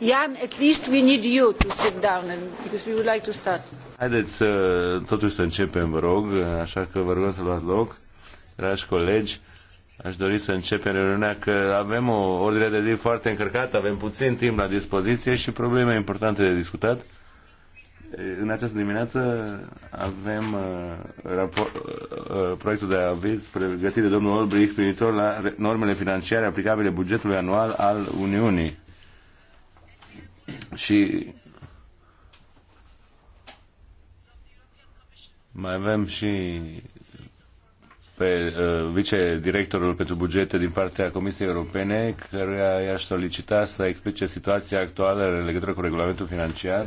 Jan, at least we need you to sit down and, because we would like to start. Haideți totuși să începem, vă rog, așa că vă rog să luați loc. Dragi colegi, aș dori să începem reuniunea că avem o ordine de zi foarte încărcată, avem puțin timp la dispoziție și probleme importante de discutat. În această dimineață avem uh, rapor, uh, uh, proiectul de aviz pregătit de domnul Olbrich privitor la normele financiare aplicabile bugetului anual al Uniunii. Și mai avem și pe uh, vicedirectorul pentru bugete din partea Comisiei Europene, căruia i-aș solicita să explice situația actuală în legătură cu regulamentul financiar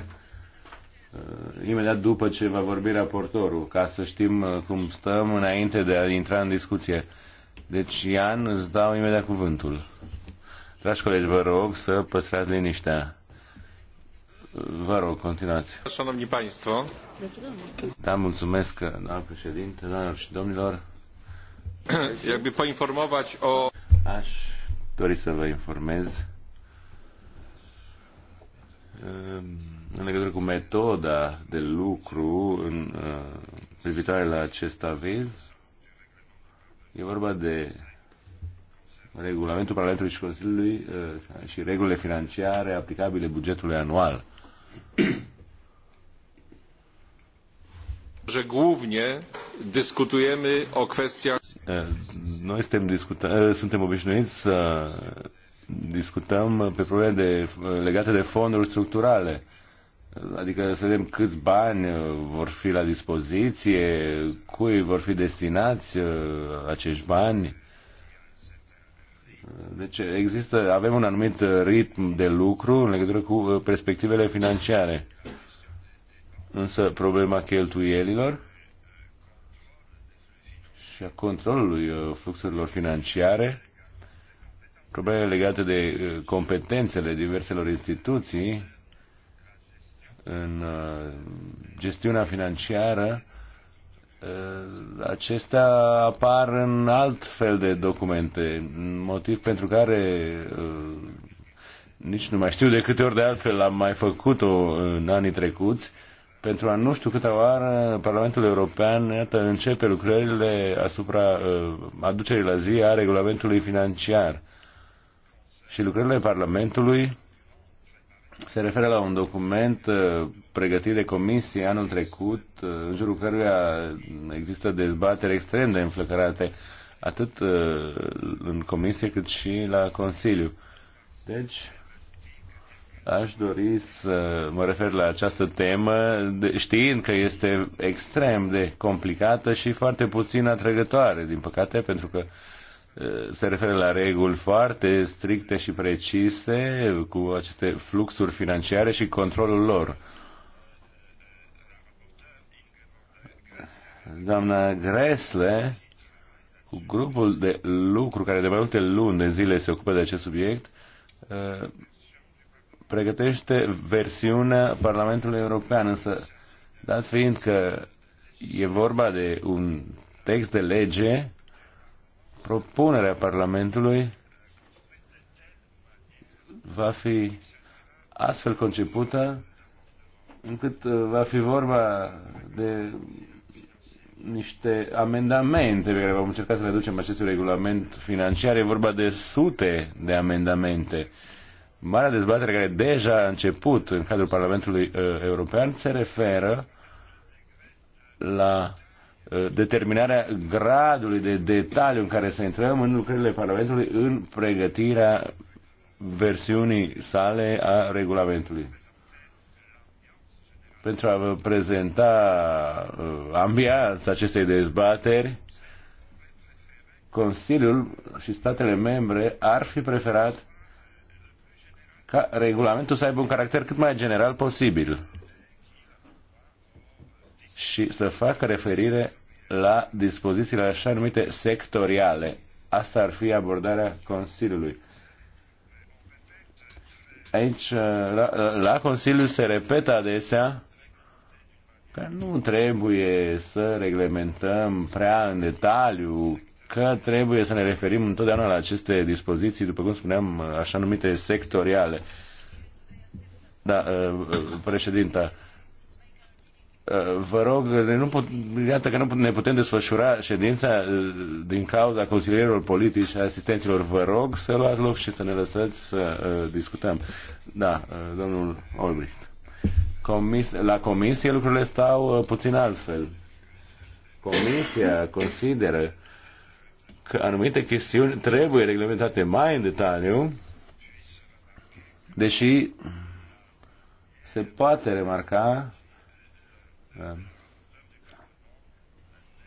Uh, imediat după ce va vorbi raportorul, ca să știm uh, cum stăm înainte de a intra în discuție. Deci, Ian, îți dau imediat cuvântul. Dragi colegi, vă rog să păstrați liniștea. Uh, vă rog, continuați. Șanomni Państwo. Da, mulțumesc, doamnă președinte, doamnelor și domnilor. Jakby poinformować o... Aș dori să vă informez um în legătură cu metoda de lucru în, uh, privitoare la acest aviz. E vorba de regulamentul Parlamentului și Consiliului uh, și regulile financiare aplicabile bugetului anual. Że głównie dyskutujemy o kwestiach. Uh, noi suntem, discuta, uh, suntem obișnuiți să discutăm pe probleme de, legate de fonduri structurale Adică să vedem câți bani uh, vor fi la dispoziție, cui vor fi destinați uh, acești bani. Deci există, avem un anumit uh, ritm de lucru în legătură cu perspectivele financiare. Însă problema cheltuielilor și a controlului fluxurilor financiare, probleme legate de competențele diverselor instituții, în uh, gestiunea financiară, uh, acestea apar în alt fel de documente, motiv pentru care uh, nici nu mai știu de câte ori de altfel am mai făcut-o în anii trecuți, pentru a nu știu câte oară Parlamentul European iată, începe lucrările asupra aducerii la zi a regulamentului financiar. Și lucrările Parlamentului se referă la un document uh, pregătit de comisie anul trecut, uh, în jurul căruia există dezbateri extrem de înflăcărate, atât uh, în comisie cât și la Consiliu. Deci, aș dori să mă refer la această temă, știind că este extrem de complicată și foarte puțin atrăgătoare, din păcate, pentru că Eh, se referă la reguli foarte stricte și precise cu aceste fluxuri financiare și controlul lor. Doamna Gresle, cu grupul de lucru care de mai multe luni de zile se ocupă de acest subiect, eh, pregătește versiunea Parlamentului European, însă dat fiind că e vorba de un text de lege propunerea Parlamentului va fi astfel concepută încât uh, va fi vorba de niște amendamente pe care vom încerca să le aducem acestui regulament financiar. E vorba de sute de amendamente. Marea dezbatere care deja a început în cadrul Parlamentului uh, European se referă la determinarea gradului de detaliu în care să intrăm în lucrările Parlamentului în pregătirea versiunii sale a regulamentului. Pentru a vă prezenta uh, ambianța acestei dezbateri, Consiliul și statele membre ar fi preferat ca regulamentul să aibă un caracter cât mai general posibil și să facă referire la dispozițiile așa numite sectoriale. Asta ar fi abordarea Consiliului. Aici, la, la Consiliu se repetă adesea că nu trebuie să reglementăm prea în detaliu, că trebuie să ne referim întotdeauna la aceste dispoziții, după cum spuneam, așa numite sectoriale. Da, uh, uh, președinta, Uh, vă rog, nu put, iată că nu ne putem desfășura ședința uh, din cauza consilierilor politici și asistenților. Vă rog să luați loc și să ne lăsați să uh, discutăm. Da, domnul Olbricht. Comis, la comisie lucrurile stau puțin altfel. Comisia consideră că anumite chestiuni trebuie reglementate mai în detaliu, deși se poate remarca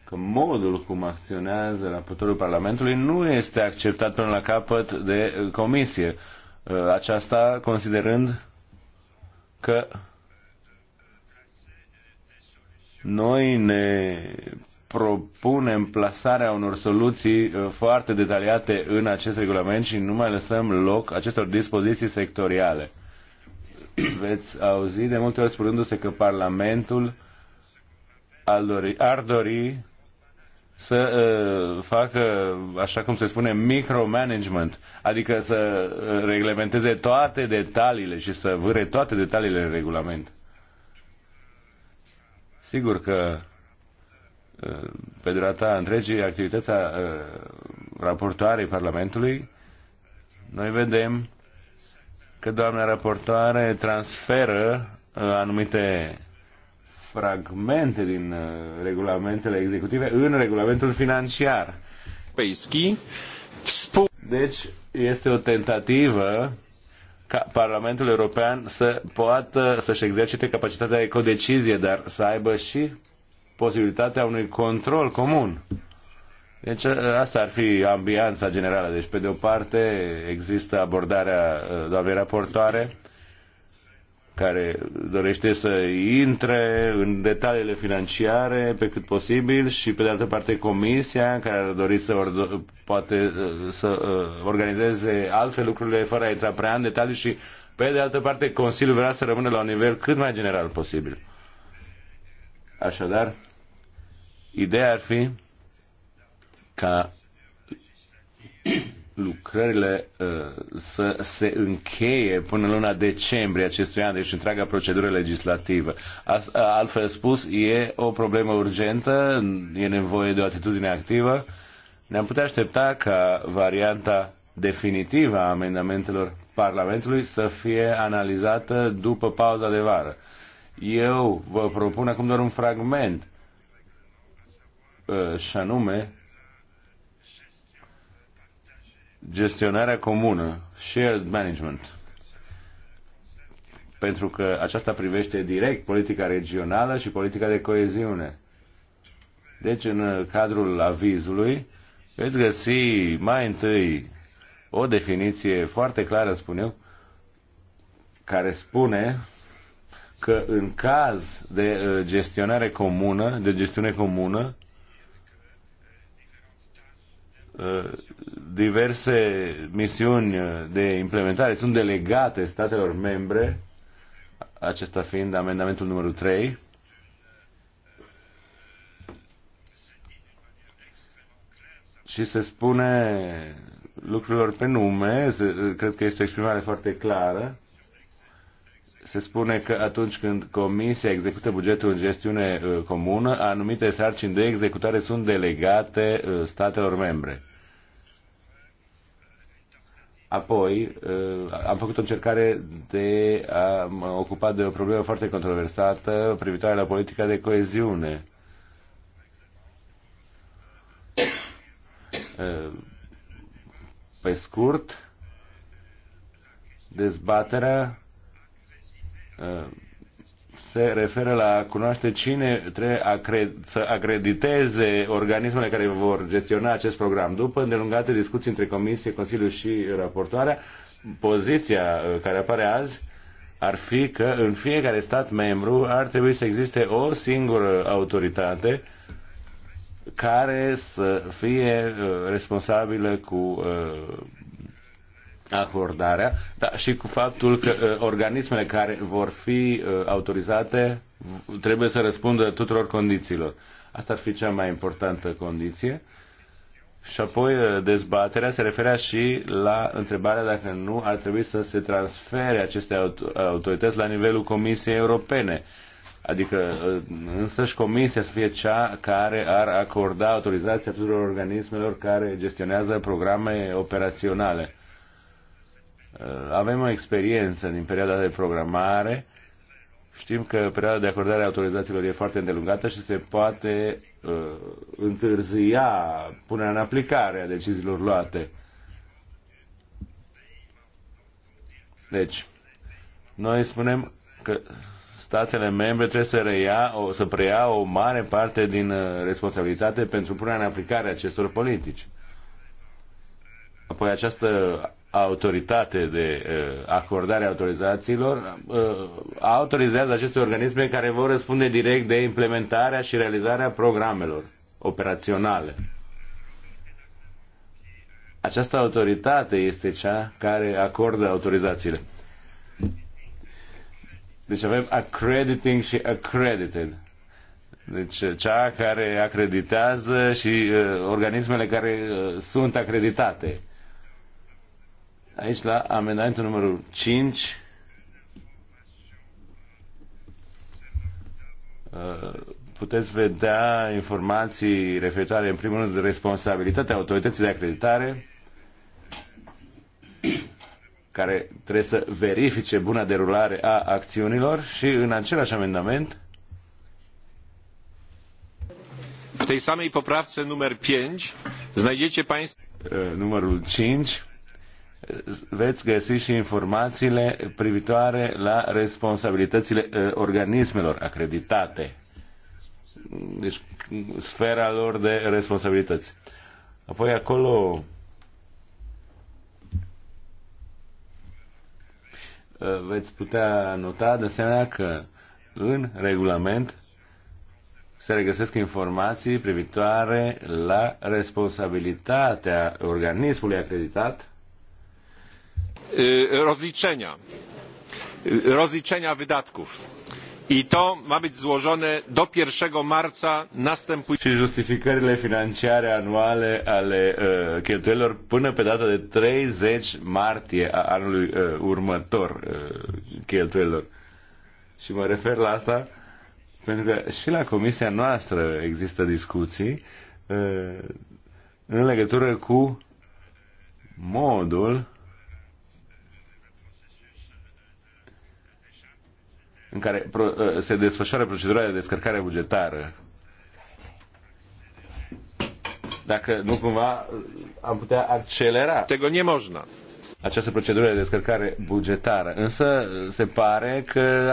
că modul cum acționează raportorul Parlamentului nu este acceptat până la capăt de comisie. Uh, aceasta considerând că noi ne propunem plasarea unor soluții uh, foarte detaliate în acest regulament și nu mai lăsăm loc acestor dispoziții sectoriale. Veți auzi de multe ori spunându-se că Parlamentul uh, dori, ar dori să uh, facă, așa cum se spune, micromanagement, adică să uh, reglementeze toate detaliile și să vâre toate detaliile în regulament. Sigur că uh, pe durata întregii activitatea a uh, raportoarei Parlamentului, noi vedem că doamna raportoare transferă anumite fragmente din uh, regulamentele executive în regulamentul financiar. Deci este o tentativă ca Parlamentul European să poată să-și exercite capacitatea de codecizie, dar să aibă și posibilitatea unui control comun. Deci uh, asta ar fi ambianța generală. Deci pe de o parte există abordarea uh, doamnei raportoare, care dorește să intre în detaliile financiare pe cât posibil și pe de altă parte comisia care ar dori să ordo- poate uh, să uh, organizeze altfel lucrurile fără a intra prea în detalii și pe de altă parte Consiliul vrea să rămână la un nivel cât mai general posibil. Așadar, ideea ar fi ca lucrările uh, să se încheie până luna decembrie acestui an, deci întreaga procedură legislativă. Uh, altfel spus, e o problemă urgentă, e nevoie de o atitudine activă. Ne-am putea aștepta ca varianta definitivă a amendamentelor Parlamentului să fie analizată după pauza de vară. Eu vă propun acum doar un fragment, uh, și anume gestionarea comună, shared management, pentru că aceasta privește direct politica regională și politica de coeziune. Deci, în cadrul avizului, veți găsi mai întâi o definiție foarte clară, spun eu, care spune că în caz de uh, gestionare comună, de gestiune comună, Uh, diverse misiuni uh, de implementare sunt delegate statelor membre, acesta fiind amendamentul numărul 3. Și se spune lucrurilor pe nume, cred că este o exprimare foarte clară, se spune că atunci când Comisia execută bugetul în gestiune uh, comună, anumite sarcini de executare sunt delegate uh, statelor membre. Apoi, uh, am făcut o încercare de a mă ocupa de o problemă foarte controversată privitoare la politica de coeziune. Pe scurt, dezbaterea se referă la a cunoaște cine trebuie să acrediteze organismele care vor gestiona acest program. După îndelungate discuții între Comisie, Consiliu și raportoarea, poziția uh, care apare azi ar fi că în fiecare stat membru ar trebui să existe o singură autoritate care să fie uh, responsabilă cu uh, acordarea, dar și cu faptul că uh, organismele care vor fi uh, autorizate trebuie să răspundă tuturor condițiilor. Asta ar fi cea mai importantă condiție. Și apoi uh, dezbaterea se referea și la întrebarea dacă nu ar trebui să se transfere aceste autorități la nivelul Comisiei Europene. Adică însăși Comisia să fie cea care ar acorda autorizația tuturor organismelor care gestionează programe operaționale. Uh, avem o experiență din perioada de programare. Știm că perioada de acordare a autorizațiilor e foarte îndelungată și se poate uh, întârzia punerea în aplicare a deciziilor luate. Deci, noi spunem că statele membre trebuie să, reia, o, să preia o mare parte din uh, responsabilitate pentru punerea în aplicare a acestor politici. Apoi această autoritate de uh, acordare a autorizațiilor uh, autorizează aceste organisme care vor răspunde direct de implementarea și realizarea programelor operaționale. Această autoritate este cea care acordă autorizațiile. Deci avem accrediting și accredited. Deci uh, cea care acreditează și uh, organismele care uh, sunt acreditate aici la amendamentul numărul 5 uh, puteți vedea informații referitoare în primul rând de responsabilitatea autorității de acreditare care trebuie să verifice buna derulare a acțiunilor și în același amendament w tej samej poprawce numer 5 znajdziecie Państwo uh, numărul 5 veți găsi și informațiile privitoare la responsabilitățile eh, organismelor acreditate. Deci sfera lor de responsabilități. Apoi acolo eh, veți putea nota de asemenea că în regulament se regăsesc informații privitoare la responsabilitatea organismului acreditat rozliczenia rozliczenia wydatków i to ma być złożone do 1 marca następującego. Și justificările financiare anuale ale uh, cheltuielor până pe data de 30 martie a anului uh, următor uh, cheltuielor. Și mă refer la asta pentru că și la comisia noastră există discuții uh, în legătură cu modul în care ă, se desfășoară procedura de descărcare bugetară. Dacă nu cumva am putea accelera. Tego nie można această procedură de descărcare bugetară. Însă se pare că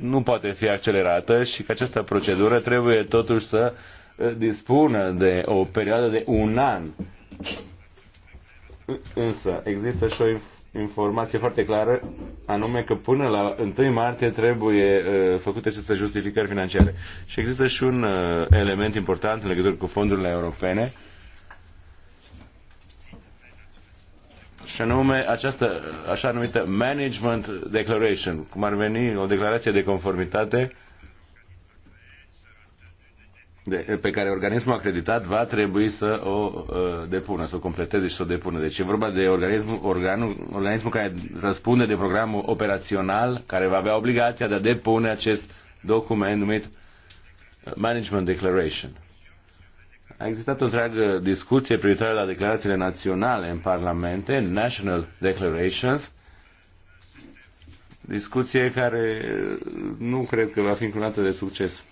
nu poate fi accelerată și că această procedură trebuie totuși să ă, dispună de o perioadă de un an. Însă există și o informație foarte clară, anume că până la 1 martie trebuie uh, făcute aceste justificări financiare. Și există și un uh, element important în legătură cu fondurile europene, și anume această așa numită management declaration, cum ar veni o declarație de conformitate uh, de, pe care organismul acreditat va trebui să o uh, depună, să o completeze și să o depună. Deci e vorba de organismul, organul, organismul care răspunde de programul operațional, care va avea obligația de a depune acest document numit Management Declaration. A existat o întreagă discuție privitoare la declarațiile naționale în parlamente, National Declarations, discuție care nu cred că va fi înclinată de succes.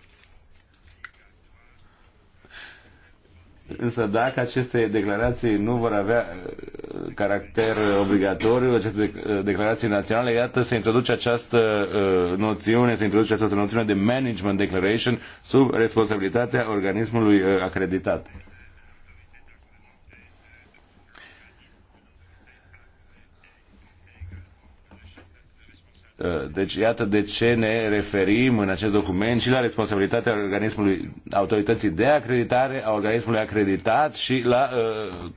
Însă dacă aceste declarații nu vor avea uh, caracter obligatoriu, aceste uh, declarații naționale, iată, se introduce această uh, noțiune, se introduce această noțiune de management declaration sub responsabilitatea organismului acreditat. Uh, deci iată de ce ne referim în acest document și la responsabilitatea organismului, autorității de acreditare, a organismului acreditat și la uh,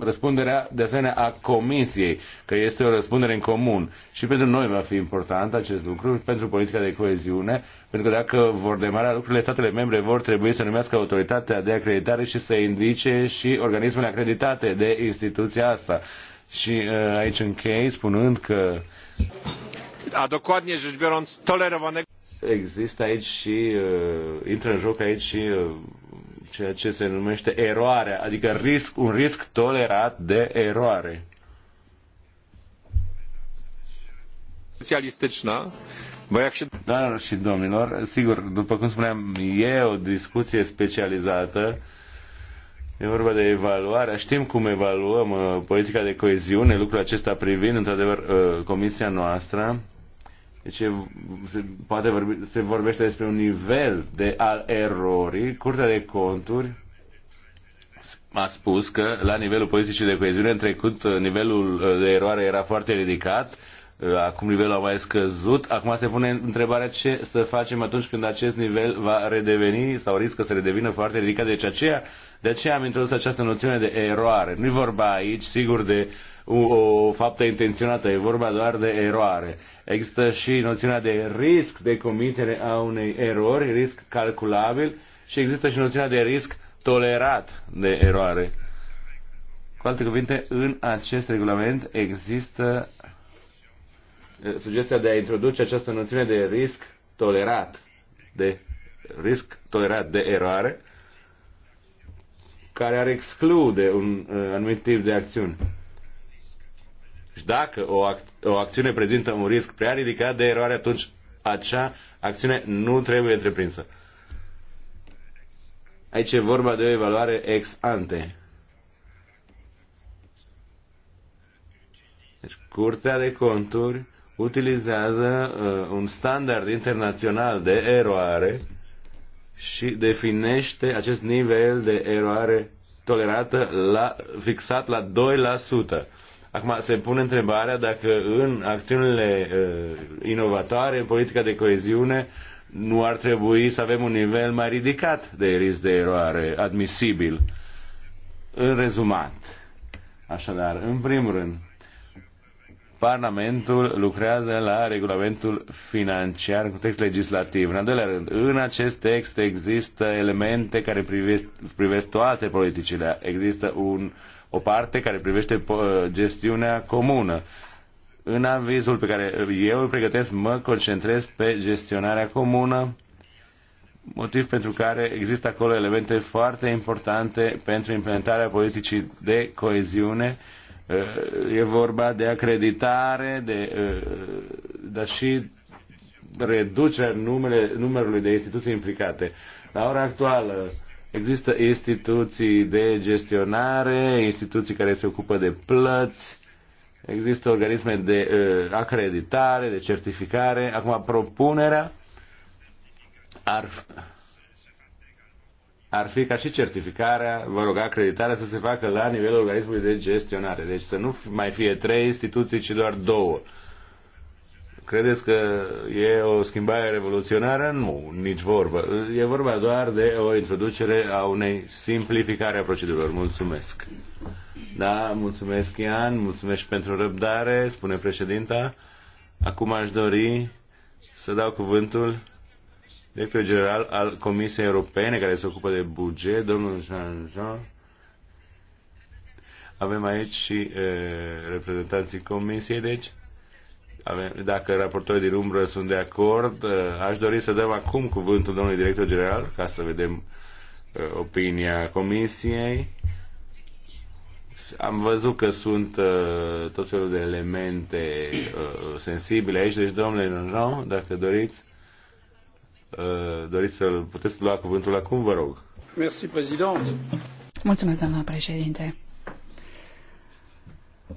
răspunderea de asemenea a comisiei, că este o răspundere în comun. Și pentru noi va fi important acest lucru, pentru politica de coeziune, pentru că dacă vor demara lucrurile, statele membre vor trebui să numească autoritatea de acreditare și să indice și organismele acreditate de instituția asta. Și uh, aici închei spunând că a dokładnie rzecz biorąc tolerowanego. Există aici și, uh, intră în joc aici și uh, ceea ce se numește eroarea, adică risc, un risc tolerat de eroare. Specialistyczna, bo jak Doamnelor și domnilor, sigur, după cum spuneam, e o discuție specializată, E vorba de evaluare. Știm cum evaluăm uh, politica de coeziune, lucrul acesta privind, într-adevăr, uh, comisia noastră deci se, poate vorbi, se vorbește despre un nivel de al erorii. Curtea de conturi a spus că la nivelul politicii de coeziune în trecut nivelul uh, de eroare era foarte ridicat Uh, acum nivelul a mai scăzut, acum se pune întrebarea ce să facem atunci când acest nivel va redeveni sau riscă să redevină foarte ridicat. Deci aceea, de aceea am introdus această noțiune de eroare. Nu-i vorba aici, sigur, de o, o faptă intenționată, e vorba doar de eroare. Există și noțiunea de risc de comitere a unei erori, risc calculabil, și există și noțiunea de risc tolerat de eroare. Cu alte cuvinte, în acest regulament există Eh, sugestia de a introduce această noțiune de risc tolerat, de risc tolerat de eroare, care ar exclude un eh, anumit tip de acțiuni. Și dacă o, ac- o acțiune prezintă un risc prea ridicat de eroare, atunci acea acțiune nu trebuie întreprinsă. Aici e vorba de o evaluare ex ante. Deci, Curtea de Conturi utilizează uh, un standard internațional de eroare și definește acest nivel de eroare tolerată la, fixat la 2%. Acum se pune întrebarea dacă în acțiunile uh, inovatoare, în politica de coeziune, nu ar trebui să avem un nivel mai ridicat de risc de eroare admisibil. În rezumat, așadar, în primul rând, Parlamentul lucrează la regulamentul financiar cu text legislativ. În al doilea rând, în acest text există elemente care privesc, privesc toate politicile. Există un, o parte care privește gestiunea comună. În avizul pe care eu îl pregătesc, mă concentrez pe gestionarea comună, motiv pentru care există acolo elemente foarte importante pentru implementarea politicii de coeziune, uh, Eh, e vorba de acreditare, de, eh, dar și reducerea numele, numărului de instituții implicate. La ora actuală există instituții de gestionare, instituții care se ocupă de plăți, există organisme de eh, acreditare, de certificare. Acum, propunerea ar ar fi ca și certificarea, vă rog, acreditarea să se facă la nivelul organismului de gestionare. Deci să nu mai fie trei instituții, ci doar două. Credeți că e o schimbare revoluționară? Nu, nici vorbă. E vorba doar de o introducere a unei simplificare a procedurilor. Mulțumesc. Da, mulțumesc, Ian, mulțumesc pentru răbdare, spune președinta. Acum aș dori să dau cuvântul director general al Comisiei Europene care se ocupă de buget, domnul Jean-Jean. Avem aici și e, reprezentanții Comisiei, deci avem, dacă raportorii din umbră sunt de acord, e, aș dori să dăm acum cuvântul domnului director general ca să vedem e, opinia Comisiei. Am văzut că sunt uh, tot felul de elemente uh, sensibile aici, deci domnule Jean, dacă doriți, Eh, doriți să-l puteți lua cuvântul acum, vă rog. Mersi, prezident. Mulțumesc, doamna președinte.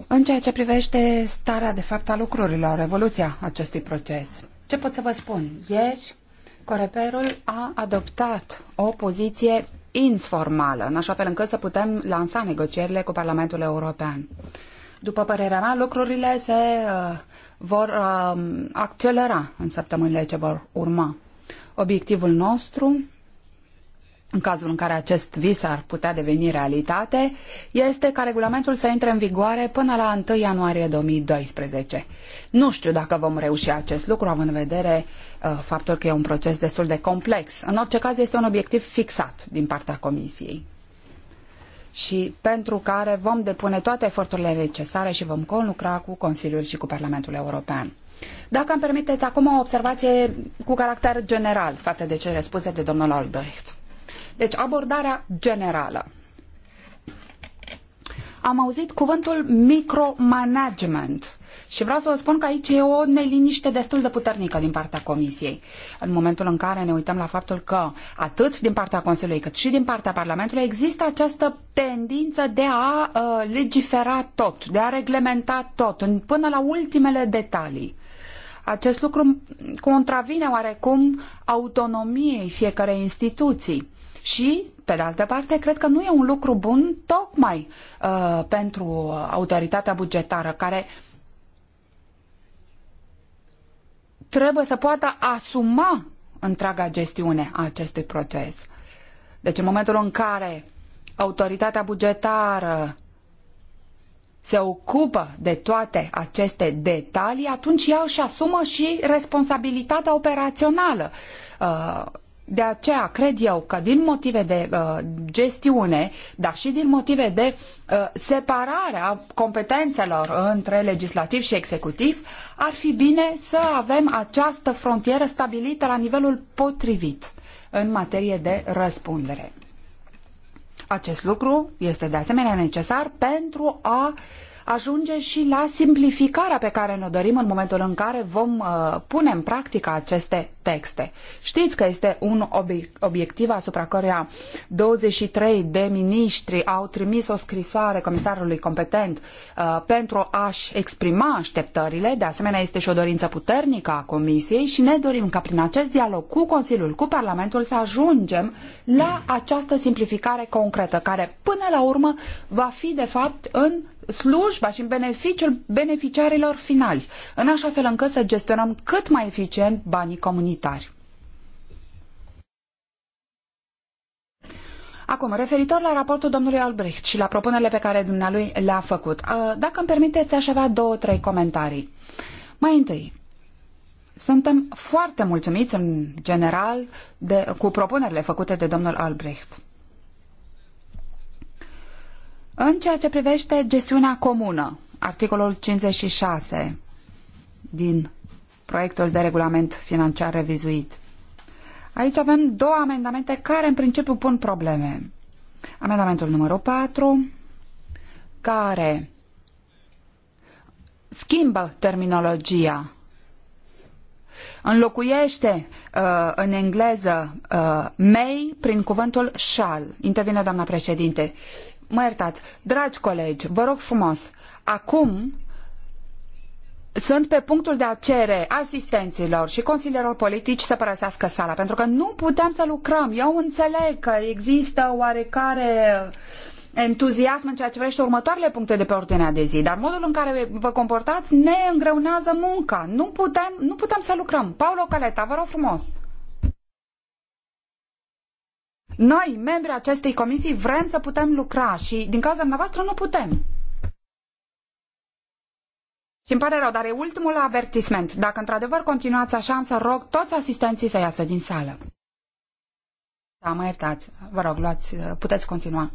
În ceea ce privește starea de fapt a lucrurilor, revoluția acestui proces, ce pot să vă spun? Ieri, Coreperul a adoptat o poziție informală, în așa fel încât să putem lansa negocierile cu Parlamentul European. După părerea mea, lucrurile se uh, vor uh, accelera în săptămânile ce vor urma. Obiectivul nostru, în cazul în care acest vis ar putea deveni realitate, este ca regulamentul să intre în vigoare până la 1 ianuarie 2012. Nu știu dacă vom reuși acest lucru, având în vedere uh, faptul că e un proces destul de complex. În orice caz, este un obiectiv fixat din partea Comisiei și pentru care vom depune toate eforturile necesare și vom conlucra cu Consiliul și cu Parlamentul European. Dacă îmi permiteți acum o observație cu caracter general față de cele spuse de domnul Albrecht. Deci abordarea generală. Am auzit cuvântul micromanagement și vreau să vă spun că aici e o neliniște destul de puternică din partea Comisiei. În momentul în care ne uităm la faptul că atât din partea Consiliului cât și din partea Parlamentului există această tendință de a uh, legifera tot, de a reglementa tot, până la ultimele detalii. Acest lucru contravine oarecum autonomiei fiecarei instituții și, pe de altă parte, cred că nu e un lucru bun tocmai uh, pentru autoritatea bugetară care trebuie să poată asuma întreaga gestiune a acestui proces. Deci în momentul în care autoritatea bugetară se ocupă de toate aceste detalii, atunci ea își asumă și responsabilitatea operațională. Uh, de aceea cred eu că din motive de uh, gestiune, dar și din motive de uh, separare a competențelor între legislativ și executiv, ar fi bine să avem această frontieră stabilită la nivelul potrivit în materie de răspundere. Acest lucru este de asemenea necesar pentru a ajunge și la simplificarea pe care ne-o dorim în momentul în care vom uh, pune în practică aceste texte. Știți că este un obiectiv asupra căruia 23 de miniștri au trimis o scrisoare comisarului competent uh, pentru a-și exprima așteptările, de asemenea este și o dorință puternică a Comisiei și ne dorim ca prin acest dialog cu Consiliul, cu Parlamentul să ajungem la această simplificare concretă, care până la urmă va fi de fapt în slujba și în beneficiul beneficiarilor finali, în așa fel încât să gestionăm cât mai eficient banii comunitari. Acum, referitor la raportul domnului Albrecht și la propunerile pe care dumnealui le-a făcut, dacă îmi permiteți, aș avea două, trei comentarii. Mai întâi, suntem foarte mulțumiți în general de, cu propunerile făcute de domnul Albrecht. În ceea ce privește gestiunea comună, articolul 56 din proiectul de regulament financiar revizuit. Aici avem două amendamente care în principiu pun probleme. Amendamentul numărul 4, care schimbă terminologia. Înlocuiește uh, în engleză uh, may prin cuvântul shall. Intervine doamna președinte mă iertați, dragi colegi, vă rog frumos, acum sunt pe punctul de a cere asistenților și consilierilor politici să părăsească sala, pentru că nu putem să lucrăm. Eu înțeleg că există oarecare entuziasm în ceea ce vrește următoarele puncte de pe ordinea de zi, dar modul în care vă comportați ne îngreunează munca. Nu putem, nu putem să lucrăm. Paulo Caleta, vă rog frumos! Noi, membrii acestei comisii, vrem să putem lucra și din cauza dumneavoastră nu putem. Și îmi pare rău, dar e ultimul avertisment. Dacă într-adevăr continuați așa, am să rog toți asistenții să iasă din sală. Da, mă iertați. Vă rog, luați, puteți continua. Uh,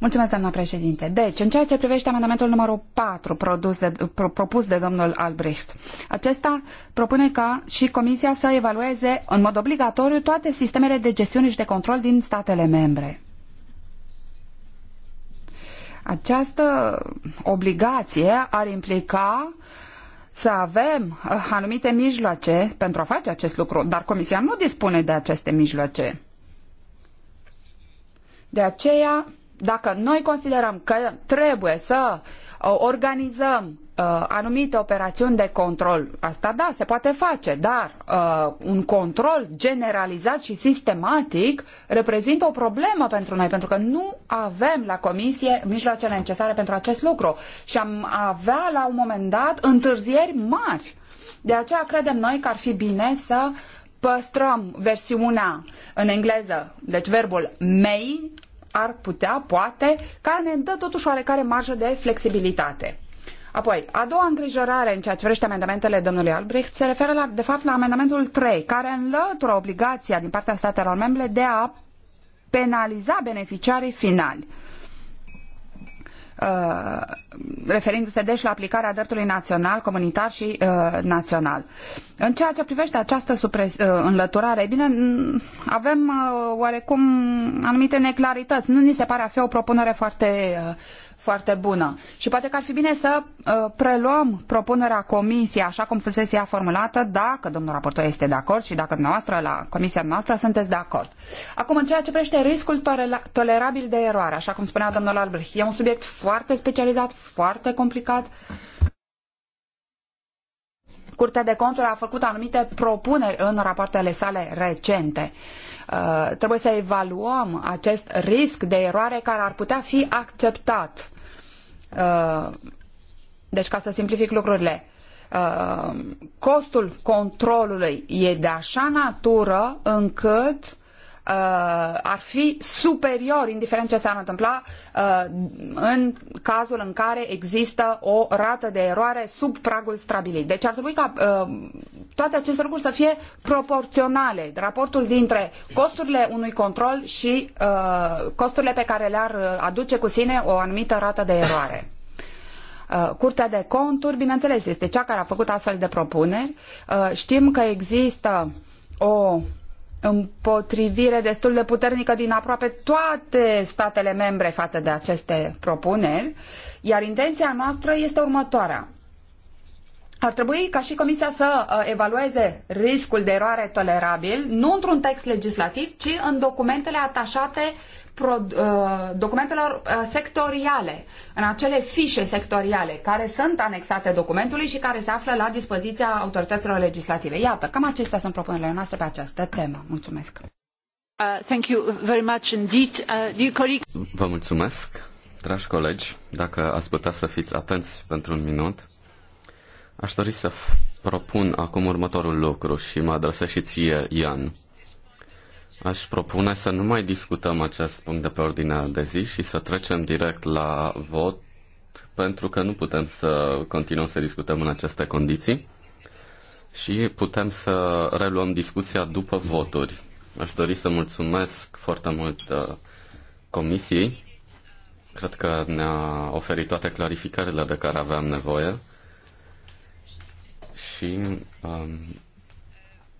Mulțumesc, doamna președinte. Deci, în ceea ce privește amendamentul numărul 4 produs de, pro, propus de domnul Albrecht, acesta propune ca și Comisia să evalueze în mod obligatoriu toate sistemele de gestiune și de control din statele membre. Această obligație ar implica să avem uh, anumite mijloace pentru a face acest lucru, dar Comisia nu dispune de aceste mijloace. De aceea dacă noi considerăm că trebuie să uh, organizăm uh, anumite operațiuni de control, asta da, se poate face, dar uh, un control generalizat și sistematic reprezintă o problemă pentru noi, pentru că nu avem la comisie mijloacele necesare pentru acest lucru și am avea la un moment dat întârzieri mari. De aceea credem noi că ar fi bine să păstrăm versiunea în engleză, deci verbul may ar putea, poate, care ne dă totuși oarecare marjă de flexibilitate. Apoi, a doua îngrijorare în ceea ce privește amendamentele domnului Albrecht se referă, la, de fapt, la amendamentul 3, care înlătură obligația din partea statelor membre de a penaliza beneficiarii finali. Uh, referindu-se deci la aplicarea dreptului național, comunitar și uh, național. În ceea ce privește această supres, uh, înlăturare, bine, avem uh, oarecum anumite neclarități. Nu ni se pare a fi o propunere foarte uh, foarte bună. Și poate că ar fi bine să uh, preluăm propunerea comisiei așa cum fusese ea formulată, dacă domnul raportor este de acord și dacă dumneavoastră la comisia noastră sunteți de acord. Acum, în ceea ce privește riscul tolerabil de eroare, așa cum spunea domnul Albrecht, e un subiect foarte specializat, foarte complicat. Uh, Curtea de Conturi a făcut anumite propuneri în rapoartele sale recente. Uh, trebuie să evaluăm acest risc de eroare care ar putea fi acceptat. Uh, deci, ca să simplific lucrurile, uh, costul controlului e de așa natură încât Uh, ar fi superior, indiferent ce s-ar întâmpla, uh, în cazul în care există o rată de eroare sub pragul stabilit. Deci ar trebui ca uh, toate aceste lucruri să fie proporționale. Raportul dintre costurile unui control și costurile pe care le-ar aduce cu sine o anumită rată de eroare. Curtea de conturi, bineînțeles, este cea care a făcut astfel de propuneri. Știm că există o împotrivire destul de puternică din aproape toate statele membre față de aceste propuneri, iar intenția noastră este următoarea. Ar trebui ca și Comisia să uh, evalueze riscul de eroare tolerabil, nu într-un text legislativ, ci în documentele atașate Uh, documentelor uh, sectoriale, în acele fișe sectoriale care sunt anexate documentului și care se află la dispoziția autorităților legislative. Iată, cam acestea sunt propunerile noastre pe această temă. Mulțumesc! Uh, thank you very much indeed. Uh, dear colleague... Vă mulțumesc, dragi colegi. Dacă ați putea să fiți atenți pentru un minut, aș dori să propun acum următorul lucru și mă adresez și ție, Ian Aș propune să nu mai discutăm acest punct de pe ordinea de zi și să trecem direct la vot, pentru că nu putem să continuăm să discutăm în aceste condiții și putem să reluăm discuția după voturi. Aș dori să mulțumesc foarte mult uh, comisiei. Cred că ne-a oferit toate clarificările de care aveam nevoie și um,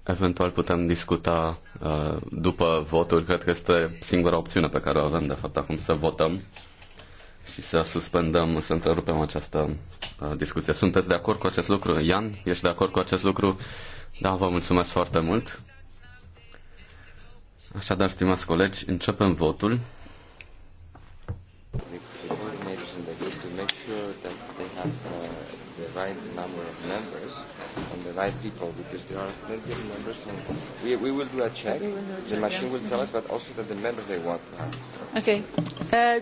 Eventual putem discuta uh, după voturi. Cred că este singura opțiune pe care o avem, de fapt, acum să votăm și să suspendăm, să întrerupem această uh, discuție. Sunteți de acord cu acest lucru? Ian, ești de acord cu acest lucru? Da, vă mulțumesc foarte mult. Așadar, stimați colegi, începem votul. right people because there are plenty of members and we, we will do a check. do a check the machine yeah. will tell us, but also that the members they want. Okay. Uh,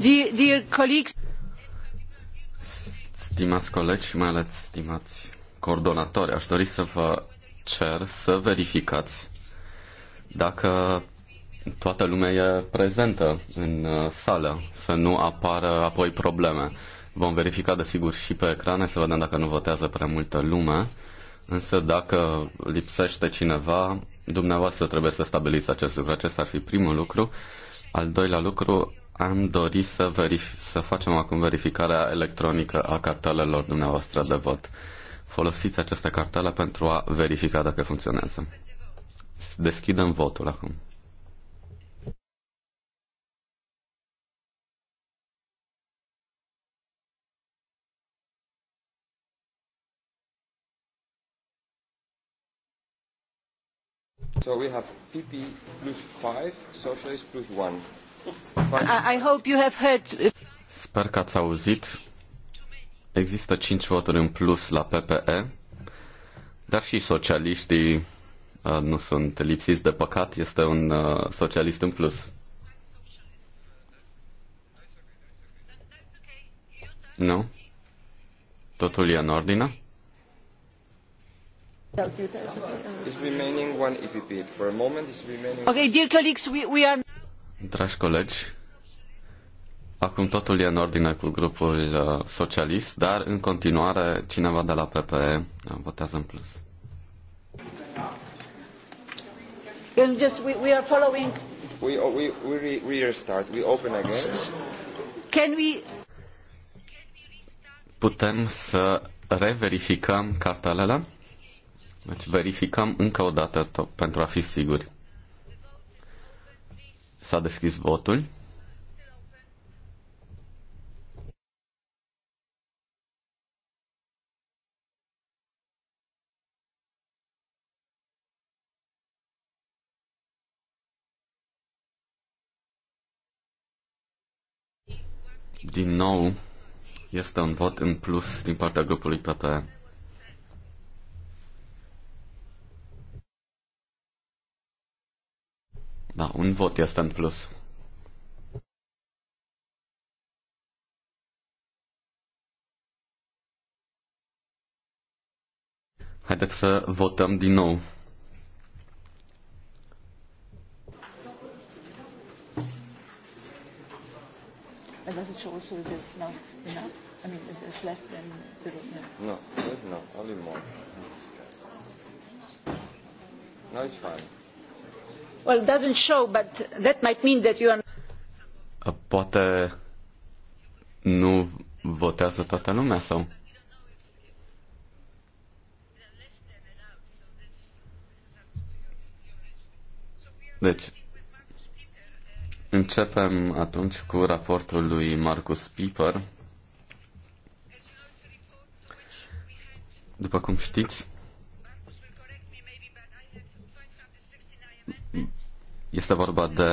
dear, dear colleagues. Stimați colegi și mai ales stimați coordonatori, aș dori să vă cer să verificați dacă toată lumea e prezentă în uh, sală, să nu apară apoi probleme. Vom verifica, desigur, și pe ecrane să vedem dacă nu votează prea multă lume. Însă dacă lipsește cineva, dumneavoastră trebuie să stabiliți acest lucru. Acesta ar fi primul lucru. Al doilea lucru, am dorit să, verif- să facem acum verificarea electronică a cartelelor dumneavoastră de vot. Folosiți aceste cartele pentru a verifica dacă funcționează. Deschidem votul acum. So we have PP plus 5, Socialist plus 1. I, I hope you have heard... Sper că ați auzit. Există 5 voturi în plus la PPE, dar și socialiștii uh, nu sunt lipsiți de păcat, este un uh, socialist în plus. Nu? Totul e în ordine? Okay, dear Dragi colegi, acum totul e în ordine cu grupul uh, socialist, dar în continuare cineva de la PPE uh, votează în plus. Just, we, we are following. We, uh, we, we, we restart. We open again. Can we... Putem să reverificăm cartelele? Deci verificăm încă o dată tot, pentru a fi siguri. S-a deschis votul. Din nou, este un vot în plus din partea grupului PPM. Da, un vot este în plus. Haideți să votăm din nou. No, no, no only more. No, it's fine. Well, doesn't show, but that might mean that you are... Poate nu votează toată lumea sau? Deci, începem atunci cu raportul lui Marcus Piper. După cum știți, Este vorba de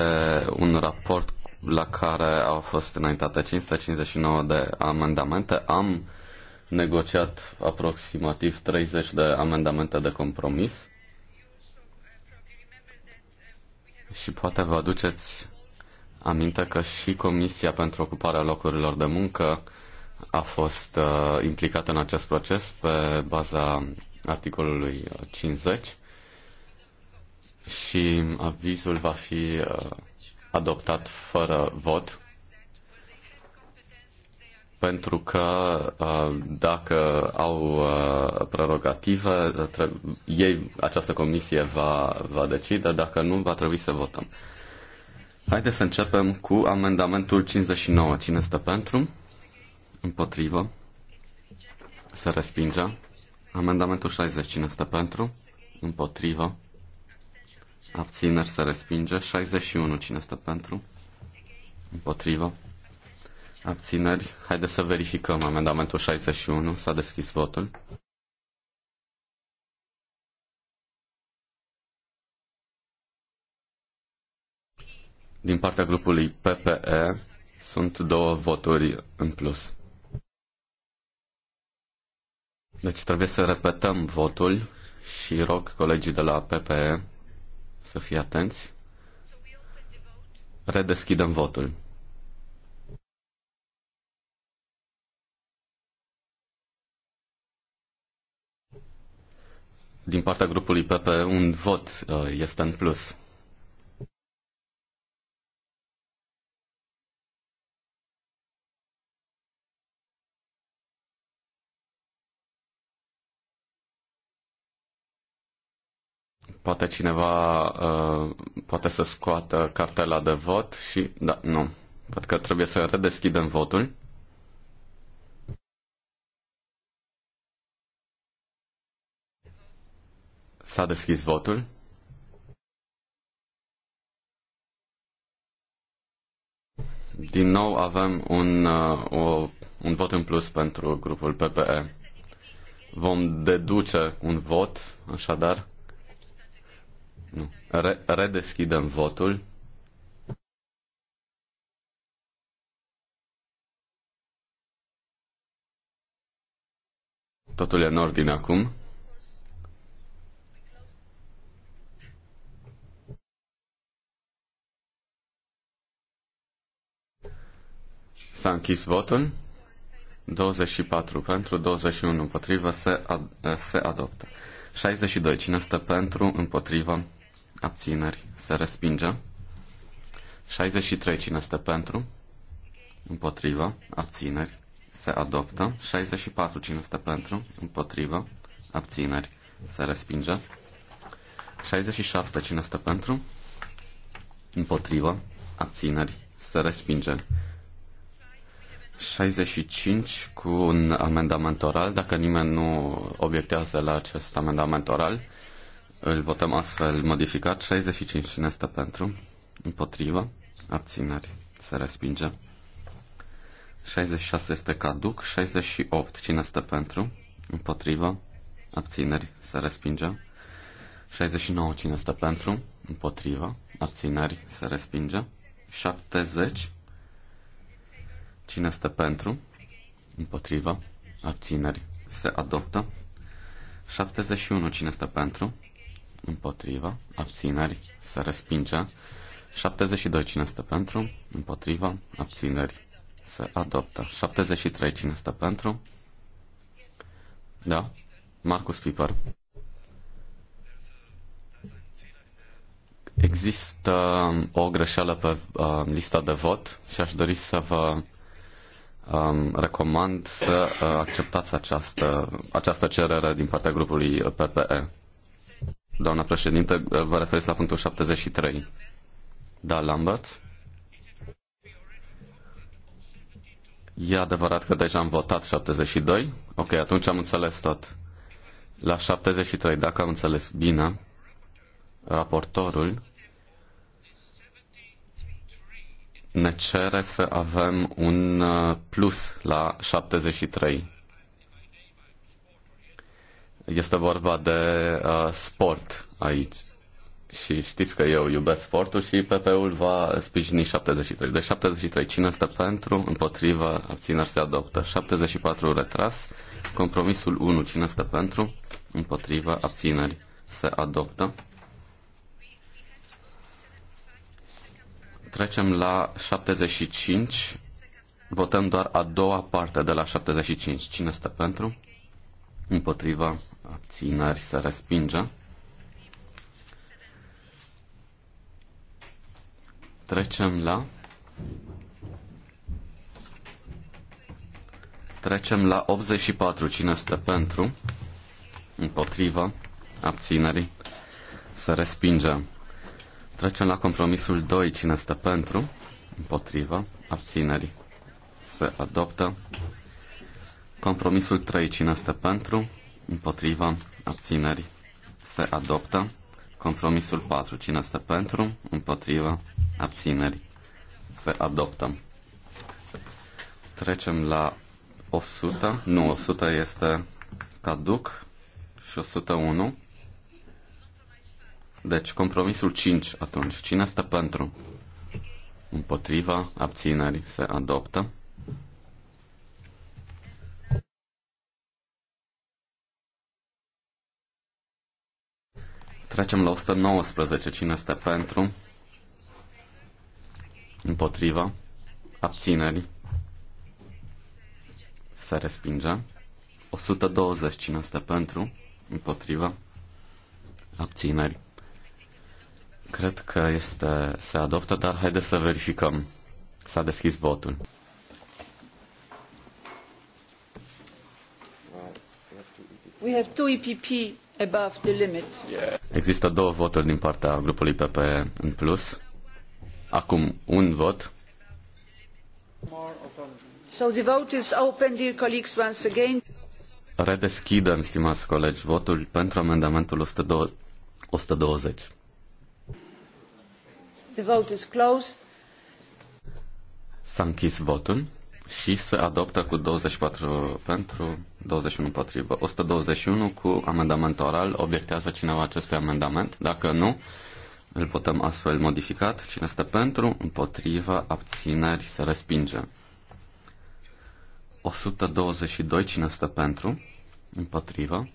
un raport la care au fost înaintate 559 de amendamente. Am negociat aproximativ 30 de amendamente de compromis. Și poate vă aduceți aminte că și Comisia pentru Ocuparea Locurilor de Muncă a fost uh, implicată în acest proces pe baza articolului 50 și avizul va fi uh, adoptat fără vot pentru că uh, dacă au uh, prerogative, ei, această comisie va, va decide, dacă nu, va trebui să votăm. Haideți să începem cu amendamentul 59. Cine stă pentru? Împotrivă? Să respinge. Amendamentul 60. Cine stă pentru? Împotrivă? Abțineri se respinge. 61. Cine stă pentru? Împotrivă. Abțineri. Haideți să verificăm amendamentul 61. S-a deschis votul. Din partea grupului PPE sunt două voturi în plus. Deci trebuie să repetăm votul și rog colegii de la PPE să fie atenți. Redeschidem votul. Din partea grupului PP, un vot uh, este în plus. Poate cineva uh, poate să scoată cartela de vot și... Da, nu. Văd că trebuie să redeschidem votul. S-a deschis votul. Din nou avem un, uh, o, un vot în plus pentru grupul PPE. Vom deduce un vot, așadar. Nu. Re- redeschidem votul. Totul e în ordine acum. S-a închis votul. 24 pentru, 21 împotrivă, se, ad- se adoptă. 62. Cine stă pentru, împotrivă, abțineri, se respinge. 63 cine este pentru, împotriva, abțineri, se adoptă. 64 cine este pentru, împotriva, abțineri, se respinge. 67 cine este pentru, împotriva, abțineri, se respinge. 65 cu un amendament oral, dacă nimeni nu obiectează la acest amendament oral, îl votăm astfel modificat. 65 cine este pentru? Împotrivă. Abțineri. Se respinge. 66 este caduc. 68 cine este pentru? Împotrivă. Abțineri. Se respinge. 69 cine este pentru? Împotrivă. Abțineri. Se respinge. 70 Cine este pentru? Împotrivă? Abțineri. Se adoptă. 71. Cine este pentru? împotriva, abțineri, se respinge. 72 cine este pentru, împotriva, abțineri, se adoptă. 73 cine este pentru? Da, Marcus Piper. Există o greșeală pe uh, lista de vot și aș dori să vă um, recomand să uh, acceptați această, această cerere din partea grupului PPE. Doamna președinte, vă referiți la punctul 73. Da, Lambert? E adevărat că deja am votat 72? Ok, atunci am înțeles tot. La 73, dacă am înțeles bine, raportorul ne cere să avem un uh, plus la 73 este vorba de uh, sport aici. Și știți că eu iubesc sportul și PP-ul va sprijini 73. Deci 73. Cine este pentru? Împotriva. Abțineri se adoptă. 74. Retras. Compromisul 1. Cine este pentru? Împotriva. Abțineri se adoptă. Trecem la 75. Votăm doar a doua parte de la 75. Cine este pentru? împotriva, abținări să respingă. Trecem la Trecem la 84. Cine este pentru? Împotriva abținerii. Să respingă. Trecem la compromisul 2. Cine este pentru? Împotriva abținerii. să adoptă. Compromisul 3. Cine este pentru? Împotriva. Abțineri. Se adoptă. Compromisul 4. Cine este pentru? Împotriva. Abțineri. Se adoptă. Trecem la 100. Nu, 100 este caduc și 101. Deci compromisul 5 atunci. Cine este pentru? Împotriva. Abțineri. Se adoptă. Trecem la 119. Cine este pentru? Împotriva? Abțineri? Se respinge. 120. Cine este pentru? Împotriva? Abțineri? Cred că este, se adoptă, dar haideți să verificăm. S-a deschis votul. We have two EPP above the limit. Există două voturi din partea grupului PP în plus. Acum un vot. So the vote is open, dear colleagues, once again. Redeschidem, stimați colegi, votul pentru amendamentul 120. The vote is closed. S-a închis votul și se adoptă cu 24 pentru, 21 împotrivă. 121 cu amendament oral. Obiectează cineva acestui amendament? Dacă nu, îl votăm astfel modificat. Cine este pentru, împotrivă, abțineri, se respinge. 122. Cine este pentru? Împotrivă.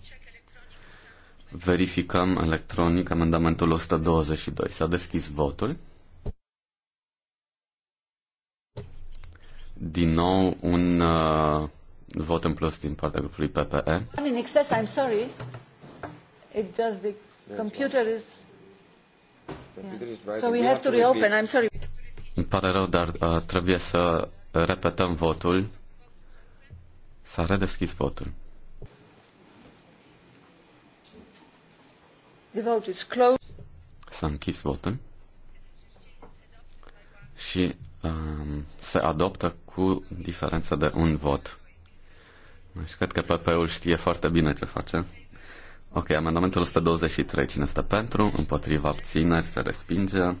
Verificăm electronic amendamentul 122. S-a deschis votul. Din nou un uh, vot în plus din partea grupului PPE. I'm in excess, I'm sorry. It just the computer is... Yeah. So we have to reopen, I'm sorry. Îmi pare rău, dar uh, trebuie să repetăm votul. S-a redeschis votul. The vote is closed. S-a închis votul și um, se adoptă cu diferență de un vot. Și deci, cred că PP-ul știe foarte bine ce face. Ok, amendamentul 123. Cine este pentru? Împotriva abțineri se respinge.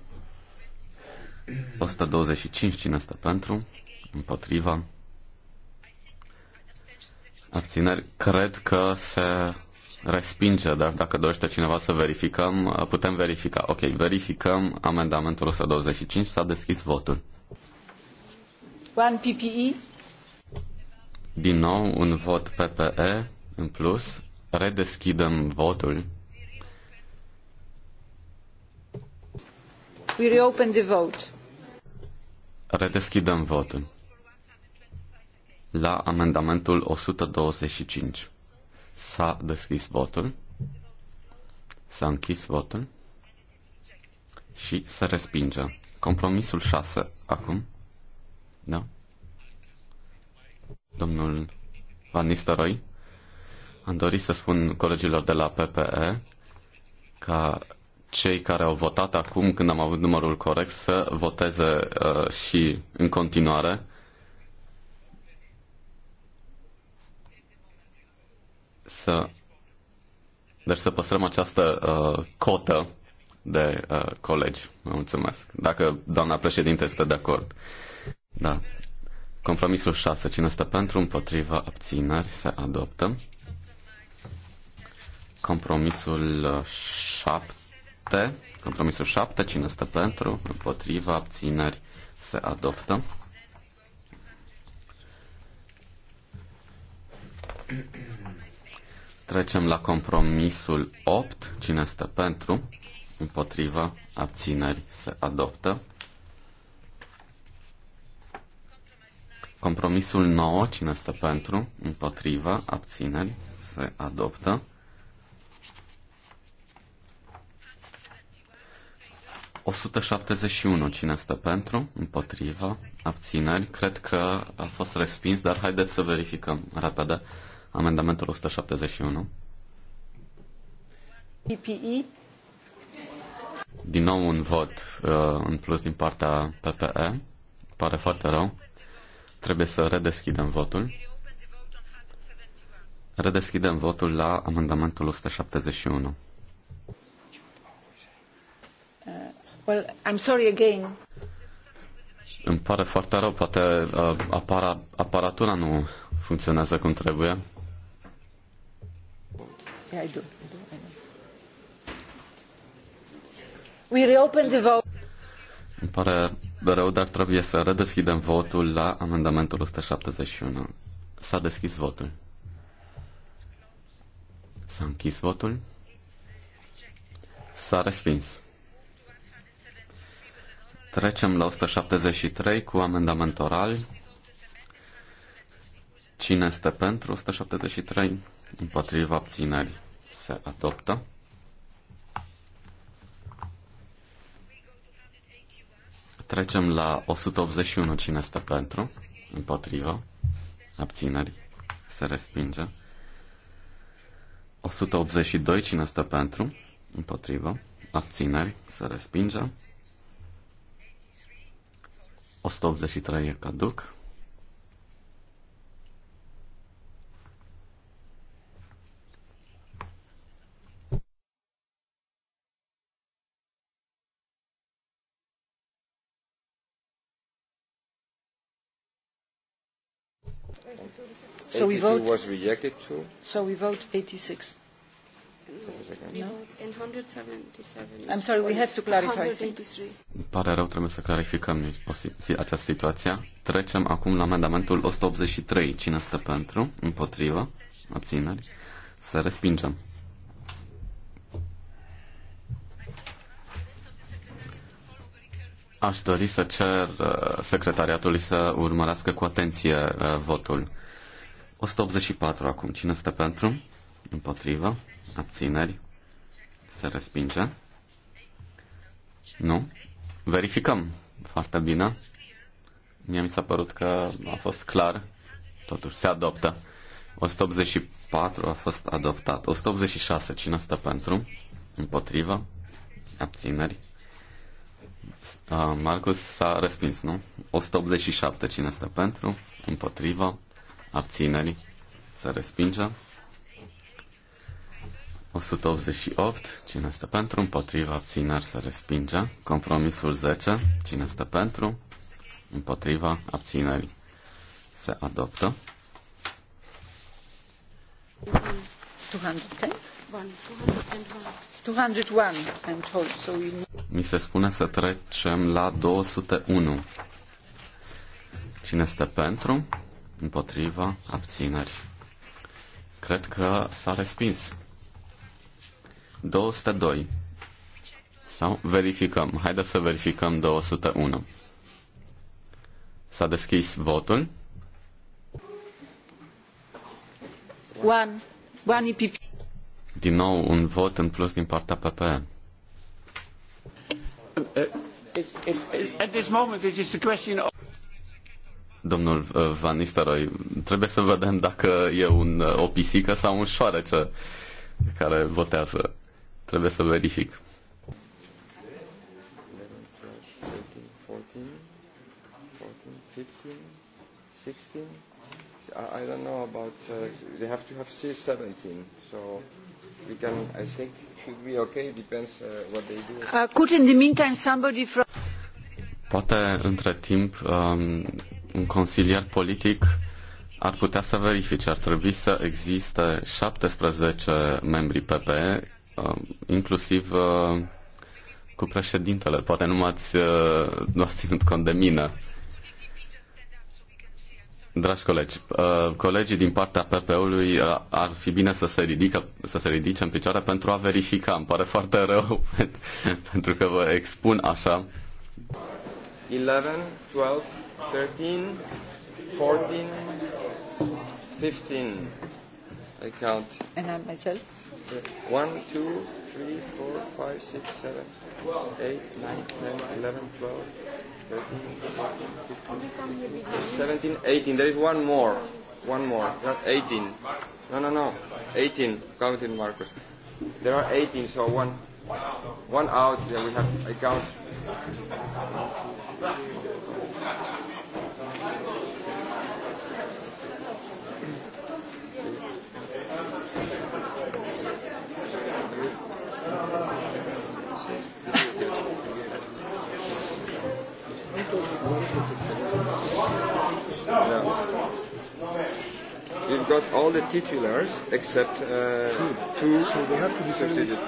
125. Cine este pentru? Împotriva. Abțineri. Cred că se respinge, dar dacă dorește cineva să verificăm, putem verifica. Ok, verificăm amendamentul 125. S-a deschis votul. One PPE. Din nou un vot PPE în plus. Redeschidem votul. We reopen the vote. Redeschidem votul la amendamentul 125. S-a deschis votul, s-a închis votul și se respinge. Compromisul 6 acum. Da? Domnul Van Nistelrooy, am dorit să spun colegilor de la PPE ca cei care au votat acum, când am avut numărul corect, să voteze uh, și în continuare. Să... Deci să păstrăm această uh, cotă de uh, colegi. mulțumesc. Dacă doamna președinte este de acord. Da. Compromisul 6. Cine stă pentru, împotriva, abțineri, se adoptă. Compromisul 7. Compromisul 7. Cine stă pentru, împotriva, abțineri, se adoptă. Trecem la compromisul 8. Cine stă pentru, împotriva, abțineri, se adoptă. Compromisul 9, cine stă pentru, împotriva, abțineri, se adoptă. 171, cine stă pentru, împotriva, abțineri. Cred că a fost respins, dar haideți să verificăm repede amendamentul 171. PPE. Din nou un vot uh, în plus din partea PPE. Pare foarte rău. Trebuie să redeschidem votul. Redeschidem votul la amendamentul 171. Uh, well, I'm sorry again. Îmi pare foarte rău, poate uh, apara, aparatura nu funcționează cum trebuie. Yeah, I do. I do. I do. We reopen the vote. Îmi pare rău, dar trebuie să redeschidem votul la amendamentul 171. S-a deschis votul. S-a închis votul. S-a respins. Trecem la 173 cu amendament oral. Cine este pentru 173? Împotriva abțineri se adoptă. Trecem la 181. Cine este pentru? Împotrivă. Abțineri. Se respinge. 182. Cine este pentru? Împotrivă. Abțineri. Se respinge. 183 e caduc. So we vote. was rejected too. So we vote 86. No? 177. I'm sorry, we have to clarify. Pare rău, trebuie să clarificăm această situație. Trecem acum la amendamentul 183. Cine stă pentru? Împotrivă? Abțineri? Să respingem. Aș dori să cer uh, secretariatului să urmărească cu atenție uh, votul. 184 acum. Cine stă pentru? Împotrivă. Abțineri. Se respinge. Nu? Verificăm. Foarte bine. Mie mi s-a părut că a fost clar. Totuși se adoptă. 184 a fost adoptat. 186. Cine stă pentru? Împotrivă. Abțineri. Uh, Marcus s-a respins, nu? 187. Cine stă pentru? Împotrivă abținerii, să respingem. 188, cine este pentru, împotriva, abțineri, să respinge. Compromisul 10, cine este pentru, împotriva, abținerii se adoptă. 201 Mi se spune să trecem la 201. Cine este pentru? Împotriva. Abțineri. Cred că s-a respins. 202. Sau verificăm. Haideți să verificăm 201. S-a deschis votul. One. One Din nou un vot în plus din partea PP. Uh, uh, at this moment it is the question of domnul uh, Van Nistelrooy. Trebuie să vedem dacă e un, uh, o pisică sau un șoarece care votează. Trebuie să verific. I don't know about. Uh, they have to have C17, so we can. I think should be okay. Depends uh, what they do. Uh, could in the meantime somebody from. Poate între timp um, un consilier politic ar putea să verifice. Ar trebui să existe 17 membri PPE, um, inclusiv uh, cu președintele. Poate nu m-ați, uh, ținut cont de mine. Dragi colegi, uh, colegii din partea PP-ului ar fi bine să se, ridică, să se ridice în picioare pentru a verifica. Îmi pare foarte rău pentru că vă expun așa. 11, 12, 13, 14, 15. I count. And I myself? 1, 2, 3, 4, 5, 6, 7, 8, 9, 10, 11, 12, 13, 14, 15, 17, 18. There is one more. One more. Not 18. No, no, no. 18. Counting Marcus. There are 18, so one, one out. Then we have. I count. got all the titulars except uh, two. two. So they have to be substituted.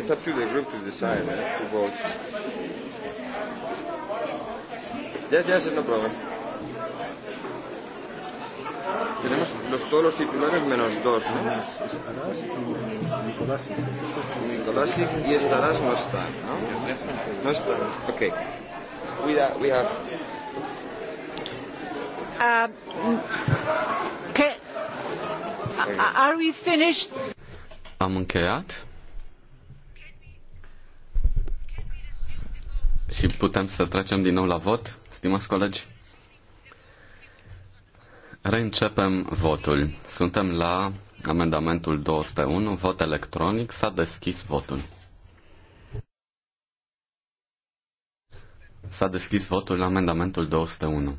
It's up to the group to decide uh, eh, to vote. Yes, yes, no problem. Tenemos los, todos los titulares menos dos, ¿no? Nicolás y Estarás no está, ¿no? No está. ok. We, we have... Uh, are we finished? Am încheiat. Și putem să trecem din nou la vot, stimați colegi? Reîncepem votul. Suntem la amendamentul 201, vot electronic. S-a deschis votul. S-a deschis votul la amendamentul 201.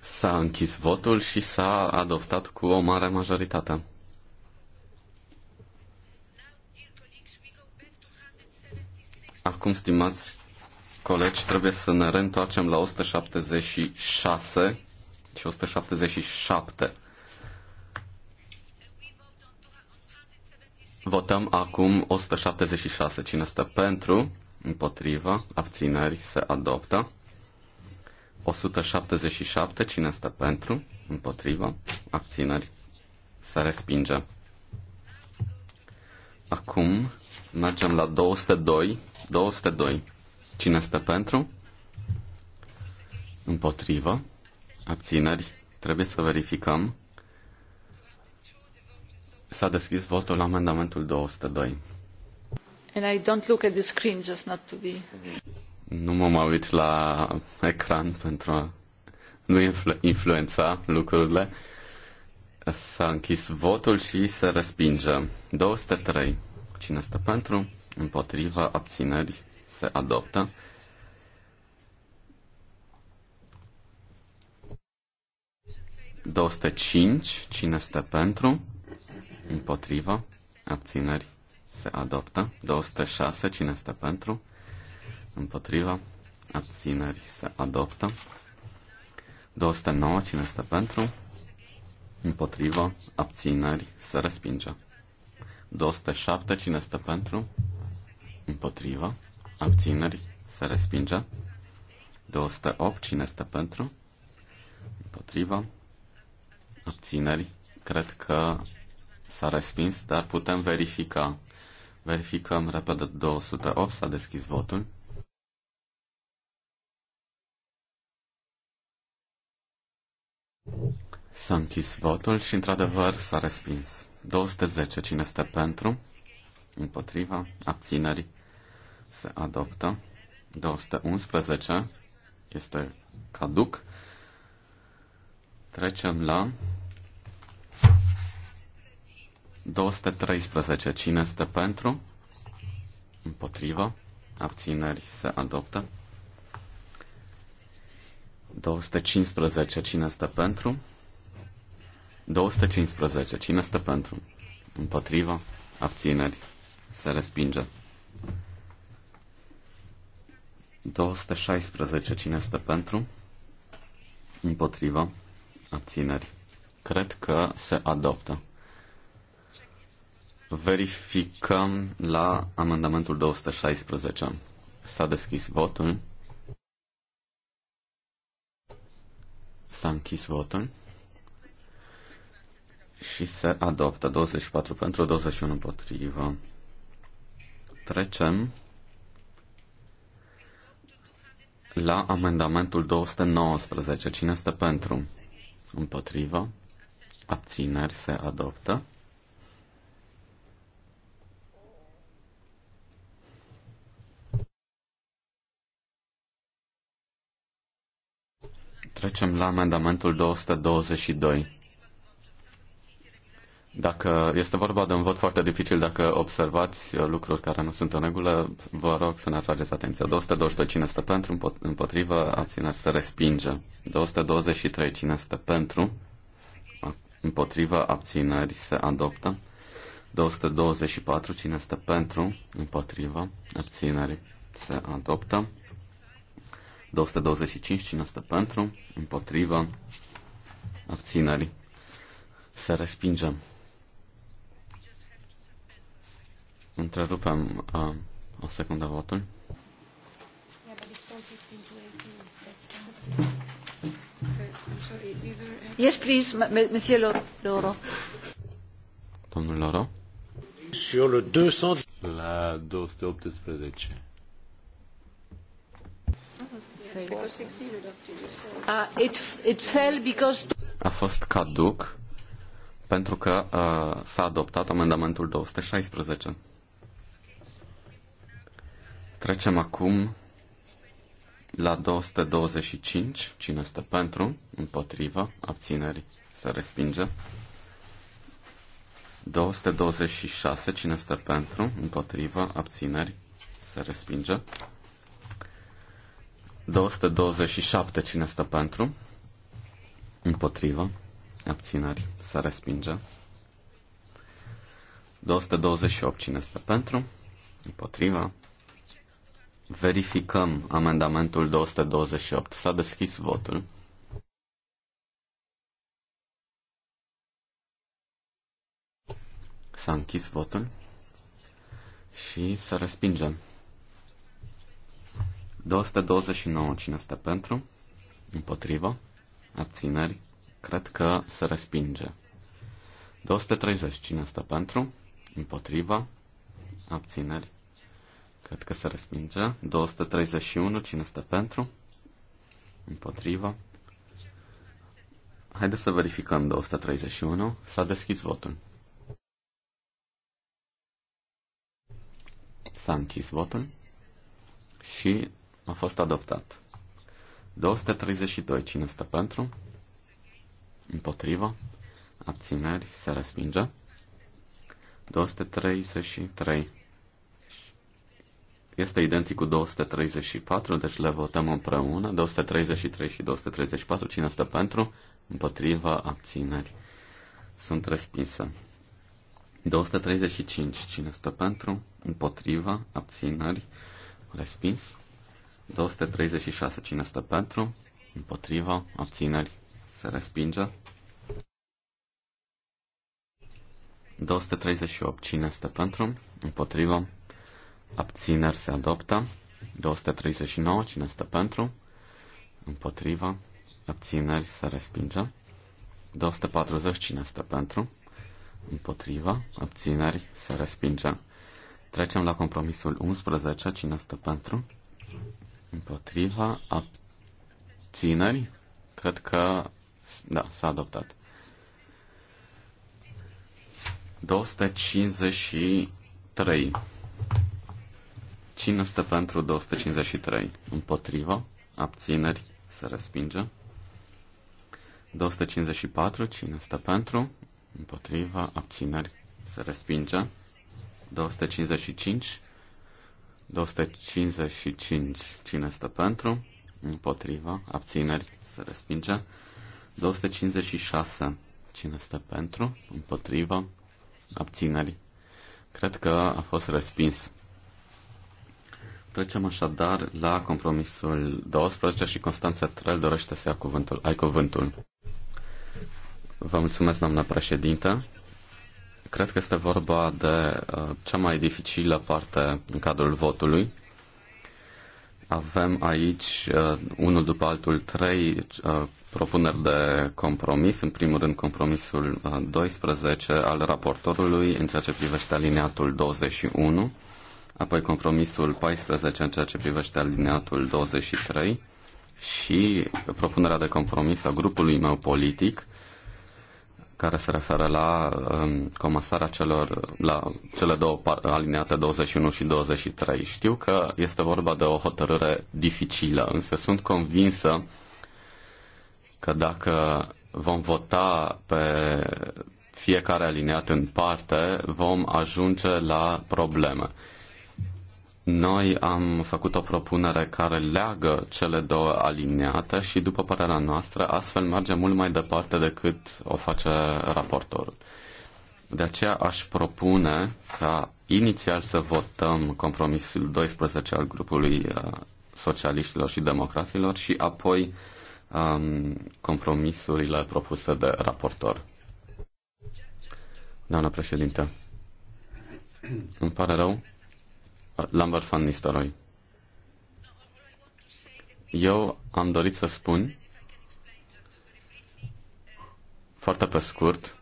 S-a închis votul și s-a adoptat cu o mare majoritate. Acum, stimați colegi, trebuie să ne reîntoarcem la 176 și 177. Votăm acum 176. Cine stă pentru? împotrivă, abțineri, se adoptă. 177, cine este pentru, împotrivă, abțineri, se respinge. Acum mergem la 202, 202, cine este pentru, împotrivă, abțineri, trebuie să verificăm. S-a deschis votul la amendamentul 202. And I don't look at the screen just not to be... Nu m-am uit la ecran pentru a nu influ- influența lucrurile. S-a închis votul și se respinge. 203. Cine stă pentru? Împotriva abțineri se adoptă. cinci Cine stă pentru? Împotriva abțineri se adoptă. 206, cine este pentru? Împotriva, abțineri, se adoptă. 209, cine este pentru? Împotriva, abțineri, se respinge. 207, cine este pentru? Împotriva, abțineri, se respinge. 208, cine este pentru? Împotriva, abțineri, cred că s-a respins, dar putem verifica Verificăm repede 208, s-a deschis votul. S-a închis votul și, într-adevăr, s-a respins. 210. Cine este pentru? Împotriva? Abținerii? Se adoptă. 211. Este caduc. Trecem la 213. Cine este pentru? Împotrivă. Abțineri se adoptă. 215. Cine este pentru? 215. Cine este pentru? Împotrivă. Abțineri se respinge. 216. Cine este pentru? Împotrivă. Abțineri. Cred că se adoptă. Verificăm la amendamentul 216. S-a deschis votul. S-a închis votul. Și se adoptă 24 pentru 21 împotrivă. Trecem la amendamentul 219. Cine este pentru? Împotrivă. Abțineri se adoptă. Trecem la amendamentul 222. Dacă este vorba de un vot foarte dificil, dacă observați lucruri care nu sunt în regulă, vă rog să ne atrageți atenția. 222, cine este pentru, împotrivă, abțineri să respinge. 223, cine este pentru, împotrivă, abțineri se adoptă. 224, cine este pentru, împotrivă, abțineri se adoptă. 225, cine stă pentru, împotrivă, abținerii. să respingem. Întrerupem uh, o secundă votul. Yes, please, m- m- monsieur Loro. Domnul Loro. Sur le 200... La 218. Uh, A fost caduc pentru că uh, s-a adoptat amendamentul 216. Trecem acum la 225. Cine este pentru? Împotrivă? Abțineri? Se respinge. 226. Cine este pentru? Împotrivă? Abțineri? Se respinge. 227. Cine stă pentru? Împotrivă. Abținări. să respinge. 228. Cine stă pentru? Împotriva. Verificăm amendamentul 228. S-a deschis votul. S-a închis votul și să respingem. 229. Cine este pentru? Împotrivă? Abțineri? Cred că se respinge. 230. Cine este pentru? Împotrivă? Abțineri? Cred că se respinge. 231. Cine este pentru? Împotrivă? Haideți să verificăm 231. S-a deschis votul. S-a închis votul și a fost adoptat. 232. Cine stă pentru? Împotrivă. Abțineri. Se respinge. 233. Este identic cu 234, deci le votăm împreună. 233 și 234. Cine stă pentru? Împotriva. Abțineri. Sunt respinse. 235. Cine stă pentru? Împotriva. Abțineri. Respins. 236. Cine stă pentru? Împotriva. Abțineri. Se respinge. 238. Cine stă pentru? Împotriva. Abțineri se adoptă. 239. Cine stă pentru? Împotriva. Abțineri se respinge. 240. Cine stă pentru? Împotriva. Abțineri se respinge. Trecem la compromisul 11. Cine stă pentru? împotriva, abținării? cred că, da, s-a adoptat. 253. Cine este pentru 253? Împotriva, abținării? se respinge. 254. Cine este pentru? Împotriva, abținării? se respinge. 255 255. Cine stă pentru? Împotriva. Abțineri. Se respinge. 256. Cine stă pentru? Împotriva. Abțineri. Cred că a fost respins. Trecem așadar la compromisul 12 și Constanța Trel dorește să ia cuvântul. Ai cuvântul. Vă mulțumesc, doamnă președintă. Cred că este vorba de uh, cea mai dificilă parte în cadrul votului. Avem aici, uh, unul după altul, trei uh, propuneri de compromis. În primul rând, compromisul 12 al raportorului în ceea ce privește alineatul 21, apoi compromisul 14 în ceea ce privește alineatul 23 și propunerea de compromis a grupului meu politic care se referă la um, comasarea celor, la cele două alineate 21 și 23. Știu că este vorba de o hotărâre dificilă, însă sunt convinsă că dacă vom vota pe fiecare alineat în parte, vom ajunge la probleme. Noi am făcut o propunere care leagă cele două aliniate și, după părerea noastră, astfel merge mult mai departe decât o face raportorul. De aceea aș propune ca inițial să votăm compromisul 12 al grupului uh, socialiștilor și democraților și apoi um, compromisurile propuse de raportor. Doamna președinte, îmi pare rău, Lambert van Nistelrooy. Eu am dorit să spun foarte pe scurt,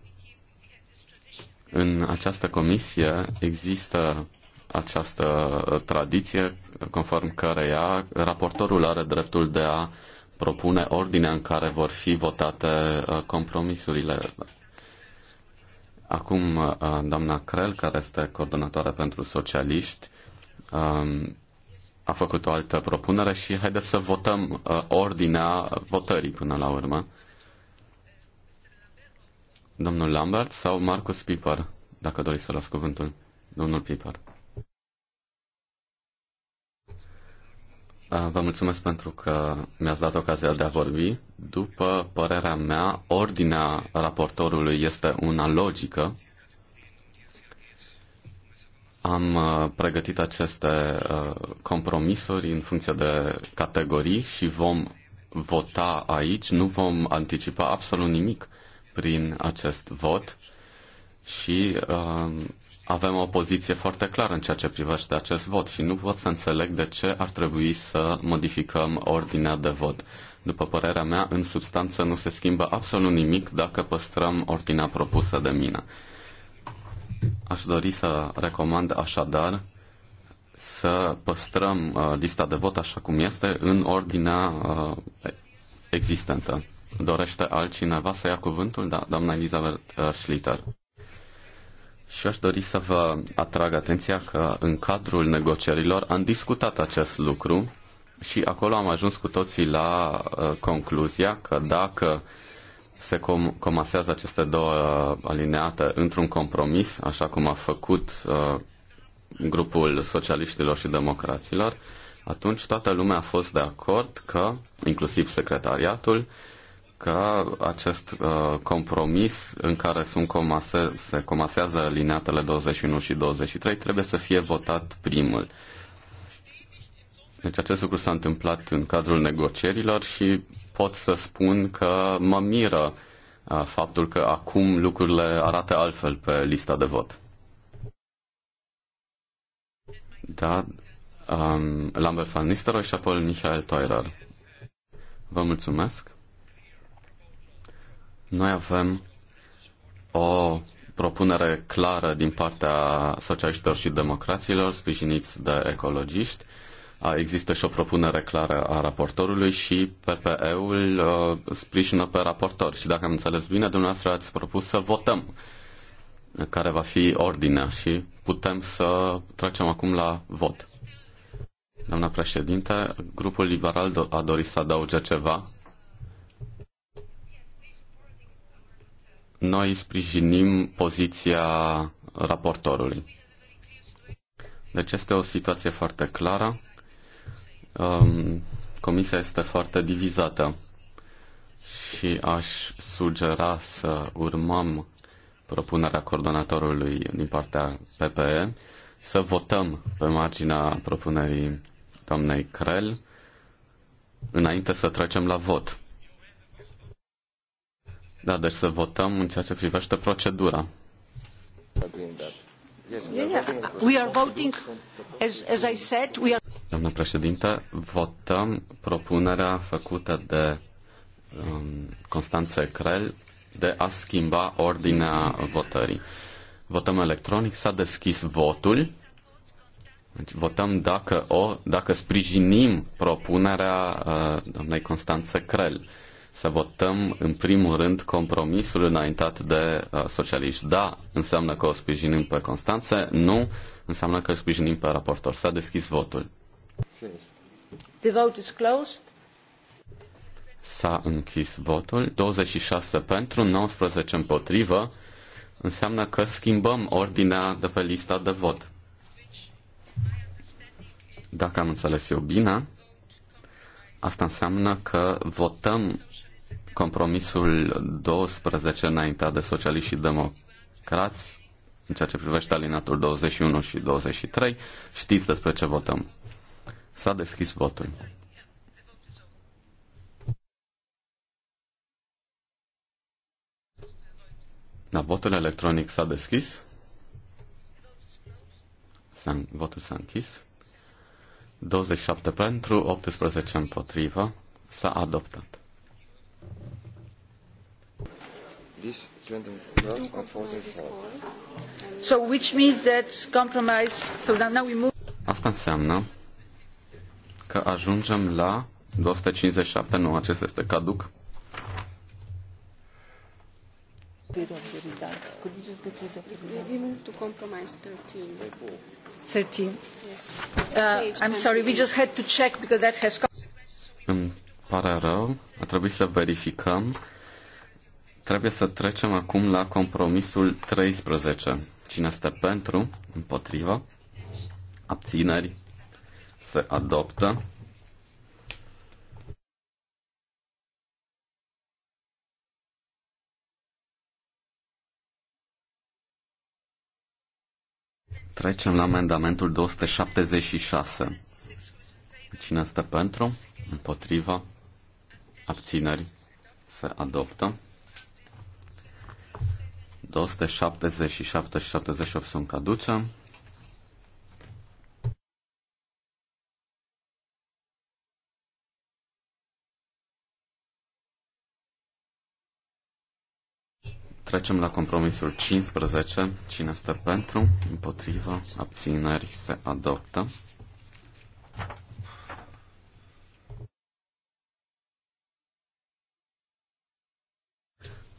în această comisie există această tradiție conform căreia raportorul are dreptul de a propune ordinea în care vor fi votate uh, compromisurile. Acum, uh, doamna Crel, care este coordonatoare pentru socialiști, um, a făcut o altă propunere și haideți să votăm uh, ordinea votării până la urmă. Domnul Lambert sau Marcus Piper, dacă doriți să las cuvântul. Domnul Piper. Uh, vă mulțumesc pentru că mi-ați dat ocazia de a vorbi. După părerea mea, ordinea raportorului este una logică am uh, pregătit aceste uh, compromisuri în funcție de categorii și vom vota aici. Nu vom anticipa absolut nimic prin acest vot și uh, avem o poziție foarte clară în ceea ce privește acest vot și nu pot să înțeleg de ce ar trebui să modificăm ordinea de vot. După părerea mea, în substanță nu se schimbă absolut nimic dacă păstrăm ordinea propusă de mine. Aș dori să recomand așadar să păstrăm uh, lista de vot așa cum este, în ordinea uh, existentă. Dorește altcineva să ia cuvântul? Da, doamna Elizabeth uh, Schlitter. Și aș dori să vă atrag atenția că în cadrul negocierilor am discutat acest lucru și acolo am ajuns cu toții la uh, concluzia că dacă uh, se com- comasează aceste două uh, alineate într-un compromis, așa cum a făcut uh, grupul socialiștilor și democraților, atunci toată lumea a fost de acord că, inclusiv secretariatul, că acest uh, compromis în care sunt comase, se comasează alineatele 21 și 23 trebuie să fie votat primul. Deci acest lucru s-a întâmplat în cadrul negocierilor și pot să spun că mă miră uh, faptul că acum lucrurile arată altfel pe lista de vot. Da, um, Lambert van Nistelrooy și apoi Michael Teurer. Vă mulțumesc. Noi avem o propunere clară din partea socialiștilor și democraților, sprijiniți de ecologiști, Există și o propunere clară a raportorului și PPE-ul uh, sprijină pe raportor. Și dacă am înțeles bine, dumneavoastră ați propus să votăm care va fi ordinea și putem să trecem acum la vot. Doamna președinte, grupul liberal a dorit să adauge ceva. Noi sprijinim poziția raportorului. Deci este o situație foarte clară um, comisia este foarte divizată și aș sugera să urmăm propunerea coordonatorului din partea PPE, să votăm pe marginea propunerii doamnei Crel înainte să trecem la vot. Da, deci să votăm în ceea ce privește procedura. We are voting, as, as I said, we are... Doamna președintă, votăm propunerea făcută de um, Constanțe Crel de a schimba ordinea votării. Votăm electronic, s-a deschis votul. Deci votăm dacă, o, dacă sprijinim propunerea uh, doamnei Constanțe Crel. Să votăm în primul rând compromisul înaintat de uh, socialiști. Da, înseamnă că o sprijinim pe Constanțe, nu, înseamnă că o sprijinim pe raportor. S-a deschis votul. The vote is closed. S-a închis votul. 26 pentru, 19 împotrivă. Înseamnă că schimbăm ordinea de pe lista de vot. Dacă am înțeles eu bine, asta înseamnă că votăm compromisul 12 înaintea de socialiști și democrați în ceea ce privește alinatul 21 și 23. Știți despre ce votăm. S-a deschis votul. Da, votul electronic s-a deschis. S-a, votul s-a închis. 27 pentru, 18 împotrivă. S-a adoptat. So which means that compromise so now we move Asta înseamnă că ajungem la 257, nu, acesta este caduc. Uh, I'm sorry, we just had to check because that has Îmi pare rău, a trebuit să verificăm. Trebuie să trecem acum la compromisul 13. Cine este pentru, împotriva, abțineri, se adoptă. Trecem la amendamentul 276. Cine este pentru? Împotriva? Abțineri? Se adoptă. 277 și 78 sunt caduce. Trecem la compromisul 15. Cine stă pentru? Împotriva? Abțineri? Se adoptă.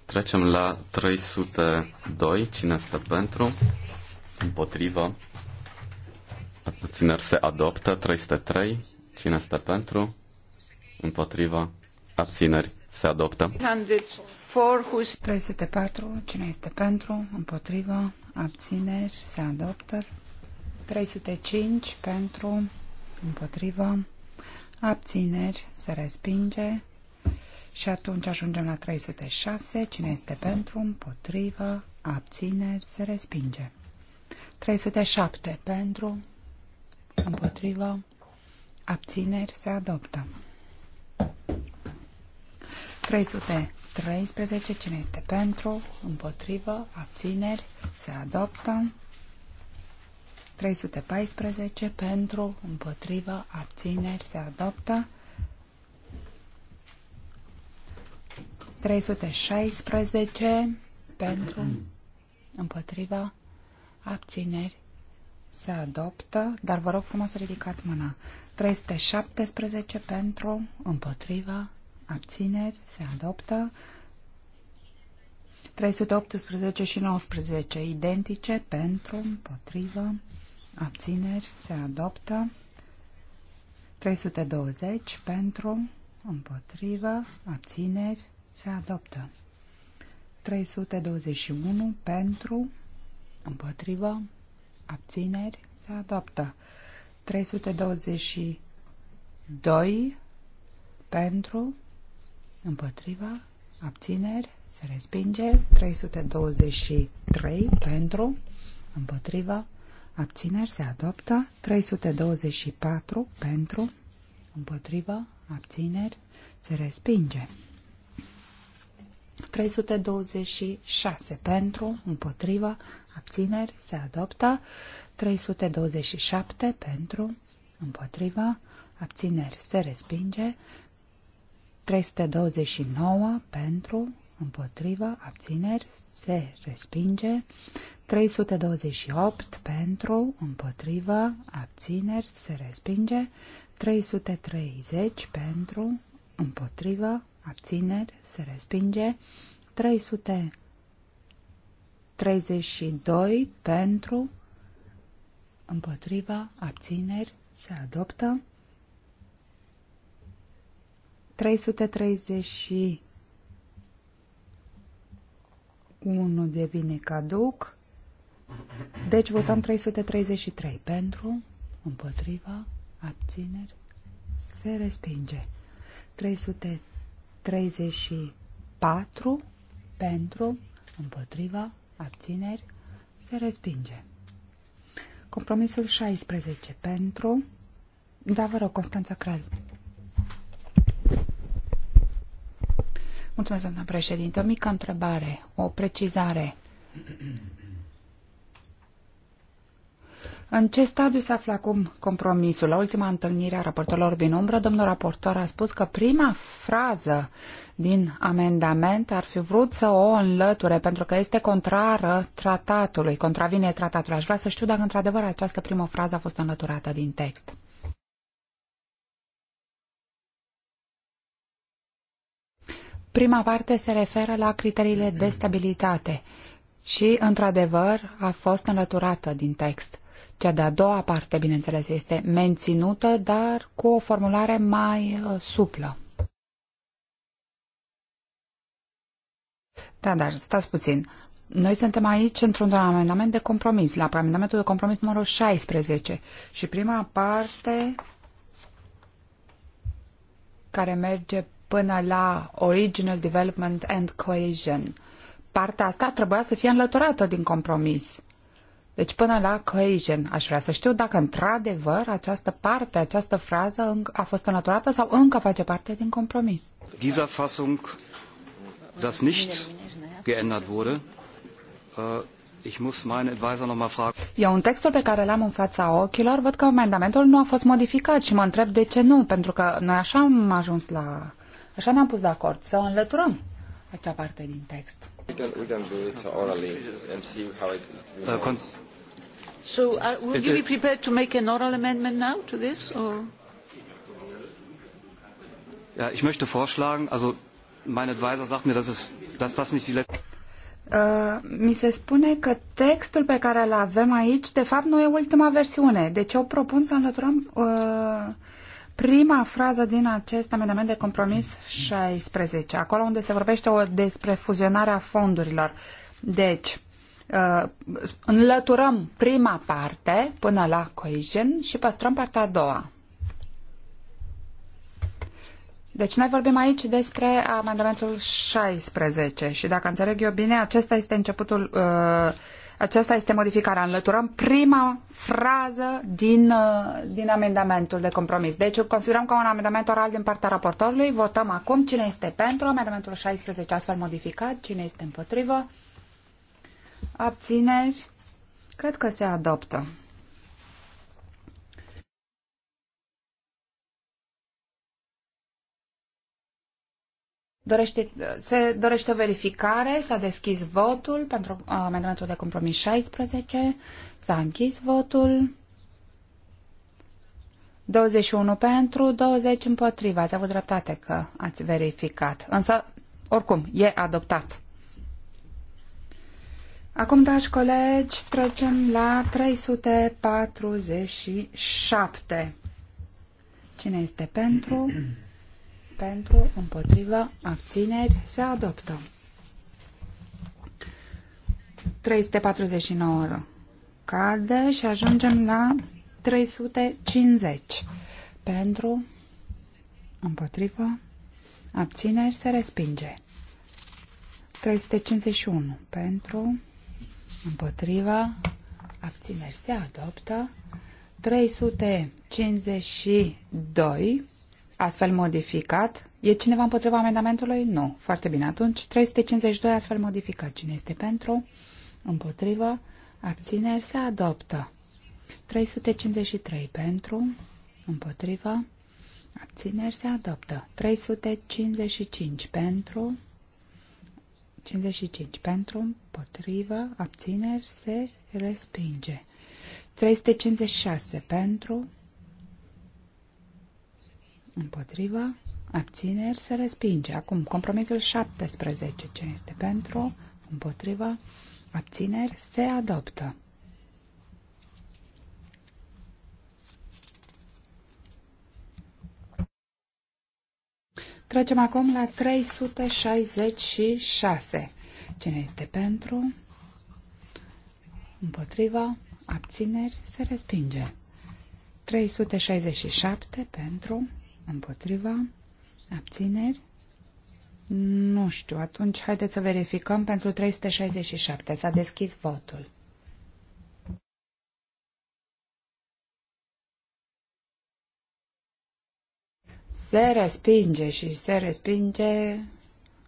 Trecem la 302. Cine stă pentru? Împotriva? Abțineri? Se adoptă. 303. Cine stă pentru? Împotriva? Abțineri? Se adoptă. 304. Cine este pentru? împotriva Abțineri? Se adoptă. 305. Pentru? împotriva Abțineri? Se respinge. Și atunci ajungem la 306. Cine este pentru? împotriva Abțineri? Se respinge. 307. Pentru? împotriva Abțineri? Se adoptă. 300. 13. Cine este pentru? Împotrivă? Abțineri? Se adoptă. 314. Pentru? Împotrivă? Abțineri? Se adoptă. 316. Pentru? Împotriva? Abțineri? Se adoptă. Dar vă rog frumos să ridicați mâna. 317 pentru, împotriva, abțineri, se adoptă. 318 și 19 identice pentru, împotrivă, abțineri, se adoptă. 320 pentru, împotrivă, abțineri, se adoptă. 321 pentru, împotrivă, abțineri, se adoptă. 322 pentru, împotriva, abțineri, se respinge, 323 pentru, împotriva, abțineri, se adoptă, 324 pentru, împotriva, abțineri, se respinge. 326 pentru, împotriva, abțineri, se adoptă, 327 pentru, împotriva, abțineri, se respinge, 329 pentru, împotriva, abțineri, se respinge. 328 pentru, împotriva, abțineri, se respinge. 330 pentru, împotriva, abțineri, se respinge. 332 pentru, împotriva, abțineri, se adoptă. 331 devine caduc. Deci votăm 333 pentru, împotriva, abțineri, se respinge. 334 pentru, împotriva, abțineri, se respinge. Compromisul 16 pentru, da, vă rog, Constanța Crel. Mulțumesc, doamna președinte. O mică întrebare, o precizare. În ce stadiu se află acum compromisul? La ultima întâlnire a raportorilor din umbră, domnul raportor a spus că prima frază din amendament ar fi vrut să o înlăture pentru că este contrară tratatului, contravine tratatului. Aș vrea să știu dacă într-adevăr această primă frază a fost înlăturată din text. Prima parte se referă la criteriile de stabilitate și, într-adevăr, a fost înlăturată din text. Cea de-a doua parte, bineînțeles, este menținută, dar cu o formulare mai uh, suplă. Da, dar stați puțin. Noi suntem aici într-un amendament de compromis, la amendamentul de compromis numărul 16 și prima parte care merge până la Original Development and Cohesion. Partea asta trebuia să fie înlăturată din compromis. Deci până la cohesion. Aș vrea să știu dacă într-adevăr această parte, această frază a fost înlăturată sau încă face parte din compromis. Dieser Fassung, das nicht geändert wurde, äh, ich muss meine Advisor noch mal fragen. Eu în textul pe care l-am în fața ochilor văd că amendamentul nu a fost modificat și mă întreb de ce nu, pentru că noi așa am ajuns la Așa ne-am pus de acord să înlăturăm acea parte din text. So, are, uh, will you be prepared to make an oral amendment now to this? Or? Ja, ich möchte vorschlagen, also mein Advisor sagt mir, dass, es, dass das nicht die letzte... Uh, mi se spune că textul pe care îl avem aici, de fapt, nu e ultima versiune. Deci eu propun să înlăturăm uh, prima frază din acest amendament de compromis 16, acolo unde se vorbește o, despre fuzionarea fondurilor. Deci, uh, înlăturăm prima parte până la cohesion și păstrăm partea a doua. Deci noi vorbim aici despre amendamentul 16 și dacă înțeleg eu bine, acesta este începutul uh, aceasta este modificarea. Înlăturăm prima frază din, uh, din amendamentul de compromis. Deci considerăm că un amendament oral din partea raportorului. Votăm acum cine este pentru amendamentul 16 astfel modificat, cine este împotrivă. Abțineri. Cred că se adoptă. Dorește, se dorește o verificare, s-a deschis votul pentru uh, amendamentul de compromis 16, s-a închis votul. 21 pentru, 20 împotriva. Ați avut dreptate că ați verificat. Însă, oricum, e adoptat. Acum, dragi colegi, trecem la 347. Cine este pentru? pentru, împotriva, abțineri, se adoptă. 349 cade și ajungem la 350 pentru, împotriva, abțineri, se respinge. 351 pentru, împotriva, abțineri, se adoptă. 352 astfel modificat. E cineva împotriva amendamentului? Nu. Foarte bine. Atunci 352 astfel modificat. Cine este pentru? Împotrivă. Abțineri se adoptă. 353 pentru. Împotrivă. Abțineri se adoptă. 355 pentru. 55 pentru. Împotrivă. Abțineri se respinge. 356 pentru. Împotrivă. Abțineri se respinge. Acum, compromisul 17. Cine este pentru? Împotrivă. Abțineri se adoptă. Trecem acum la 366. Cine este pentru? Împotriva? Abțineri? Se respinge. 367 pentru? Împotriva? Abțineri? Nu știu. Atunci haideți să verificăm pentru 367. S-a deschis votul. Se respinge și se respinge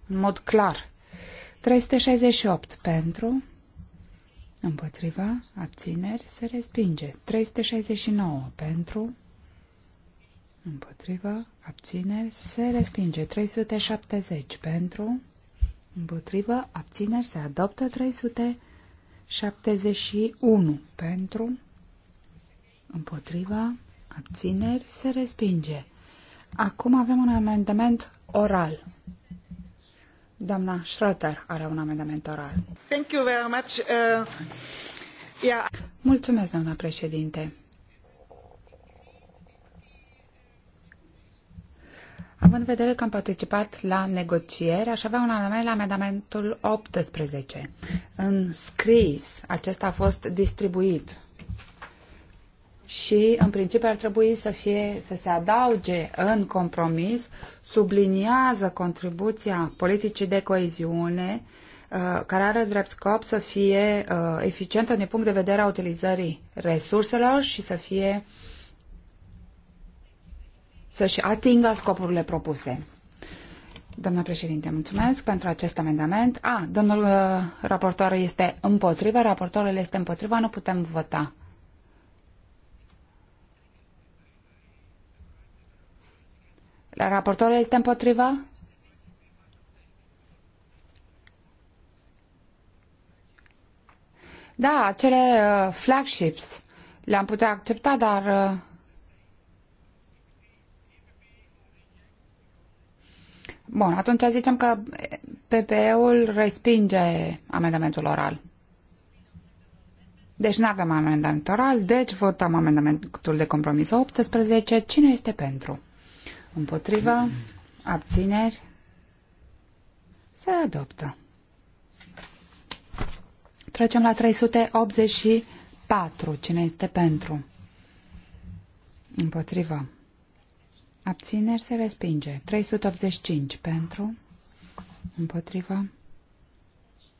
în mod clar. 368 pentru, împotriva, abțineri, se respinge. 369 pentru, Împotriva, Abțineri. Se respinge. 370 pentru. Împotriva, Abțineri. Se adoptă. 371 pentru. Împotriva. Abțineri. Se respinge. Acum avem un amendament oral. Doamna Schroeter are un amendament oral. Thank you very much. Uh, yeah. Mulțumesc, doamna președinte. Având în vedere că am participat la negocieri, aș avea un amendament la amendamentul 18. În scris, acesta a fost distribuit și în principiu ar trebui să, fie, să se adauge în compromis, subliniază contribuția politicii de coeziune uh, care are drept scop să fie uh, eficientă din punct de vedere a utilizării resurselor și să fie uh, să-și atingă scopurile propuse. Doamna președinte, mulțumesc pentru acest amendament. A, domnul uh, raportor este împotriva. raportorul este împotriva, nu putem vota. La raportorul este împotriva? Da, acele uh, flagships le-am putea accepta, dar uh, Bun, atunci zicem că PPE-ul respinge amendamentul oral. Deci nu avem amendament oral, deci votăm amendamentul de compromis 18. Cine este pentru? Împotriva? Abțineri? Se adoptă. Trecem la 384. Cine este pentru? Împotriva. Abțineri se respinge. 385 pentru. Împotriva.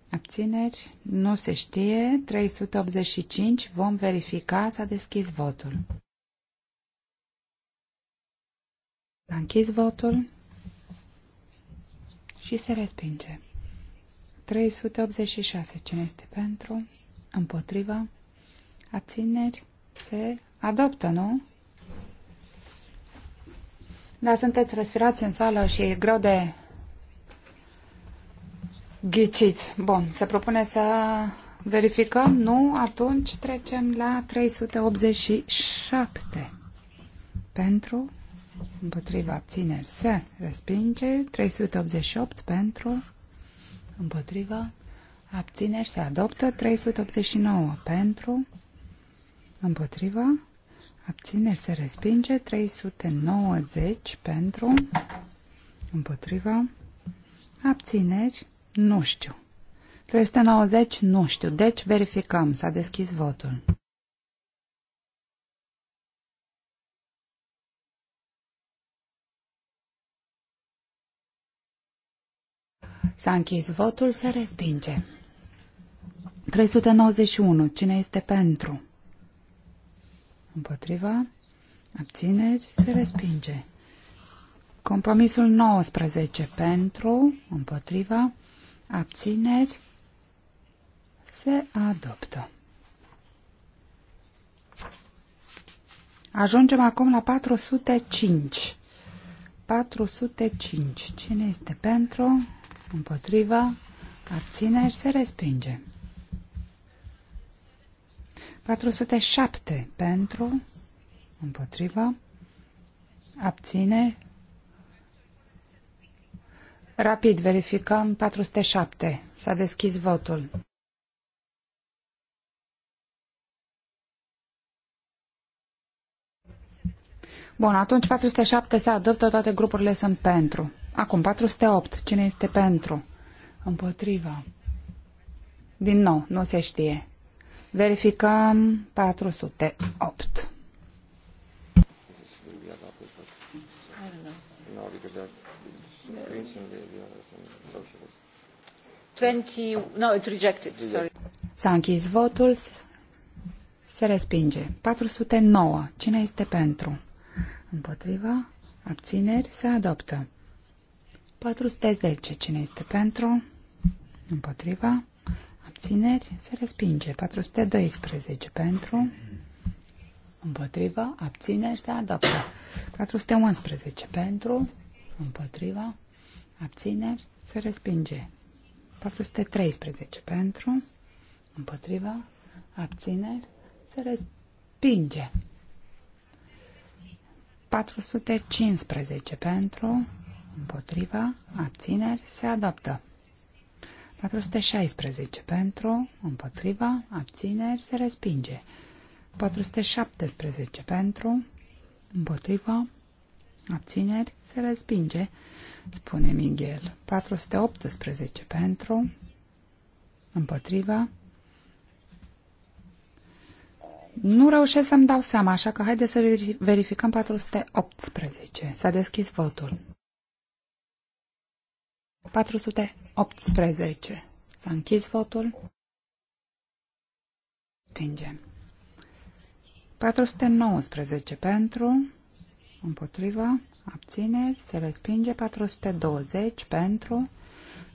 Abțineri. Nu se știe. 385. Vom verifica. S-a deschis votul. S-a închis votul. Și se respinge. 386. Cine este pentru? Împotriva. Abțineri. Se adoptă, nu? Da, sunteți respirați în sală și e greu de ghicit. Bun, se propune să verificăm? Nu? Atunci trecem la 387. Pentru, împotriva abțineri, se respinge. 388 pentru, împotriva abțineri, se adoptă. 389 pentru, împotriva Abțineri se respinge. 390 pentru. Împotriva. Abțineri. Nu știu. 390. Nu știu. Deci verificăm. S-a deschis votul. S-a închis votul, se respinge. 391. Cine este pentru? Împotriva. Abțineri. Se respinge. Compromisul 19 pentru, împotriva, abțineri, se adoptă. Ajungem acum la 405. 405. Cine este pentru, împotriva, abțineri, se respinge. 407 pentru, împotriva, abține. Rapid verificăm 407. S-a deschis votul. Bun, atunci 407 se adoptă, toate grupurile sunt pentru. Acum, 408. Cine este pentru? Împotriva. Din nou, nu se știe. Verificăm 408. S-a închis votul, se respinge. 409. Cine este pentru? Împotriva? Abțineri? Se adoptă. 410. Cine este pentru? Împotriva? abțineri, se respinge. 412 pentru, împotriva, abțineri, se adoptă. 411 pentru, împotriva, abțineri, se respinge. 413 pentru, împotriva, abțineri, se respinge. 415 pentru, împotriva, abțineri, se adoptă. 416 pentru, împotriva, abțineri, se respinge. 417 pentru, împotriva, abțineri, se respinge, spune Miguel. 418 pentru, împotriva. Nu reușesc să-mi dau seama, așa că haideți să verificăm 418. S-a deschis votul. 418. S-a închis votul. Spingem. 419 pentru, împotriva, abțineri, se respinge 420 pentru,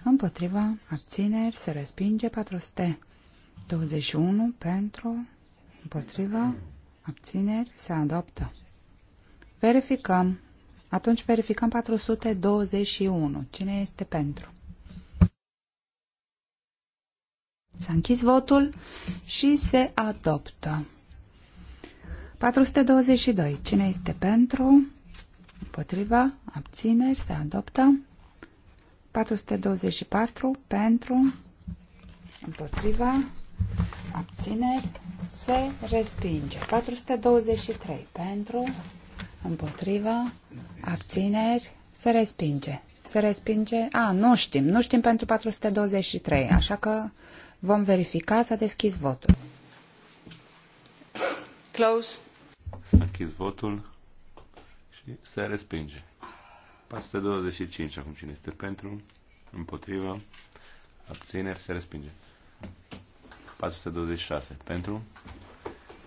împotriva, abțineri, se respinge 421 pentru, împotriva, abțineri, se adoptă. Verificăm. Atunci verificăm 421. Cine este pentru? S-a închis votul și se adoptă. 422. Cine este pentru? Împotriva? Abțineri? Se adoptă. 424. Pentru? Împotriva? Abțineri? Se respinge. 423. Pentru? împotrivă, abțineri, se respinge. Se respinge, a, nu știm, nu știm pentru 423, așa că vom verifica, s-a deschis votul. Close. S-a închis votul și se respinge. 425, acum cine este pentru, împotrivă, abțineri, se respinge. 426, pentru,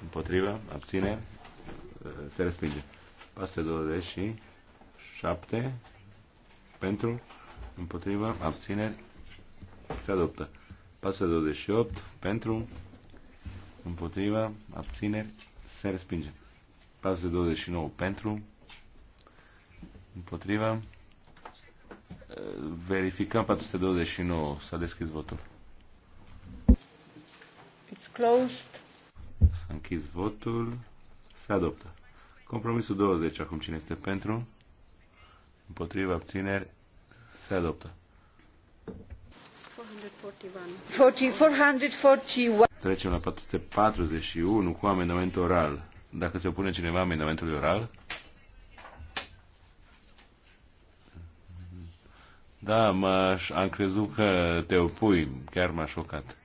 împotrivă, abțineri, se respinge. 427 pentru, împotriva, abțineri, se adoptă. 428 pentru, împotriva, abțineri, se respinge. 429 pentru, împotriva, verificăm 429, s-a deschis votul. It's closed. S-a închis votul, se adoptă. Compromisul 20, acum cine este pentru? Împotriva abțineri se adoptă. 441. Trecem la 441 cu amendament oral. Dacă se opune cineva amendamentului oral? Da, m-aș, am crezut că te opui, chiar m-a șocat.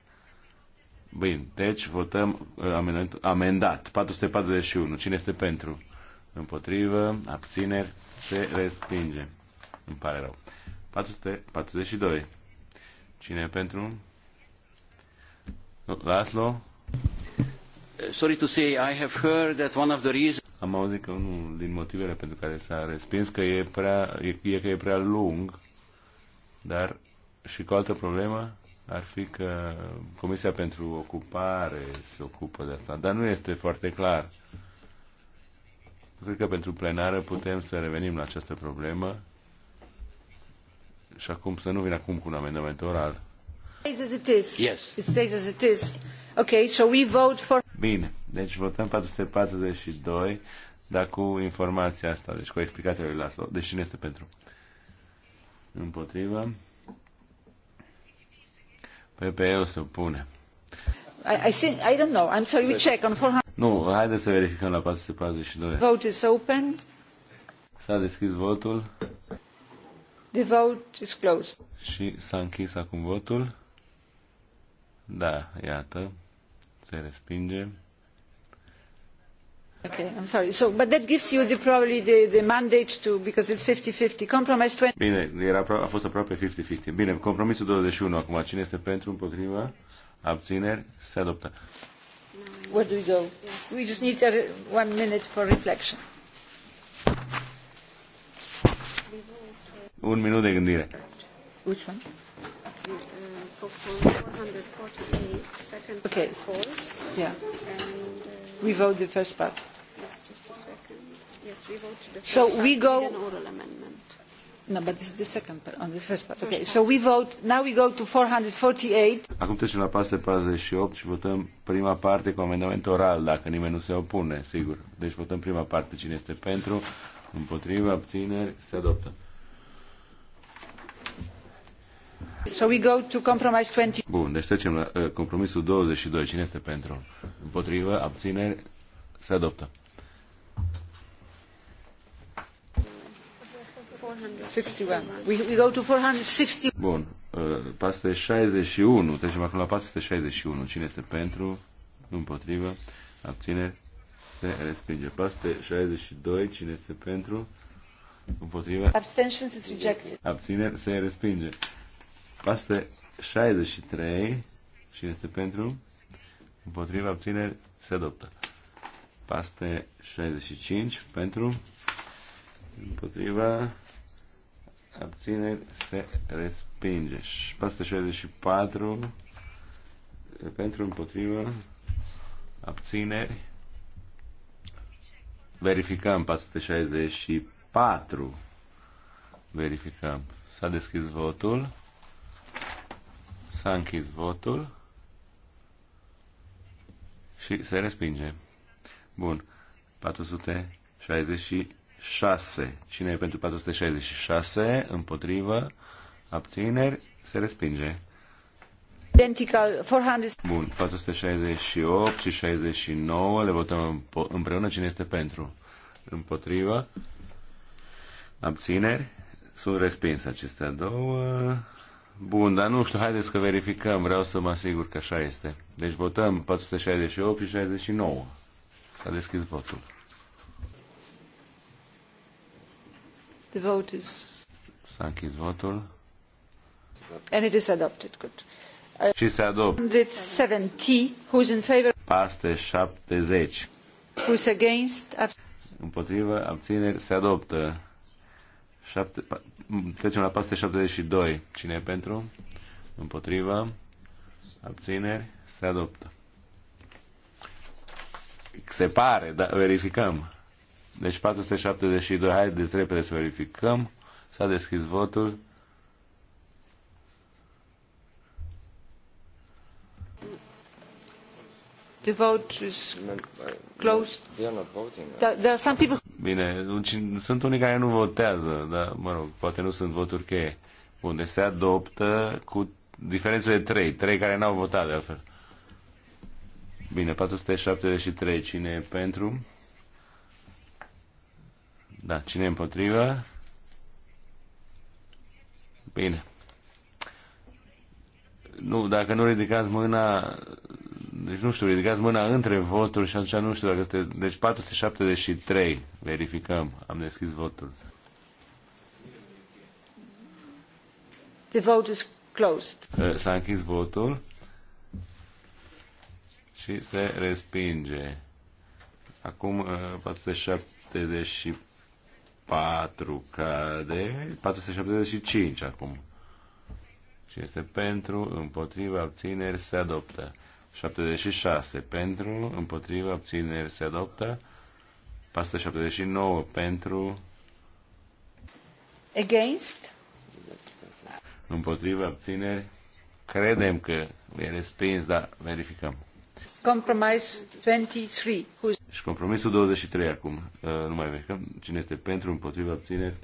Bine, deci votăm uh, amendat, 441. Cine este pentru? împotrivă, abțineri, se respinge. Îmi pare rău. 442. Cine e pentru? Laslo? Sorry to say, I have heard that one of the reasons... Am auzit că unul din motivele pentru care s-a respins că e, prea, e, e că e prea lung, dar și cu altă problemă ar fi că Comisia pentru Ocupare se ocupă de asta, dar nu este foarte clar. Uh, Cred că pentru plenară putem să revenim la această problemă și acum să nu vin acum cu un amendament oral. Yes. It stays as it is. Okay, so we vote for... Bine, deci votăm 442, dar cu informația asta, deci cu explicația lui Laslo. Deci cine este pentru? Împotrivă. PPE o să opune. I, I, think, I don't know. I'm sorry, we check on 400. Nu, haideți să verificăm la 442. Vote is open. S-a deschis votul. The vote is closed. Și s-a închis acum votul. Da, iată. Se respinge. Okay, I'm sorry. So, but that gives you the, probably the, the mandate to, because it's 50-50. Compromise 20. Bine, era, a fost aproape 50-50. Bine, compromisul 21 acum. Cine este pentru, împotriva, abțineri, se adoptă. Where do we go? Yes. We just need a, one minute for reflection. Un minut de gândire. Which one? Okay, Yeah. we vote the first part. Yes, just a second. Yes, we vote the first so part. So we go. An oral amendment. No, but this is the second part, on the first part. Okay, so we vote, now we go to 448. Acum trecem la 448 și votăm prima parte cu amendament oral, dacă nimeni nu se opune, sigur. Deci votăm prima parte, cine este pentru, împotriva, abțineri, se adoptă. So we go to compromise 20. Bun, deci trecem la uh, compromisul 22. Cine este pentru? Împotrivă, abțineri, se adoptă. 461. We, we go to 460. Bun. 461. Uh, Trecem acum la 461. Cine este pentru? Împotrivă. Abțineri. Se respinge. 462. Cine este pentru? Împotrivă. Abstentions is rejected. Abțineri. Se respinge. 463. Cine este pentru? Împotriva abțineri se adoptă. Paste 65 pentru împotriva abțineri, se respinge. 464 pentru împotrivă, abțineri. Verificăm 464. Verificăm. S-a deschis votul. S-a închis votul. Și se respinge. Bun. 464 6. Cine e pentru 466? Împotrivă. Abțineri. Se respinge. Identical 400. Bun. 468 și 69. Le votăm împreună. Cine este pentru? Împotrivă. Abțineri. Sunt respinse acestea două. Bun, dar nu știu, haideți că verificăm, vreau să mă asigur că așa este. Deci votăm 468 și 69. S-a deschis votul. The vote is... S-a închis votul. And it is adopted. Good. Uh, și se adoptă. 170. Who's in favor? Paste 70. Who's against? Ab Împotrivă, abțineri, se adoptă. 7, trecem la paste 72. Cine e pentru? Împotriva. Abțineri. Se adoptă. Se pare, dar verificăm. Deci 472, haideți repede să verificăm. S-a deschis votul. The vote is closed. There are some people... Bine, sunt unii care nu votează, dar, mă rog, poate nu sunt voturi cheie. Bun, deci se adoptă cu diferență de 3, 3 care n-au votat de altfel. Bine, 473, cine e pentru? Da, cine împotriva? Bine. Nu, dacă nu ridicați mâna, deci nu știu, ridicați mâna între voturi și atunci nu știu dacă este, deci 473, verificăm, am deschis votul. The vote is closed. Eh, s-a închis votul și se respinge. Acum 474 eh, 4 cade, 475 acum. Și este pentru, împotriva, abțineri, se adoptă. 76 pentru, împotriva, abțineri, se adoptă. 479 pentru. Against. Împotriva, abțineri. Credem că e respins, dar verificăm. Și compromisul 23 acum. Uh, nu mai vecăm. Cine este pentru, împotriva, abțineri,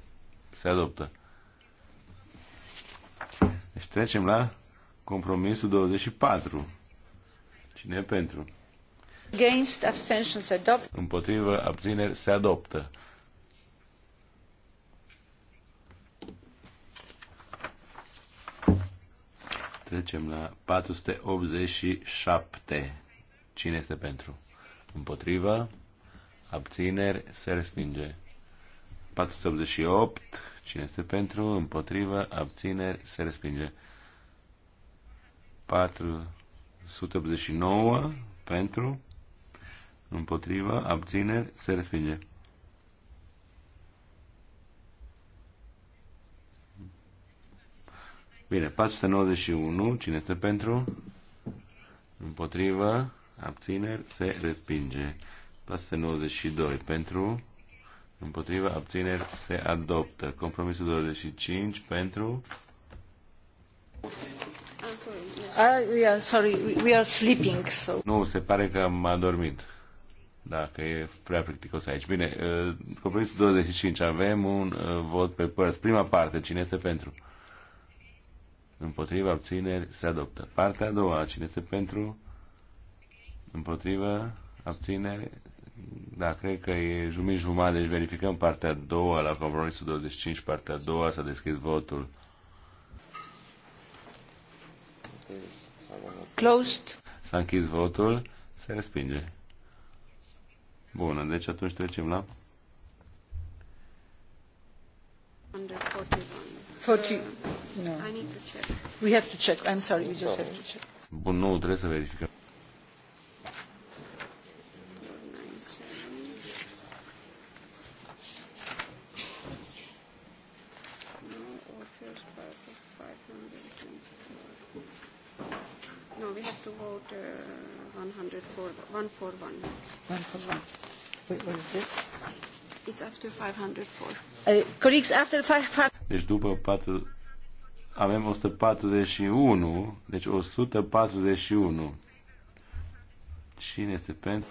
se adoptă. Deci trecem la compromisul 24. Cine e pentru? Against abstentions adopt. Împotrivă abțineri se adoptă. Trecem la 487. Cine este pentru? Împotriva. Abțineri. Se respinge. 488. Cine este pentru? Împotriva. Abțineri. Se respinge. 489. Pentru. Împotriva. Abțineri. Se respinge. Bine, 491, cine este pentru? Împotrivă, abțineri, se respinge. 492 pentru, împotriva, abțineri, se adoptă. Compromisul 25 pentru... Uh, yeah, sorry, we are sleeping, so... Nu, se pare că am adormit. Da, că e prea plicticos aici. Bine, uh, compromisul 25. Avem un uh, vot pe părți. Prima parte, cine este pentru? Împotriva abțineri se adoptă. Partea a doua, cine este pentru? Împotrivă? Abțineri? dar cred că e jumătate jumătate, deci verificăm partea a doua la compromisul 25, partea a doua s-a deschis votul. Closed. S-a închis votul, se respinge. Bun, deci atunci trecem la 40. No. I need to check. We have to check. I'm sorry, we just have to check. Bun, nu, trebuie să verificăm. after 504. Eh, deci după 4 avem 141, deci 141. Cine este pentru?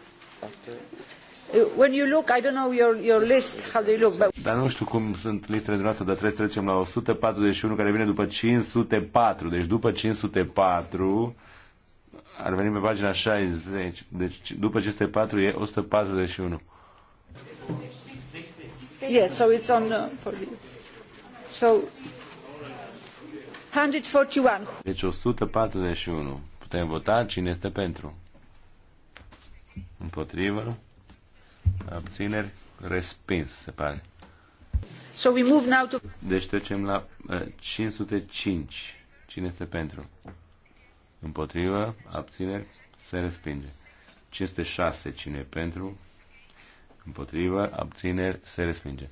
Eh, when you look, I don't know your, your list, how they look, but... Dar nu știu cum sunt listele de noastre, dar trebuie să trecem la 141, care vine după 504. Deci după 504 ar veni pe pagina 60. Deci după 504 e 141. Yes, so it's on uh, for So 141. Deci 141. Putem vota cine este pentru. Împotrivă. Abțineri. Respins, se pare. So we move now to... Deci trecem la uh, 505. Cine este pentru? Împotrivă. Abțineri. Se respinge. 506. Cine pentru? împotriva, abțineri, se respinge.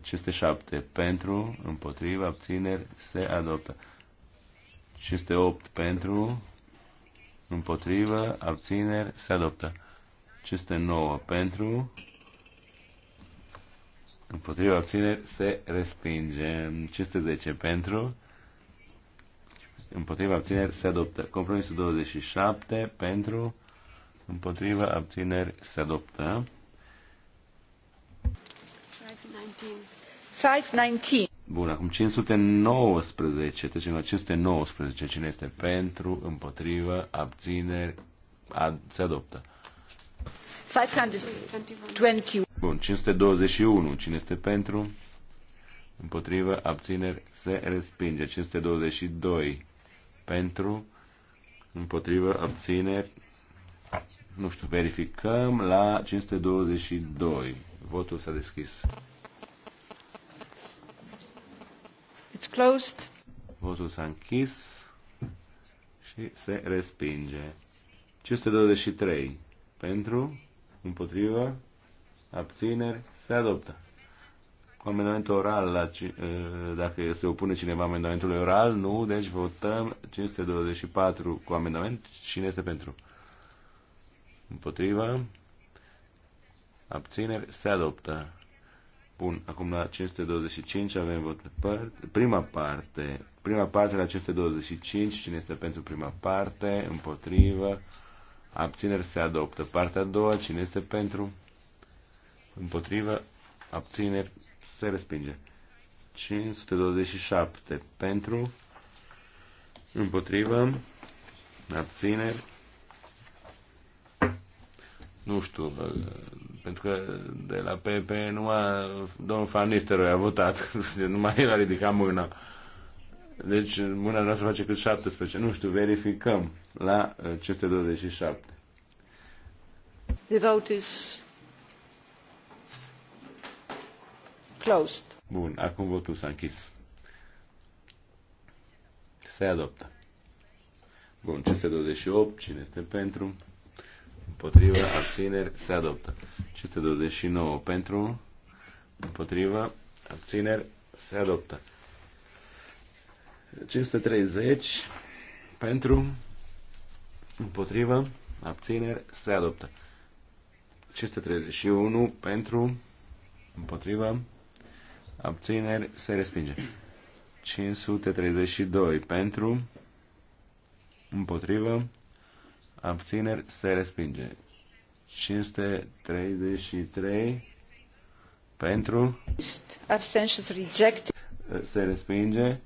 507 pentru, împotriva, abțineri, se adoptă. 508 pentru, împotriva, abțineri, se adoptă. 509 pentru, împotriva, abțineri, se respinge. 510 pentru, împotriva, abțineri, se adoptă. Compromisul 27 pentru, împotriva, abțineri, se adoptă. Bun, acum 519. Trecem la 519. Cine este pentru, împotrivă, abțineri, ad, se adoptă. 521. Bun, 521. Cine este pentru? Împotrivă, abțineri, se respinge. 522. Pentru, împotrivă, abțineri, nu știu, verificăm la 522. Votul s-a deschis. It's closed. Votul s-a închis și se respinge. 523 pentru, împotrivă, abțineri, se adoptă. Cu amendamentul oral, la, ă, dacă se opune cineva amendamentului oral, nu, deci votăm 524 cu amendament. Cine este pentru? Împotrivă, abțineri, se adoptă. Bun, acum la 525 avem vot pe part, prima parte. Prima parte la 525, cine este pentru prima parte, împotrivă, abțineri se adoptă. Partea a doua, cine este pentru, împotrivă, abțineri se respinge. 527 pentru, împotrivă, abțineri nu știu, pentru că de la PP numai domnul Fanister a votat, numai el a ridicat mâna. Deci mâna noastră face cât 17, nu știu, verificăm la 527. Uh, The vote is closed. Bun, acum votul s-a închis. Se adoptă. Bun, 528, cine este pentru? împotriva, abțineri, se adoptă. 529 pentru, împotriva, abțineri, se adoptă. 530 pentru, împotriva, abțineri, se adoptă. 531 pentru, împotriva, abțineri, se respinge. 532 pentru, împotriva, abțineri, se respinge. 533 pentru, abstentions eh, se respinge.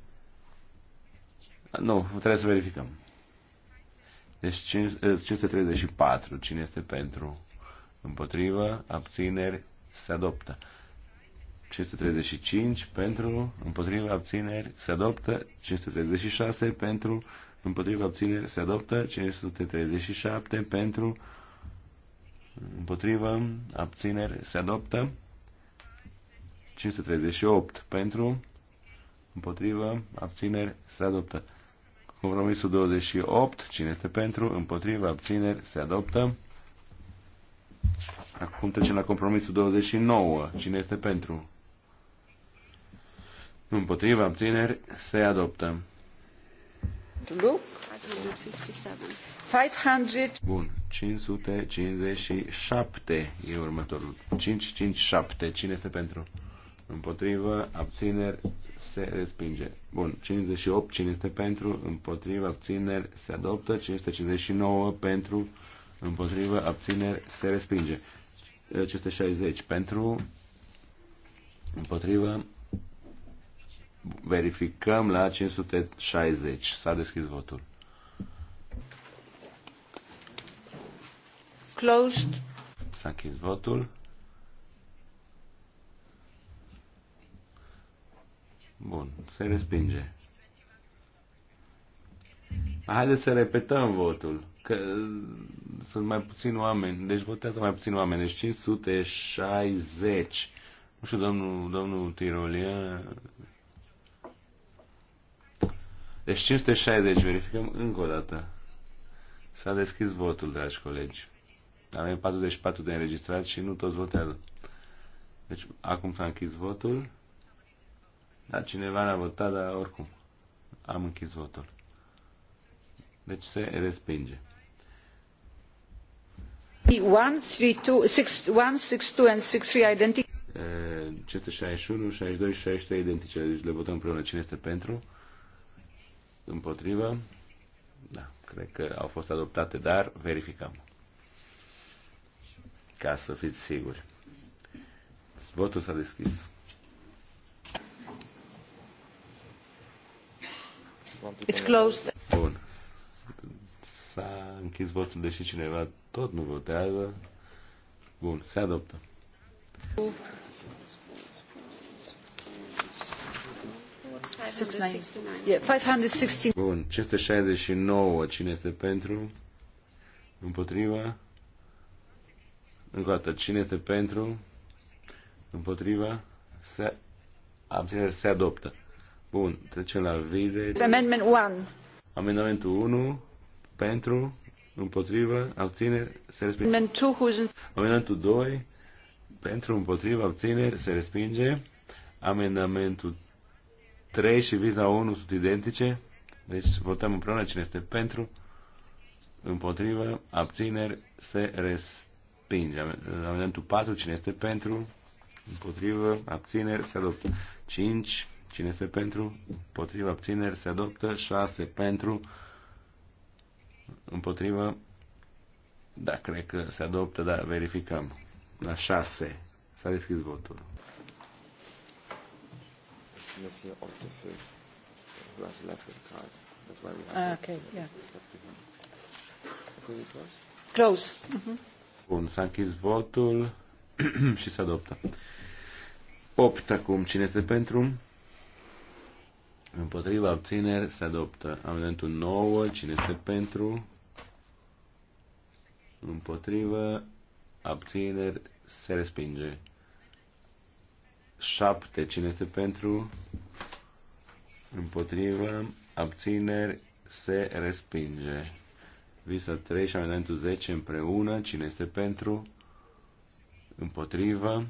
Nu, trebuie să verificăm. Deci 534, eh, cine este pentru, împotrivă, abțineri, se adoptă. 535 pentru, împotriva abțineri, se adoptă 536 pentru, împotriva obținere se adoptă 537 pentru împotriva abțineri se adoptă 538 pentru împotriva abțineri se adoptă compromisul 28 cine este pentru împotriva abțineri se adoptă Acum trecem la compromisul 29. Cine este pentru? Împotriva abțineri se adoptă. 557. Bun. 557 e următorul. 557. Cine este pentru? Împotrivă, abțineri, se respinge. Bun. 58. Cine este pentru? Împotrivă, abțineri, se adoptă. 559 pentru, împotrivă, abțineri, se respinge. 560 pentru, împotrivă, Verificăm la 560. S-a deschis votul. Closed. S-a închis votul. Bun, se respinge. Haideți să repetăm votul, că sunt mai puțini oameni, deci votează mai puțini oameni, deci 560. Nu știu, domnul, domnul Tirolia, deci 560, verificăm încă o dată. S-a deschis votul, dragi colegi. Avem 44 de înregistrați și nu toți votează. Deci acum s-a închis votul. Da, cineva n-a votat, dar oricum. Am închis votul. Deci se respinge. 162 and 63 identice. 561, 62 și 63 identice. Deci le votăm împreună. Cine este pentru? Împotrivă? Da, cred că au fost adoptate, dar verificăm. Ca să fiți siguri. Votul s-a deschis. It's closed. Bun. S-a închis votul, deși cineva tot nu votează. Bun, se adoptă. 569. Yeah, 569. Bun, 569. Cine este pentru? Împotriva? Încă o dată, cine este pentru? Împotriva? Se, abținere se adoptă. Bun, trecem la vide. Amendment 1. Amendamentul 1. Pentru? Împotriva? Abțineri? Se respinge. Amendamentul 2. Pentru? Împotriva? Abțineri? Se respinge. Amendamentul 3 și viza 1 sunt identice. Deci votăm împreună cine este pentru, împotrivă, abțineri, se respinge. Amendamentul 4, cine este pentru, împotrivă, abțineri, se adoptă. 5, cine este pentru, împotrivă, abțineri, se adoptă. 6, pentru, împotrivă, da, cred că se adoptă, dar verificăm. La 6 s-a deschis votul who has left the card. That's why we have ah, okay, yeah. Close. Close. Mm-hmm. Bun, s-a închis votul și se adoptă. 8 acum. Cine este pentru? Împotriva abțineri se adoptă. Amendamentul 9. Cine este pentru? Împotriva abțineri se respinge. 7. Cine este pentru? Împotrivă. Abțineri. Se respinge. Visa 3 și amendamentul 10 împreună. Cine este pentru? Împotrivă.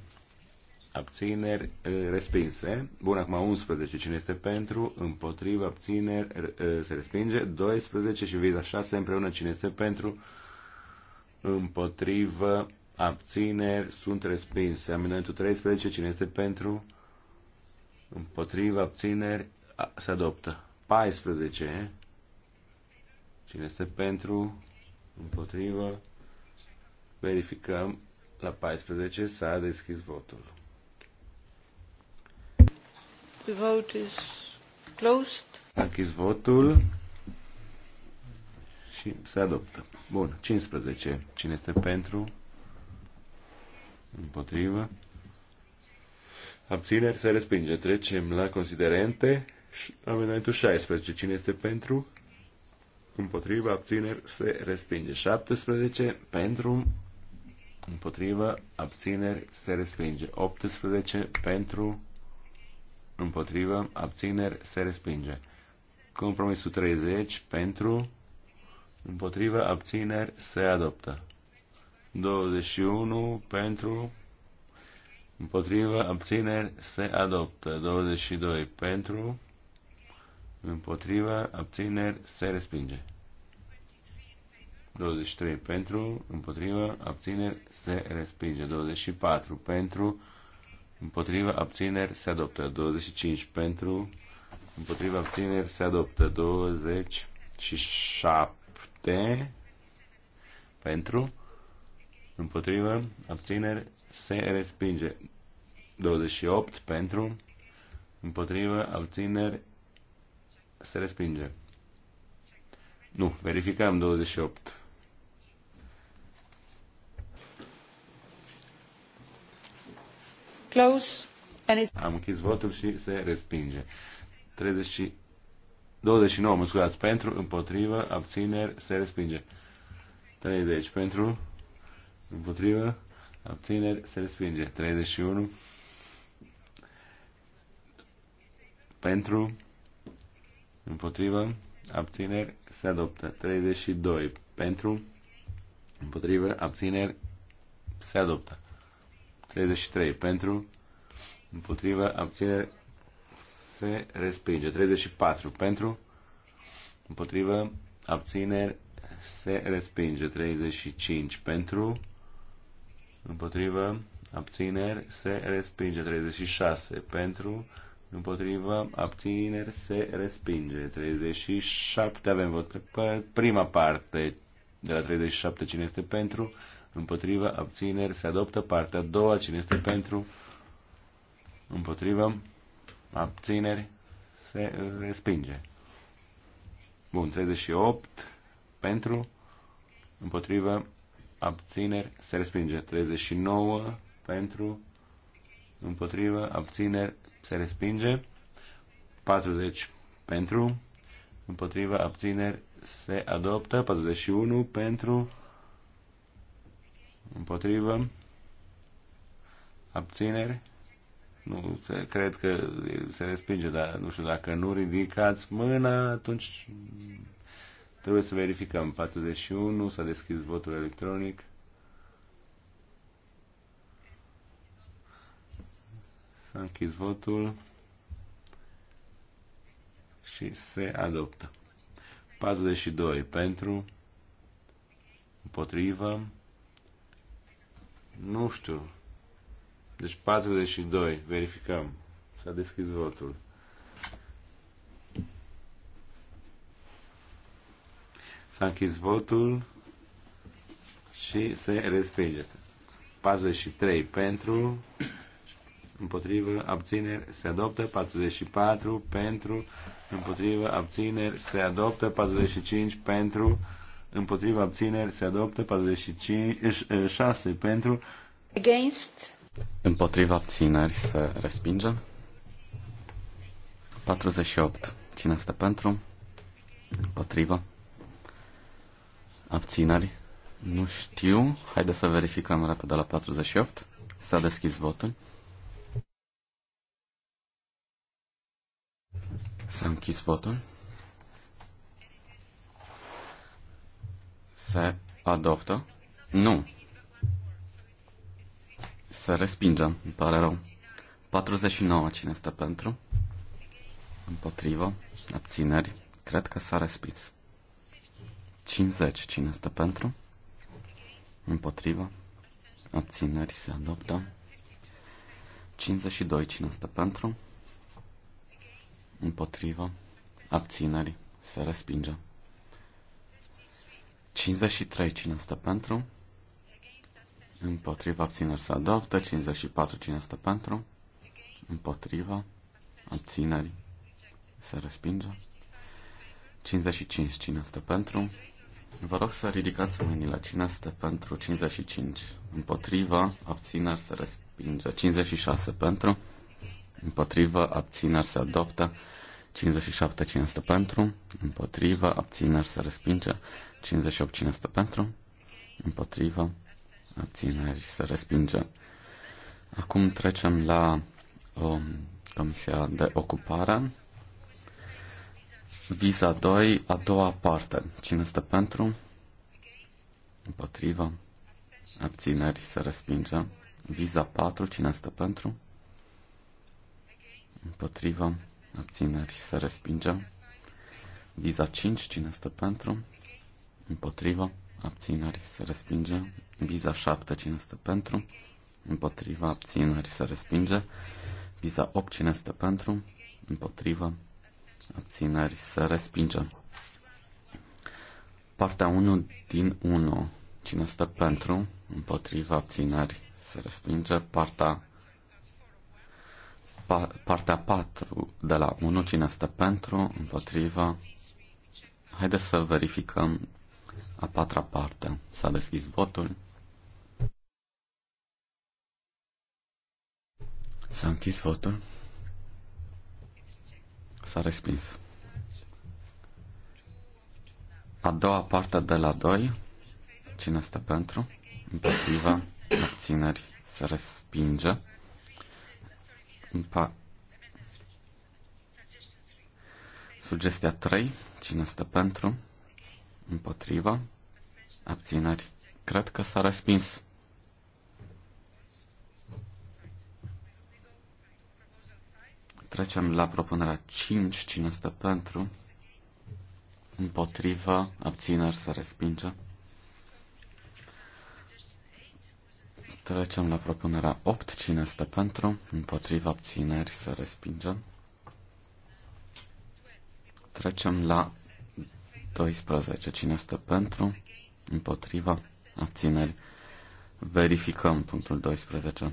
Abțineri respinse. Bun, acum 11. Cine este pentru? Împotrivă. Abțineri se respinge. 12 și visa 6 împreună. Cine este pentru? Împotrivă abțineri, sunt respinse. Amendamentul 13, cine este pentru, împotriva, abțineri, se adoptă. 14, cine este pentru, împotriva, verificăm, la 14 s-a deschis votul. The vote is closed. A închis votul și se adoptă. Bun, 15. Cine este pentru? Împotrivă. Abțineri se respinge. Trecem la considerente. Amendamentul 16. Cine este pentru? Împotrivă. Abțineri se respinge. 17. Pentru. Împotrivă. Abțineri se respinge. 18. Pentru. Împotrivă. Abțineri se respinge. Compromisul 30. Pentru. Împotrivă. Abțineri se adoptă. 21 pentru, împotrivă, abțineri, se adoptă. 22 pentru, împotrivă, abțineri, se respinge. 23 pentru, împotrivă, abțineri, se respinge. 24 pentru, împotrivă, abțineri, se adoptă. 25 pentru, împotrivă, abțineri, se adoptă. 27 și pentru, împotrivă, abțineri, se respinge. 28 pentru, împotrivă, abțineri, se respinge. Nu, verificăm 28. Close. And it's... Am închis votul și se respinge. 30, 29, mă scuzați, pentru, împotrivă, abțineri, se respinge. 30 pentru, Împotrivă. Abțineri. Se respinge. 31. Pentru. Împotrivă. Abțineri. Se adoptă. 32. Pentru. Împotrivă. Abțineri. Se adoptă. 33. Pentru. Împotrivă. Abțineri. Se respinge. 34. Pentru. Împotrivă. Abțineri se respinge 35 pentru, împotrivă, abțineri, se respinge. 36 pentru, împotrivă, abțineri, se respinge. 37 avem vot pe prima parte de la 37 cine este pentru, împotrivă, abțineri, se adoptă partea a doua, cine este pentru, împotrivă, abțineri, se respinge. Bun, 38 pentru, împotrivă, abțineri, se respinge. 39 pentru, împotrivă, abțineri, se respinge. 40 pentru, împotrivă, abțineri, se adoptă. 41 pentru, împotrivă, abțineri, nu, se, cred că se respinge, dar nu știu, dacă nu ridicați mâna, atunci Trebuie să verificăm. 41, s-a deschis votul electronic. S-a închis votul și se adoptă. 42 pentru, împotrivă, nu știu. Deci 42, verificăm. S-a deschis votul. S-a închis votul și se respinge. 43 pentru, împotrivă, abțineri, se adoptă. 44 pentru, împotrivă, abțineri, se adoptă. 45 pentru, împotrivă, abțineri, se adoptă. 45, 6 pentru. Against. Împotriva abțineri se respinge. 48. Cine este pentru? Împotriva. Abțineri? Nu știu. Haideți să verificăm repede la 48. S-a deschis votul. S-a închis votul. Se adoptă. Nu. Să respingem. îmi pare rău. 49, cine este pentru? Împotrivă, abțineri. Cred că s-a respins. 50. Cine este pentru? Împotrivă. Abțineri se adoptă. 52. Cine este pentru? Împotrivă. Abțineri se respinge. 53. Cine este pentru? Împotriva abțineri se adoptă. 54. Cine este pentru? Împotriva abțineri se respinge. 55. Cine este pentru? Vă rog să ridicați mâinile. Cine este pentru 55? Împotriva, abțineri, se respinge. 56 pentru, împotriva, abțineri, se adoptă. 57 cine este pentru, împotriva, abțineri, se respinge. 58 cine este pentru, împotriva, abțineri, se respinge. Acum trecem la o um, Comisia de Ocupare. Visa 2, a doua parte. Cine este pentru? Împotrivă. Abțineri se respinge. Visa 4, cine este pentru? Împotrivă. Abțineri se respinge. Viza 5, cine este pentru? Împotrivă. Abțineri se respinge. Viza 7, cine este pentru? Împotrivă. abțineri se respinge. Viza 8, cine este pentru? Împotrivă abțineri să respingem. Partea 1 din 1. Cine stă pentru, împotriva abțineri se respinge. Partea pa, partea 4 de la 1. Cine stă pentru, împotriva. Haideți să verificăm a patra parte. S-a deschis votul. S-a închis votul. S-a respins. A doua parte de la 2. Cine este pentru? Împotriva. Abțineri. Se respinge. Impa- Sugestia 3. Cine este pentru? Împotriva. Abțineri. Cred că s-a respins. Trecem la propunerea 5. Cine este pentru? Împotriva. Abțineri se respinge. Trecem la propunerea 8. Cine este pentru? Împotriva abțineri se respinge. Trecem la 12. Cine este pentru? Împotriva abțineri. Verificăm punctul 12.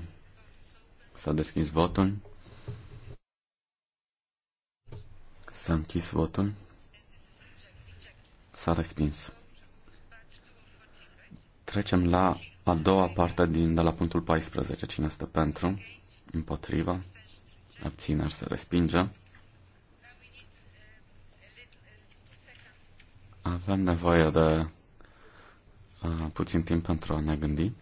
S-a deschis votul. S-a închis votul. S-a respins. Trecem la a doua parte din de la punctul 14. Cine este pentru? Împotriva? Abțineri se respinge. Avem nevoie de uh, puțin timp pentru a ne gândi.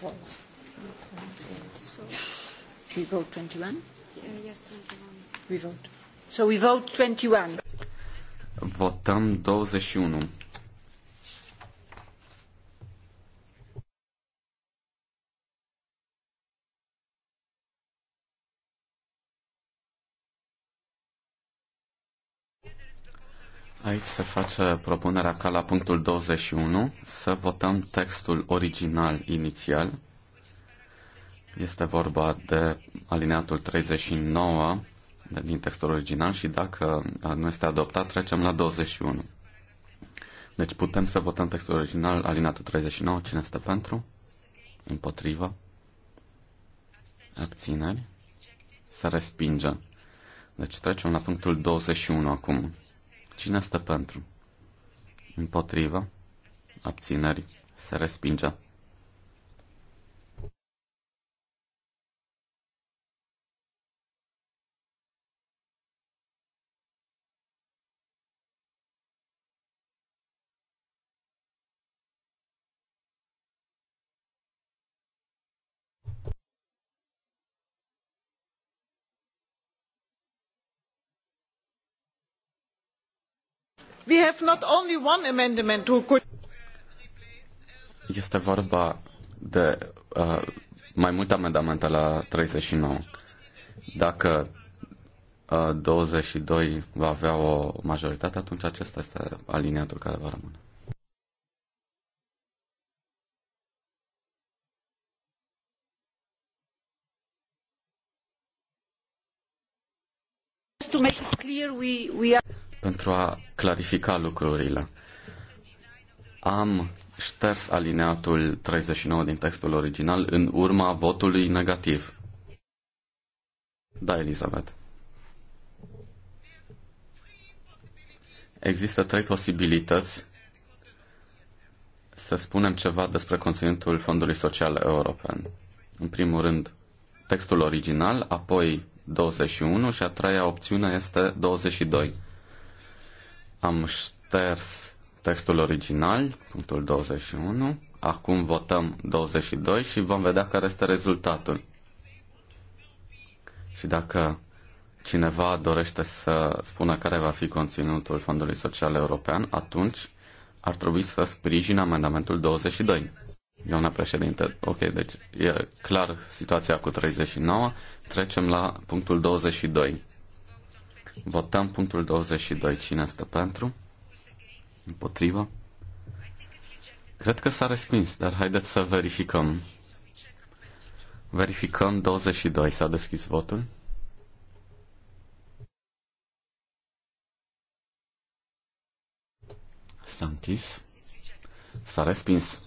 False. We vote 21? Yes, 21. We vote. So we vote 21. Votăm 21. Aici se face propunerea ca la punctul 21 să votăm textul original inițial este vorba de alineatul 39 din textul original și dacă uh, nu este adoptat, trecem la 21. Deci putem să votăm textul original, alineatul 39, cine este pentru, împotriva, abțineri, Să respinge. Deci trecem la punctul 21 acum. Cine este pentru? Împotriva, abțineri, Să respinge. Este vorba de uh, mai multe amendamente la 39. Dacă uh, 22 va avea o majoritate, atunci acesta este aliniatul care va rămâne. to make it clear we, we are pentru a clarifica lucrurile. Am șters alineatul 39 din textul original în urma votului negativ. Da, Elizabeth. Există trei posibilități să spunem ceva despre conținutul Fondului Social European. În primul rând, textul original, apoi 21 și a treia opțiune este 22. Am șters textul original, punctul 21. Acum votăm 22 și vom vedea care este rezultatul. Și dacă cineva dorește să spună care va fi conținutul Fondului Social European, atunci ar trebui să sprijine amendamentul 22. Doamna președinte, ok, deci e clar situația cu 39. Trecem la punctul 22. Votăm punctul 22. Cine este pentru? Împotrivă? Cred că s-a respins, dar haideți să verificăm. Verificăm 22. S-a deschis votul? S-a închis. S-a respins.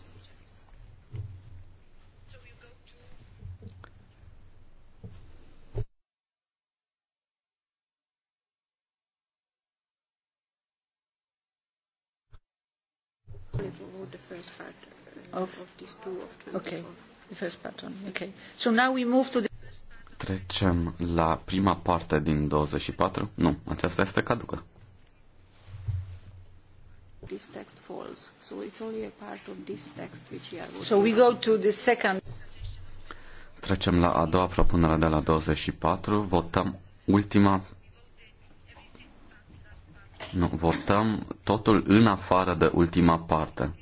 Trecem la prima parte din 24. Nu, aceasta este caducă. This text falls. So it's only a part of this text which we are So we go to the second. Trecem la a doua propunere de la 24. Votăm ultima nu, votăm totul în afară de ultima parte.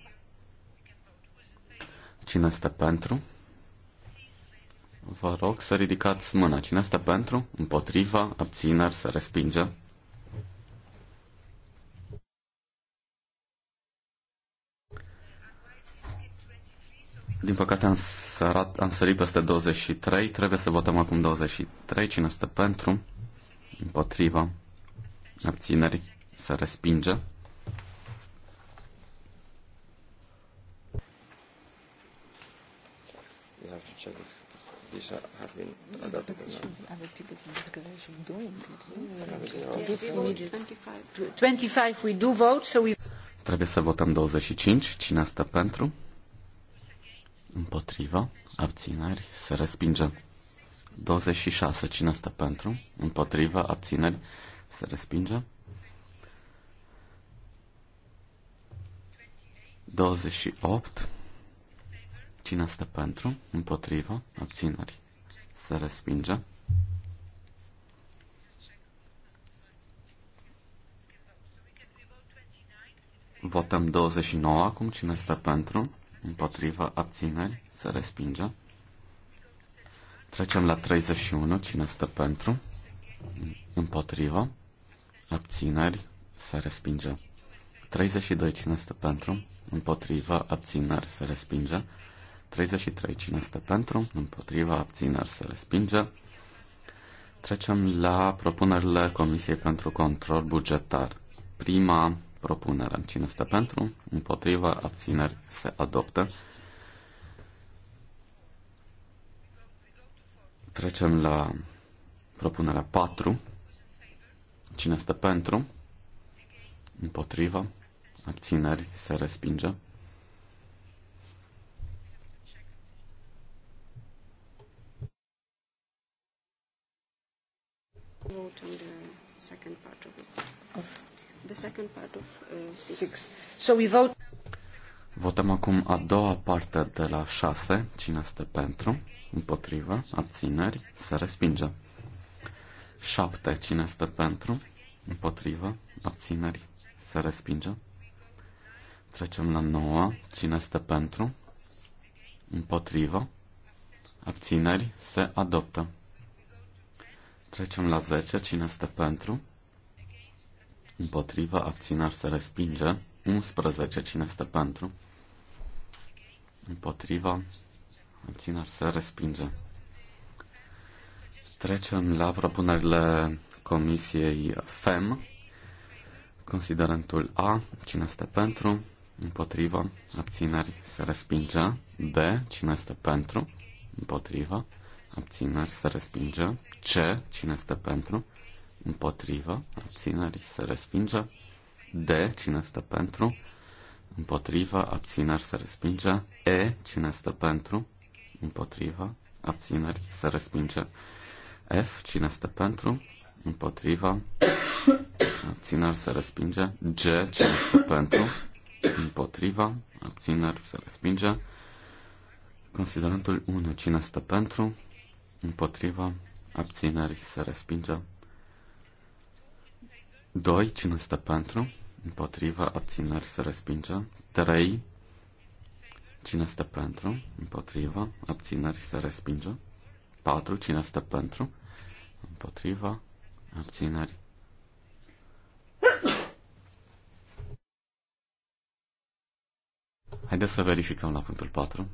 Cine este pentru? Vă rog să ridicați mâna. Cine este pentru? Împotriva? Abțineri? să respinge? Din păcate am, sărat, am sărit peste 23. Trebuie să votăm acum 23. Cine este pentru? Împotriva? Abțineri? se respinge. Trebuie să votăm 25. Cine stă pentru? Împotrivă. Abțineri. Se respinge. 26. Cine stă pentru? Împotrivă. Abțineri. Se respinge. 28. Cine este pentru? Împotrivă? Abțineri. Se respinge. Votăm 29 acum. Cine este pentru? Împotrivă? Abțineri. Se respinge. Trecem la 31. Cine este pentru? Împotrivă? Abțineri. Se respinge. 32. Cine stă pentru? Împotriva abțineri se respinge. 33. Cine stă pentru? Împotriva abțineri se respinge. Trecem la propunerile Comisiei pentru Control Bugetar. Prima propunere. Cine stă pentru? Împotriva abțineri se adoptă. Trecem la propunerea 4. Cine stă pentru? Împotriva? abțineri, se respinge. Vote on the second part of it. The second part of uh, six. six. So we vote. Votăm acum a doua parte de la 6. Cine este pentru? Împotrivă? Abțineri? Se respinge. 7. Cine este pentru? Împotrivă? Abțineri? Se respinge. Trecem la noua Cine este pentru? Împotrivă. Abțineri. Se adoptă. Trecem la 10. Cine este pentru? Împotrivă. Abțineri. Se respinge. 11. Cine este pentru? Împotrivă. Abțineri. Se respinge. Trecem la propunerile Comisiei FEM. Considerentul A. Cine este pentru? împotriva, abțineri se respinge, B, cine este pentru, împotriva, abțineri se respinge, C, cine este pentru, împotriva, abțineri se respinge, D, cine este pentru, împotriva, abțineri se respinge, E, cine este pentru, împotriva, abțineri se respinge, F, cine este pentru, împotriva, abțineri se respinge, G, cine este pentru, împotriva, abțineri, se respinge. Considerantul 1, cine stă pentru, împotriva, abțineri, se respinge. 2, cine stă pentru, împotriva, abțineri, se respinge. 3, cine stă pentru, împotriva, abțineri, se respinge. 4, cine stă pentru, împotriva, abțineri. Haideți să verificăm la punctul 4.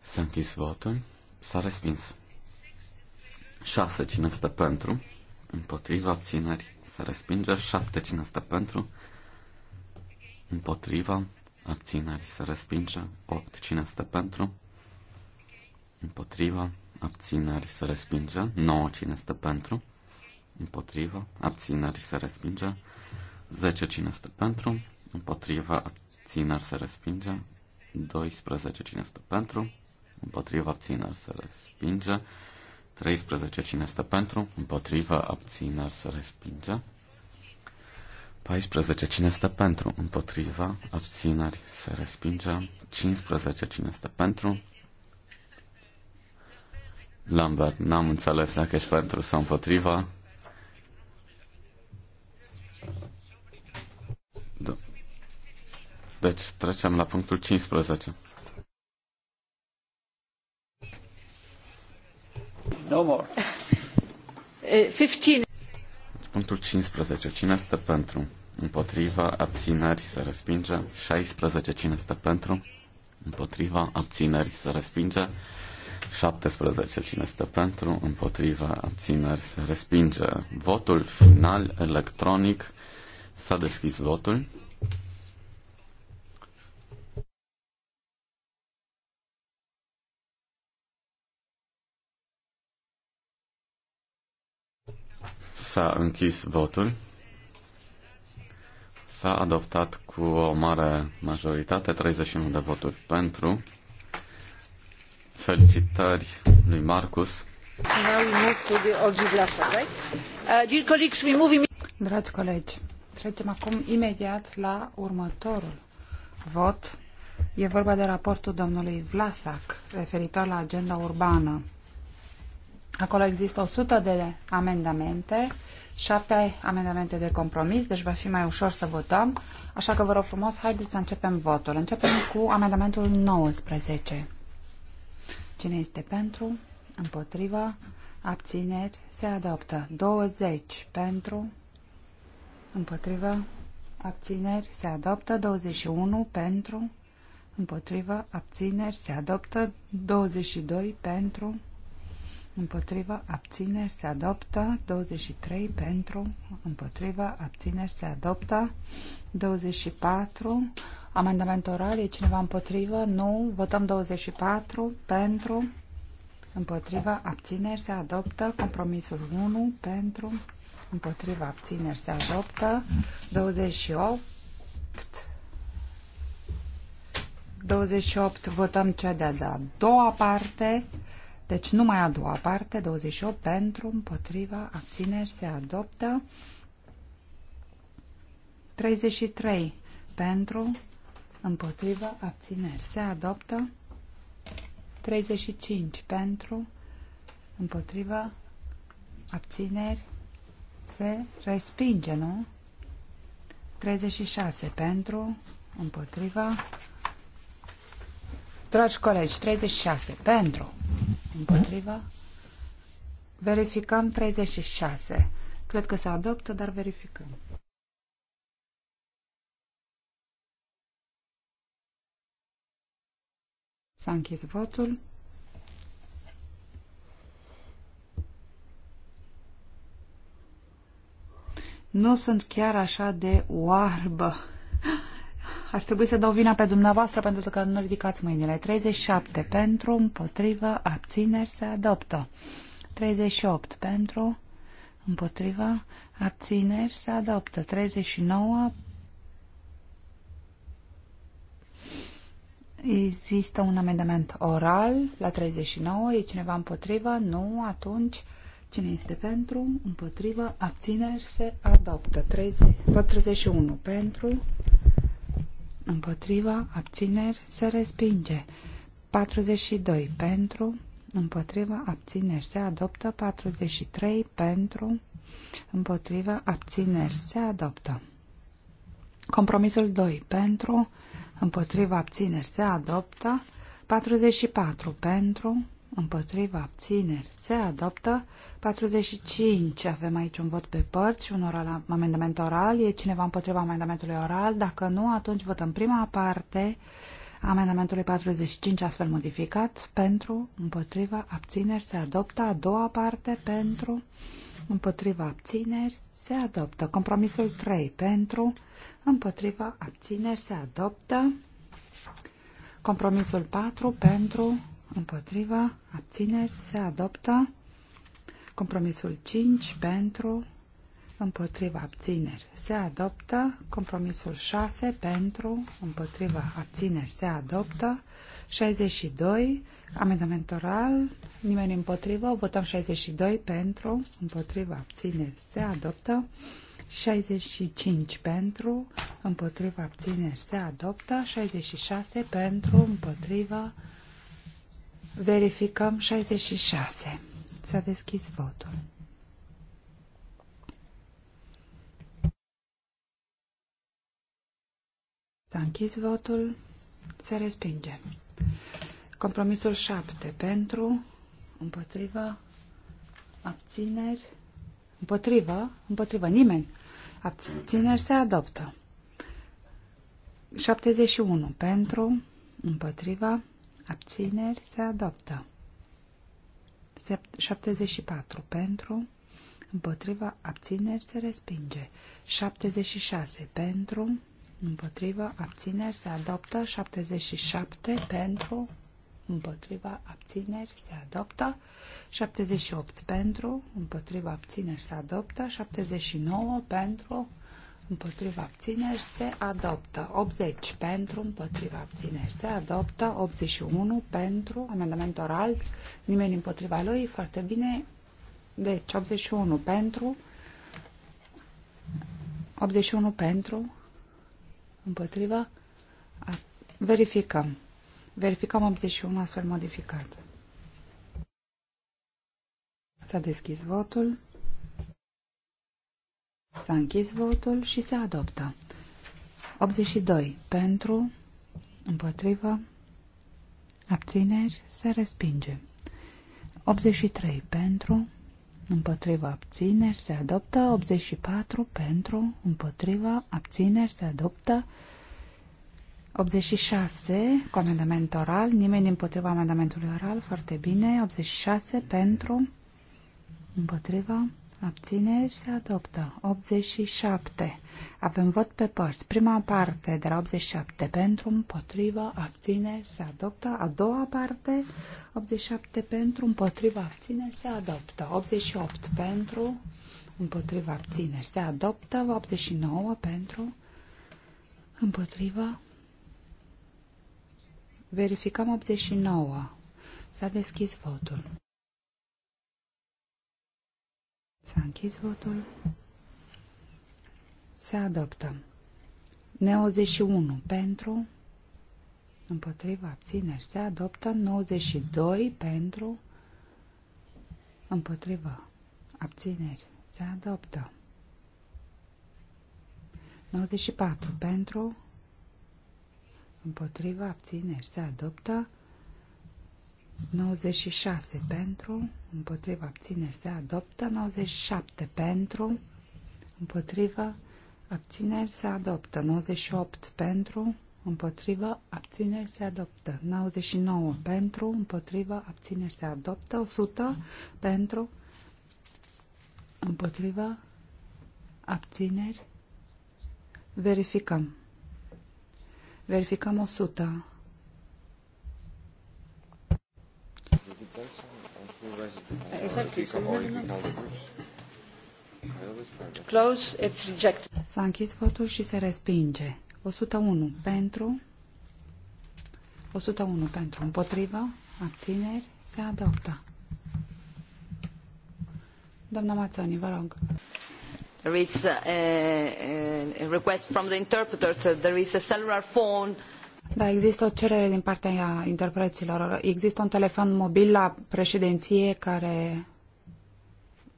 S-a închis votul. S-a respins. 6. Cine stă pentru? Împotriva abțineri. Se respinge. 7. Cine stă pentru? Împotriva abțineri. Se respinge. 8. Cine stă pentru? Împotriva abțineri. Se respinge. 9. Cine stă pentru? împotrivă, abțineri se respinge, 10 cine este pentru, împotrivă, abțineri se respinge, 12 cine este pentru, împotrivă, abțineri se respinge, 13 cine este pentru, împotrivă, abțineri se respinge, 14 cine este pentru, împotriva, abțineri se respinge, 15 cine este pentru, Lambert, n-am înțeles dacă ești pentru sau împotriva. Deci trecem la punctul 15. No more. 15. Eh, punctul 15. Cine stă pentru? Împotriva, abțineri, să respinge. 16. Cine stă pentru? Împotriva, abțineri, să respinge. 17. Cine stă pentru? Împotriva, abțineri, să respinge. Votul final electronic. S-a deschis votul. S-a închis votul. S-a adoptat cu o mare majoritate, 31 de voturi pentru. Felicitări lui Marcus. Dragi colegi, trecem acum imediat la următorul vot. E vorba de raportul domnului Vlasac referitor la agenda urbană. Acolo există 100 de amendamente, 7 amendamente de compromis, deci va fi mai ușor să votăm. Așa că vă rog frumos, haideți să începem votul. Începem cu amendamentul 19. Cine este pentru? Împotriva? Abțineri? Se adoptă. 20 pentru? Împotriva? Abțineri? Se adoptă. 21 pentru? Împotriva? Abțineri? Se adoptă. 22 pentru? Împotriva abțineri se adoptă 23 pentru. Împotriva abțineri se adoptă 24. Amendament oral. E cineva împotrivă? Nu. Votăm 24 pentru. Împotriva abțineri se adoptă compromisul 1 pentru. Împotriva abțineri se adoptă 28. 28 votăm cea de-a doua parte deci numai a doua parte, 28, pentru, împotriva, abțineri, se adoptă. 33, pentru, împotriva, abțineri, se adoptă. 35, pentru, împotriva, abțineri, se respinge, nu? 36, pentru, împotriva, Dragi colegi, 36 pentru, împotriva, verificăm 36. Cred că se adoptă, dar verificăm. S-a închis votul. Nu sunt chiar așa de oarbă. Ar trebui să dau vina pe dumneavoastră pentru că nu ridicați mâinile. 37 pentru, împotrivă, abțineri, se adoptă. 38 pentru, împotrivă, abțineri, se adoptă. 39 Există un amendament oral la 39. E cineva împotrivă? Nu. Atunci, cine este pentru? Împotrivă. Abțineri se adoptă. 30, 41 pentru împotriva, abțineri, se respinge. 42 pentru, împotriva, abțineri, se adoptă. 43 pentru, împotriva, abțineri, se adoptă. Compromisul 2 pentru, împotriva, abțineri, se adoptă. 44 pentru, împotriva abțineri se adoptă. 45. Avem aici un vot pe părți și un oral, amendament oral. E cineva împotriva amendamentului oral? Dacă nu, atunci votăm prima parte amendamentului 45 astfel modificat pentru, împotriva, abțineri se adoptă. A doua parte pentru, împotriva, abțineri se adoptă. Compromisul 3 pentru, împotriva, abțineri se adoptă. Compromisul 4 pentru, împotriva, abțineri, se adoptă. Compromisul 5 pentru, împotriva, abțineri, se adoptă. Compromisul 6 pentru, împotriva, abțineri, se adoptă. 62, amendament oral, nimeni împotrivă, votăm 62 pentru, împotriva, abțineri, se adoptă. 65 pentru, împotriva abțineri se adoptă, 66 pentru, împotriva Verificăm 66. S-a deschis votul. S-a închis votul. Se respinge. Compromisul 7. Pentru, împotriva, abțineri, împotriva, împotriva, nimeni. Abțineri se adoptă. 71. Pentru, împotriva, abțineri, se adoptă. 74 pentru, împotriva, abțineri, se respinge. 76 pentru, împotriva, abțineri, se adoptă. 77 pentru, împotriva, abțineri, se adoptă. 78 pentru, împotriva, abțineri, se adoptă. 79 pentru, împotriva abțineri se adoptă. 80 pentru, împotriva abțineri se adoptă. 81 pentru, amendament oral, nimeni împotriva lui, foarte bine. Deci, 81 pentru, 81 pentru, împotriva, verificăm. Verificăm 81 astfel modificat. S-a deschis votul. S-a închis votul și se adoptă. 82 pentru, împotrivă, abțineri, se respinge. 83 pentru, împotrivă, abțineri, se adoptă. 84 pentru, împotrivă, abțineri, se adoptă. 86 cu amendament oral, nimeni împotriva amendamentului oral, foarte bine. 86 pentru, împotriva Abțineri se adoptă. 87. Avem vot pe părți. Prima parte de la 87 pentru, împotrivă, abțineri se adoptă. A doua parte, 87 pentru, împotrivă, abțineri se adoptă. 88 pentru, împotrivă, abțineri se adoptă. 89 pentru, împotrivă. Verificăm 89. S-a deschis votul. S-a închis votul. Se adoptă. 91 pentru, împotriva abțineri. Se adoptă 92 pentru, împotriva abțineri. Se adoptă. 94 pentru, împotriva abțineri. Se adoptă. 96 pentru, împotriva abține se adoptă, 97 pentru, împotriva abțineri se adoptă, 98 pentru, împotriva abțineri se adoptă, 99 pentru, împotriva abțineri se adoptă, 100 pentru, împotriva abțineri verificăm. Verificăm 100. Exact, exact. Exact. Close, it's rejected. S-a închis votul și se respinge. 101 pentru, 101 pentru, împotrivă, abțineri, se adoptă. Doamna Mazzoni, vă rog. There is a, a request from the interpreter. There is a cellular phone da, există o cerere din partea interpreților. Există un telefon mobil la președinție care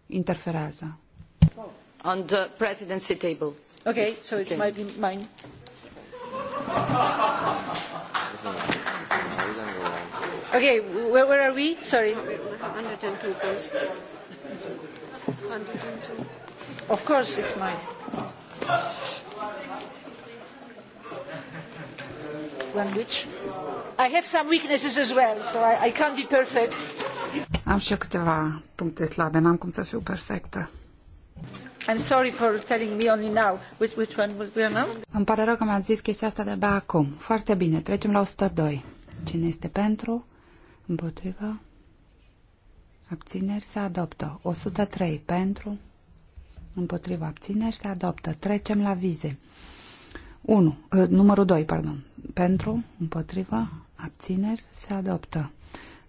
interferează. On the presidency table. Okay, so it might be mine. Okay, where, where are we? Sorry. 102 goes. 102. Of course it's mine. language. I have some weaknesses as well, so I, I can't be perfect. Am și eu câteva puncte slabe, n-am cum să fiu perfectă. I'm sorry for telling me only now. Which, which one was we now? Îmi pare rău că mi-ați zis chestia asta de-abia acum. Foarte bine, trecem la 102. Cine este pentru? Împotrivă? Abțineri se adoptă. 103 pentru? Împotrivă abțineri se adoptă. Trecem la vize. 1. Ă, numărul 2, pardon. Pentru, împotriva, abțineri, se adoptă.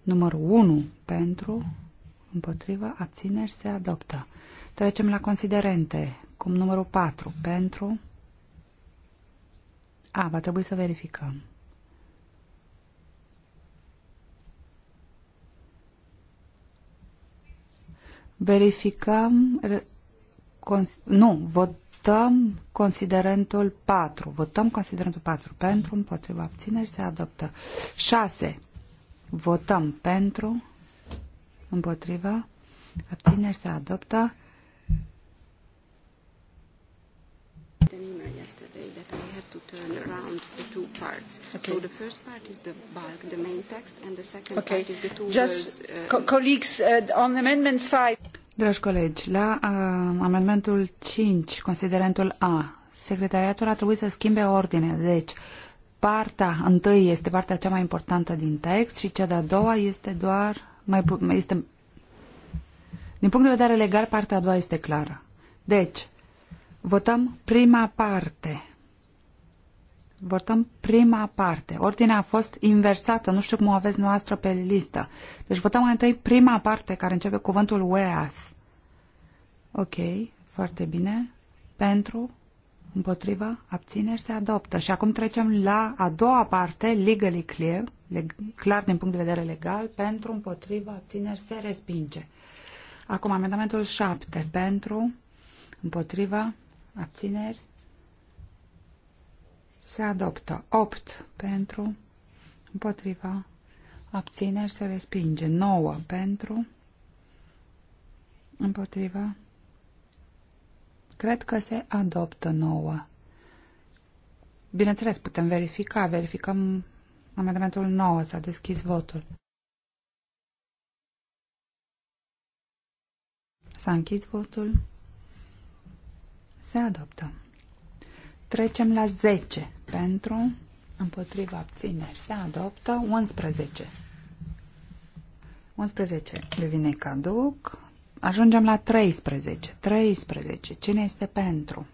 Numărul 1. Pentru, împotriva, abțineri, se adoptă. Trecem la considerente. Cum numărul 4. Pentru. A, va trebui să verificăm. Verificăm. Nu, vot Votăm considerentul 4. Votăm considerentul 4. Pentru, împotriva, abțineri se adoptă. 6. Votăm pentru, împotriva, abțineri se adoptă. an email yesterday that had to turn around the two parts. Okay. So the first part is the bulk, the main text, and the second okay. part is the two Just words. Uh, co colleagues, uh, on Amendment 5. Dragi colegi, la uh, amendamentul 5, considerentul A, secretariatul a trebuit să schimbe ordine. Deci, partea întâi este partea cea mai importantă din text și cea de-a doua este doar mai este din punct de vedere legal, partea a doua este clară. Deci, votăm prima parte Votăm prima parte. Ordinea a fost inversată. Nu știu cum o aveți noastră pe listă. Deci votăm mai întâi prima parte care începe cuvântul whereas. Ok, foarte bine. Pentru, împotriva, abțineri se adoptă. Și acum trecem la a doua parte, legally clear, leg clar din punct de vedere legal, pentru, împotriva, abțineri se respinge. Acum amendamentul 7. Pentru, împotriva, abțineri se adoptă. 8 pentru, împotriva, abțineri, se respinge. 9 pentru, împotriva, cred că se adoptă 9. Bineînțeles, putem verifica, verificăm amendamentul 9, s-a deschis votul. S-a închis votul. Se adoptă. Trecem la 10 pentru, împotriva abțineri se adoptă 11. 11 devine caduc. Ajungem la 13. 13. Cine este pentru?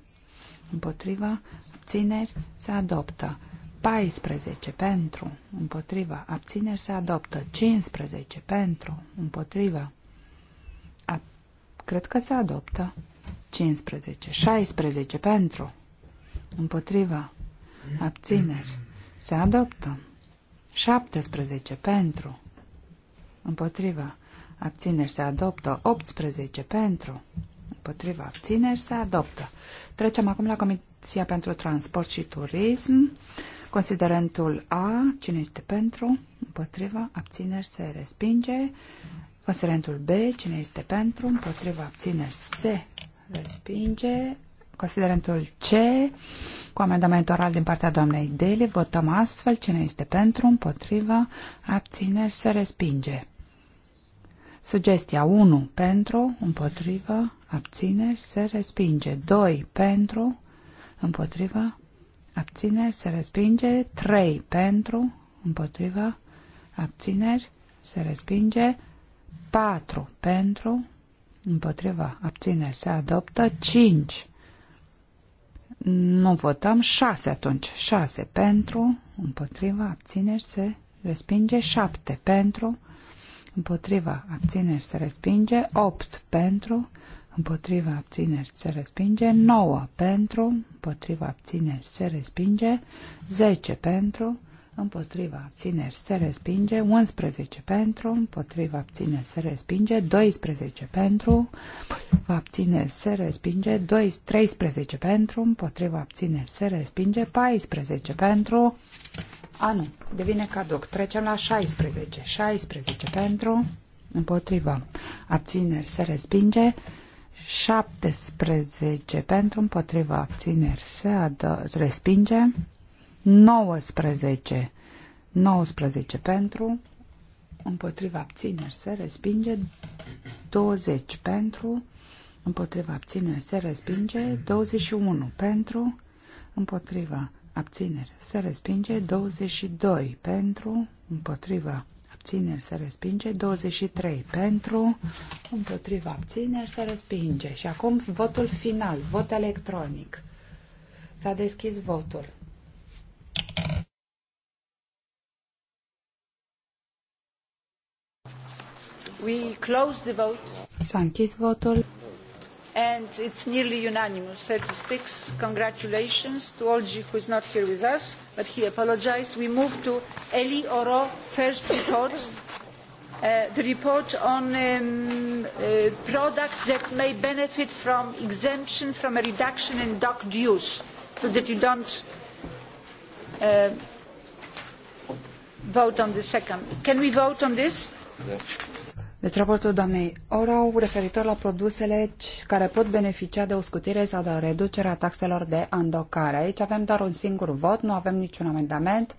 Împotriva abțineri se adoptă. 14 pentru, împotriva, abțineri se adoptă, 15 pentru, împotriva, a, cred că se adoptă, 15, 16 pentru, împotriva, abțineri, se adoptă. 17 pentru, împotriva, abțineri, se adoptă. 18 pentru, împotriva, abțineri, se adoptă. Trecem acum la Comisia pentru Transport și Turism. Considerentul A, cine este pentru, împotriva, abțineri, se respinge. Considerentul B, cine este pentru, împotriva, abțineri, se respinge. Considerentul C, cu amendament oral din partea doamnei Deli, votăm astfel. Cine este pentru, împotrivă, abțineri, se respinge. Sugestia 1 pentru, împotrivă, abțineri, se respinge. 2 pentru, împotrivă, abțineri, se respinge. 3 pentru, împotrivă, abțineri, se respinge. 4 pentru, împotrivă, abțineri, se adoptă. 5 nu votăm. șase atunci. șase pentru, împotriva, abțineri, se respinge. șapte pentru, împotriva, abțineri, se respinge. opt pentru, împotriva, abțineri, se respinge. Nouă pentru, împotriva, abțineri, se respinge. zece pentru, împotriva abțineri se respinge, 11 pentru, împotriva abțineri se respinge, 12 pentru, împotriva abțineri se respinge, 2, 13 pentru, împotriva abțineri se respinge, 14 pentru, a nu, devine caduc, trecem la 16, 16 pentru, împotriva abțineri se respinge, 17 pentru, împotriva abțineri se, se respinge, 19. 19 pentru, împotriva abțineri se respinge, 20 pentru, împotriva abțineri se respinge, 21 pentru, împotriva abțineri se respinge, 22 pentru, împotriva abțineri se respinge, 23 pentru, împotriva abțineri se respinge. Și acum votul final, vot electronic. S-a deschis votul. We close the vote. S-a închis votul. And it's nearly unanimous, 36. Congratulations to Olgi, who is not here with us, but he apologized. We move to Eli Oro, first report, uh, the report on um, uh, products that may benefit from exemption from a reduction in dock dues, so that you don't uh, vote on the second. Can we vote on this? Yes. Deci raportul doamnei Orau referitor la produsele care pot beneficia de o scutire sau de o reducere a taxelor de andocare. Aici avem doar un singur vot, nu avem niciun amendament,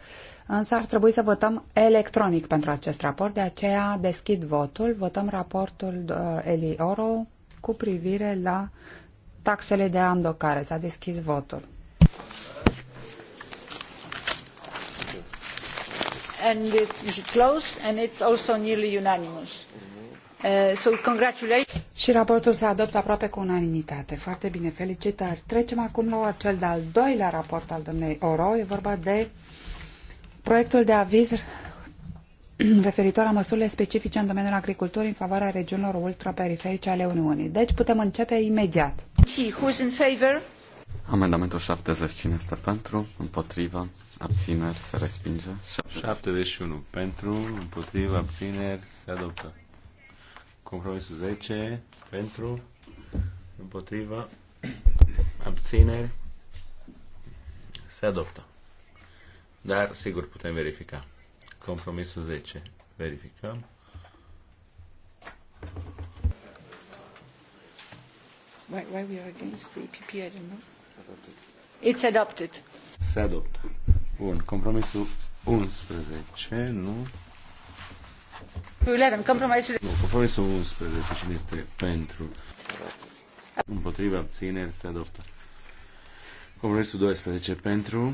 însă ar trebui să votăm electronic pentru acest raport, de aceea deschid votul, votăm raportul uh, Eli Orau cu privire la taxele de andocare. S-a deschis votul. And it's close and it's also nearly unanimous. Eh, și raportul s-a adoptat aproape cu unanimitate. Foarte bine, felicitări. Trecem acum la cel de-al doilea raport al domnei Oro. E vorba de proiectul de aviz referitor la măsurile specifice în domeniul agriculturii în favoarea regiunilor ultraperiferice ale Uniunii. Deci putem începe imediat. Who's in favor? Amendamentul 70. Cine este pentru? Împotriva? Abțineri? Se respinge? 71. Pentru? Împotriva? Abțineri? Se adoptă. Compromisul 10 pentru, împotriva, abțineri, se adoptă. Dar, sigur, putem verifica. Compromisul 10. Verificăm. Why, why we are against the PP, I don't know. It's adopted. Se adoptă. Bun. Compromisul 11, nu? 11. Compromisul 11. Cine este pentru? Împotriva abțineri se adoptă. Compromisul 12 pentru,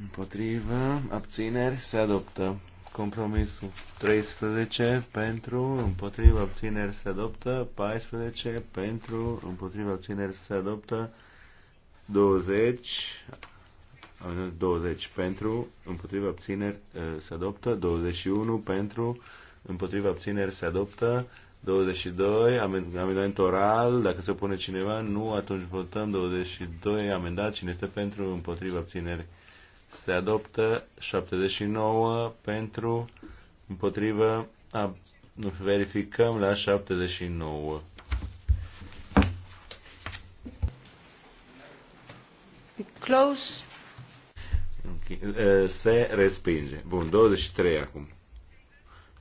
împotriva, abțineri se adoptă. Compromisul 13 pentru, împotriva, abțineri se adoptă. 14 pentru, împotriva, abțineri se adoptă. 20, 20 pentru, împotriva, abțineri eh, se adoptă. 21 pentru, împotriva abțineri se adoptă. 22, amendament oral, dacă se opune cineva, nu, atunci votăm 22, amendat, cine este pentru, împotriva abțineri se adoptă, 79 pentru, împotriva, a, verificăm la 79. Close. Okay. Eh, se respinge. Bun, 23 acum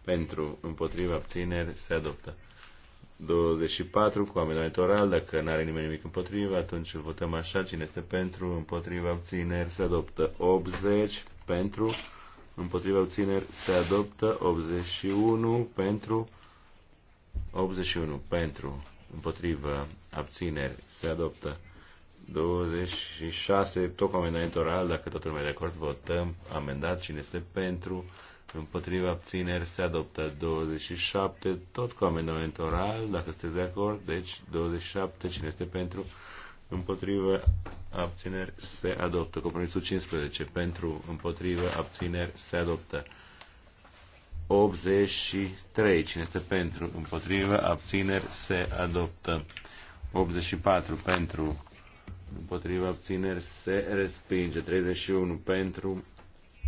pentru, împotriva, abțineri, se adoptă. 24 cu amendament oral, dacă nu are nimeni nimic împotriva, atunci îl votăm așa, cine este pentru, împotriva, abțineri, se adoptă. 80 pentru, împotriva, abțineri, se adoptă. 81 pentru, 81 pentru, împotriva, abțineri, se adoptă. 26, tot cu amendament oral, dacă toată lumea e de acord, votăm, amendat, cine este pentru, împotriva abțineri se adoptă 27, tot cu amendament oral, dacă sunteți de acord, deci 27, cine este pentru, împotriva abțineri se adoptă. Compromisul 15, pentru, împotriva abțineri se adoptă. 83, cine este pentru, împotriva abțineri se adoptă. 84 pentru, împotriva abțineri se respinge. 31 pentru,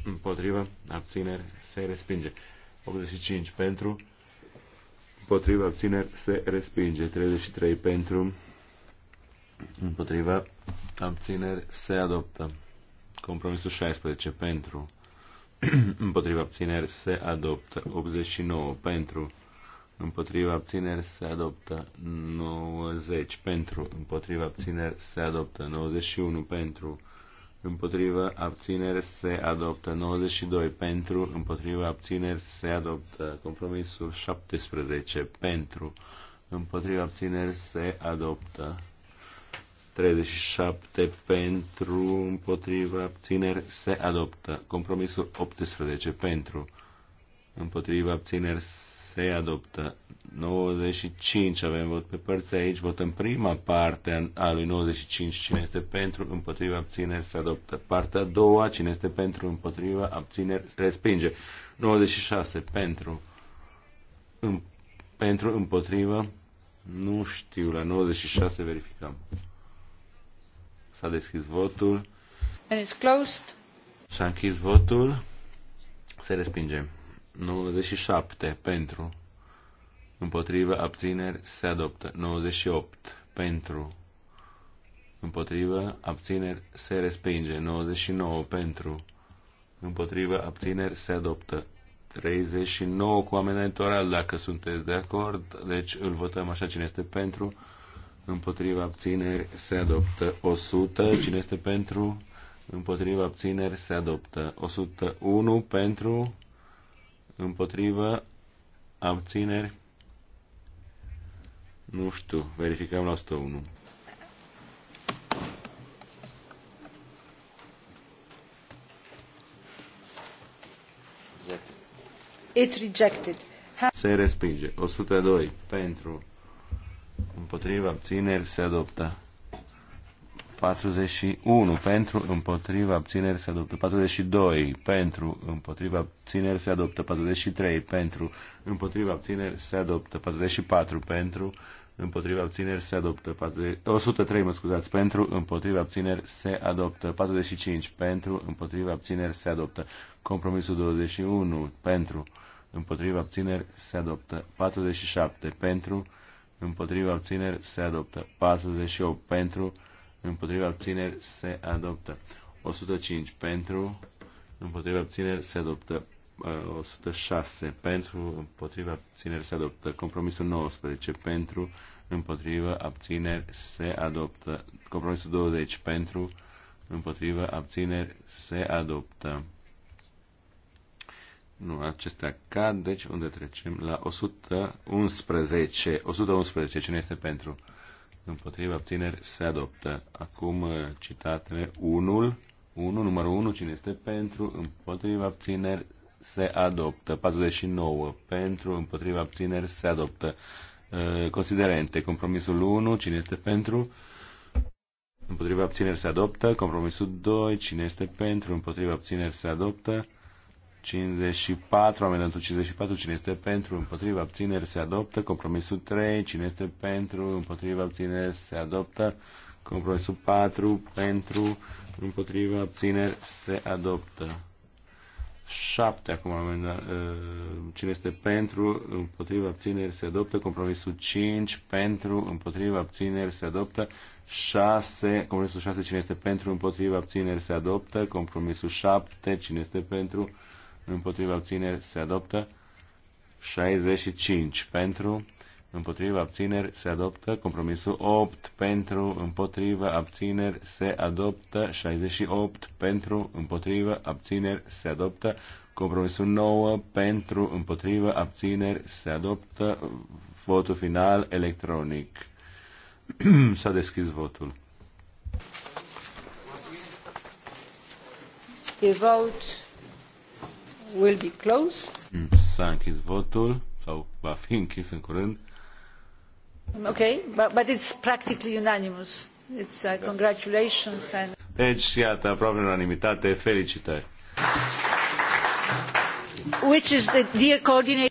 împotriva abțineri se respinge. 85 pentru, împotriva abțineri se respinge. 33 pentru, împotriva abțineri se adoptă. Compromisul 16 pentru, împotriva abțineri se adoptă. 89 pentru, împotriva abțineri se adoptă 90 pentru, împotriva abțineri se adoptă 91 pentru, împotriva abțineri se adoptă. 92 pentru, împotriva abțineri se adoptă. Compromisul 17 pentru, împotriva abțineri se adoptă. 37 pentru, împotriva abțineri se adoptă. Compromisul 18 pentru, împotriva abțineri se adoptă. 95 avem vot pe părți aici, în prima parte a lui 95, cine este pentru, împotriva, abțineri, se adoptă. Partea a doua, cine este pentru, împotriva, abțineri, respinge. 96, pentru, în, pentru, împotriva, nu știu, la 96 verificăm. S-a deschis votul. And it's closed. S-a închis votul. Se respinge. 97 pentru împotrivă, abțineri, se adoptă. 98 pentru, împotrivă, abțineri, se respinge. 99 pentru, împotrivă, abțineri, se adoptă. 39 cu amendament dacă sunteți de acord, deci îl votăm așa cine este pentru, împotriva abțineri se adoptă 100, cine este pentru, împotriva abțineri se adoptă 101 pentru, împotriva abțineri nu știu, verificăm la 101. It's rejected. Se respinge. 102 pentru. Împotriva abțineri se adoptă. 41 pentru împotriva abțineri se adoptă 42 pentru împotriva abțineri se adoptă 43 pentru împotriva abțineri se adoptă 44 pentru împotriva abțineri se adoptă. 40, 103, mă scuzați, pentru, împotriva abțineri se adoptă. 45, pentru, împotriva abțineri se adoptă. Compromisul 21, pentru, împotriva abțineri se adoptă. 47, pentru, împotriva abțineri se adoptă. 48, pentru, împotriva abțineri se adoptă. 105, pentru, împotriva abțineri se adoptă. 106 uh, pentru, împotriva abțineri se adoptă. Compromisul 19 pentru, împotriva abțineri se adoptă. Compromisul 20 pentru, împotriva abțineri se adoptă. Nu, acestea cad, deci unde trecem? La 111. 111, cine este pentru? Împotriva abțineri se adoptă. Acum uh, citatele 1 1, numărul 1, cine este pentru, împotriva abțineri se adoptă. 49 pentru, împotriva abțineri se adoptă. Uh, considerente. Compromisul 1. Cine este pentru? Împotriva abțineri se adoptă. Compromisul 2. Cine este pentru? Împotriva abțineri se adoptă. 54, amendamentul 54, cine este pentru, împotriva, abțineri, se adoptă. Compromisul 3, cine este pentru, împotriva, abțineri, se adoptă. Compromisul 4, pentru, împotriva, abțineri, se adoptă. 7 acum, ă, cine este pentru, împotriva abțineri se adoptă, compromisul 5 pentru, împotriva abțineri se adoptă, 6, compromisul 6 cine este pentru, împotriva abțineri se adoptă, compromisul 7 cine este pentru, împotriva abțineri se adoptă, 65 pentru, împotriva abțineri se adoptă, compromisul 8 pentru, împotriva abțineri se adoptă, 68 pentru, împotriva abțineri se adoptă, compromisul 9 pentru, împotriva abțineri se adoptă, votul final electronic. S-a deschis votul. The vote will be closed. S-a închis votul sau va fi închis în curând. Deci, iată, aproape unanimitate, felicitări. Which is the dear coordinator...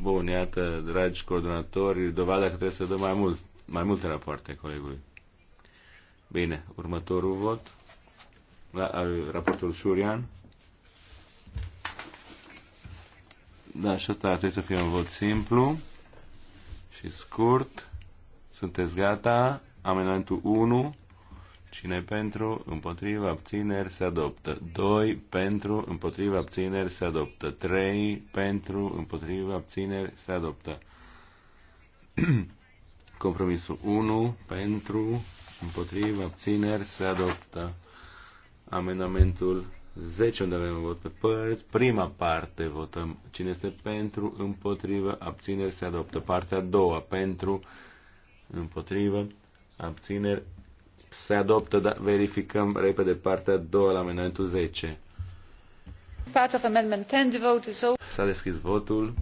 Bun, iată, dragi coordonatori, dovada că trebuie să dăm mai, mult, mai multe rapoarte colegului. Bine, următorul vot. La, raportul Șurian. Da, și asta trebuie să fie un vot simplu și scurt. Sunteți gata? Amendamentul 1. Cine pentru, împotriva, abțineri, se adoptă. 2. Pentru, împotriva, abțineri, se adoptă. 3. Pentru, împotriva, abțineri, se adoptă. Compromisul 1. Pentru, împotriva, abțineri, se adoptă. Amendamentul 10 unde avem un vot pe părți. Prima parte votăm cine este pentru, împotrivă, abțineri se adoptă. Partea a doua pentru, împotrivă, abțineri se adoptă, dar verificăm repede partea a doua la amendamentul 10. Part of amendment 10, the vote is over. S-a deschis votul.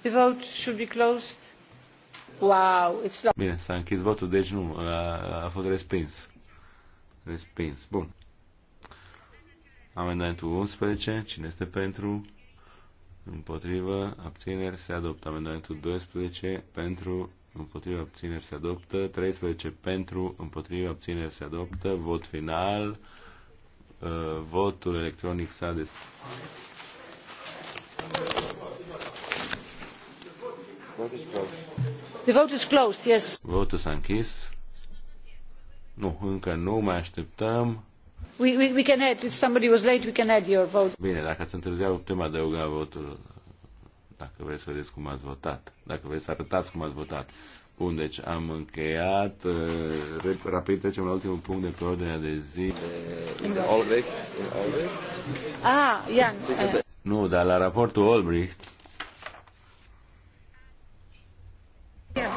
The vote should be closed. Wow, it's not. Bine, s-a închis votul, deci nu, a, a fost respins. Respins. Bun. Amendamentul 11. Cine este pentru? Împotrivă. Abțineri se adoptă. Amendamentul 12. Pentru. Împotrivă. Abțineri se adoptă. 13. Pentru. Împotrivă. Abțineri se adoptă. Vot final. Uh, votul electronic s-a des... The vote is closed, yes. Votul s-a închis. Nu, încă nu, mai așteptăm. We, we, we can add, if somebody was late, we can add your vote. Bine, dacă ați întârziat, putem adăuga votul dacă vreți să vedeți cum ați votat, dacă vreți să arătați cum ați votat. Bun, deci am încheiat. Uh, rapid trecem la ultimul punct de pe ordinea de zi. Olbrich. Ah, Ian. Nu, dar la raportul Olbrich. Yeah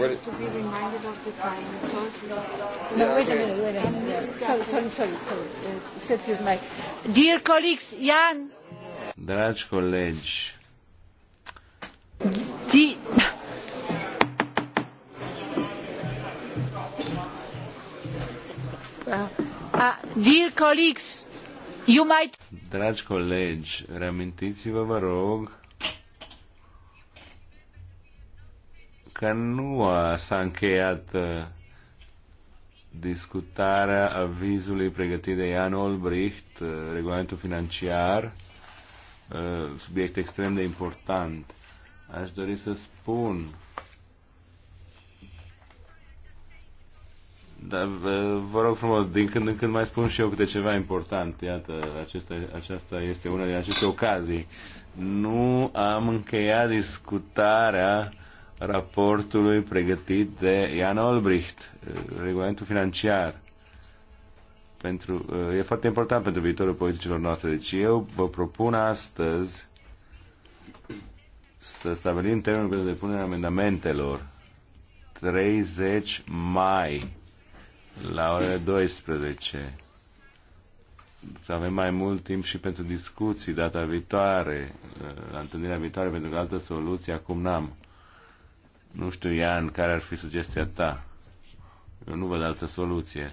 what is to be reminded of the time because no, wait okay. a minute, wait a minute. Sorry, sorry, sorry, sorry. Uh, set with my dear colleagues, Jan. Dragi colegi. Di... uh, Uh, dear colleagues, you might... Dragi colegi, reamintiți-vă, vă rog, că nu uh, s-a încheiat uh, discutarea avizului pregătit de Jan Olbricht, uh, regulamentul financiar, subiect extrem de important. Aș dori să spun Dar vă rog frumos, din când în când mai spun și eu câte ceva important. Iată, acesta, aceasta este una din aceste ocazii. Nu am încheiat discutarea raportului pregătit de Ian Olbricht, uh, regulamentul financiar. Pentru, uh, e foarte important pentru viitorul politicilor noastre. Deci eu vă propun astăzi să stabilim termenul pentru depunerea amendamentelor 30 mai la orele 12. Să avem mai mult timp și pentru discuții data viitoare, uh, la întâlnirea viitoare, pentru că altă soluție acum n-am. Nu știu, Ian, care ar fi sugestia ta? Eu nu văd altă soluție.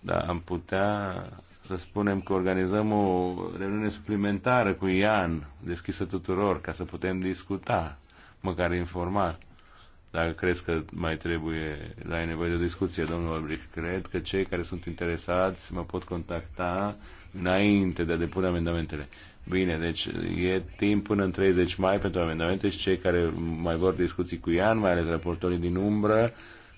Dar am putea să spunem că organizăm o reuniune suplimentară cu Ian, deschisă tuturor, ca să putem discuta, măcar informa. Dacă crezi că mai trebuie, la da, ai nevoie de o discuție, domnul Albrecht, cred că cei care sunt interesați mă pot contacta înainte de a depune amendamentele. Bine, deci e timp până în 30 mai pentru amendamente și cei care mai vor discuții cu Ian, mai ales raportorii din umbră,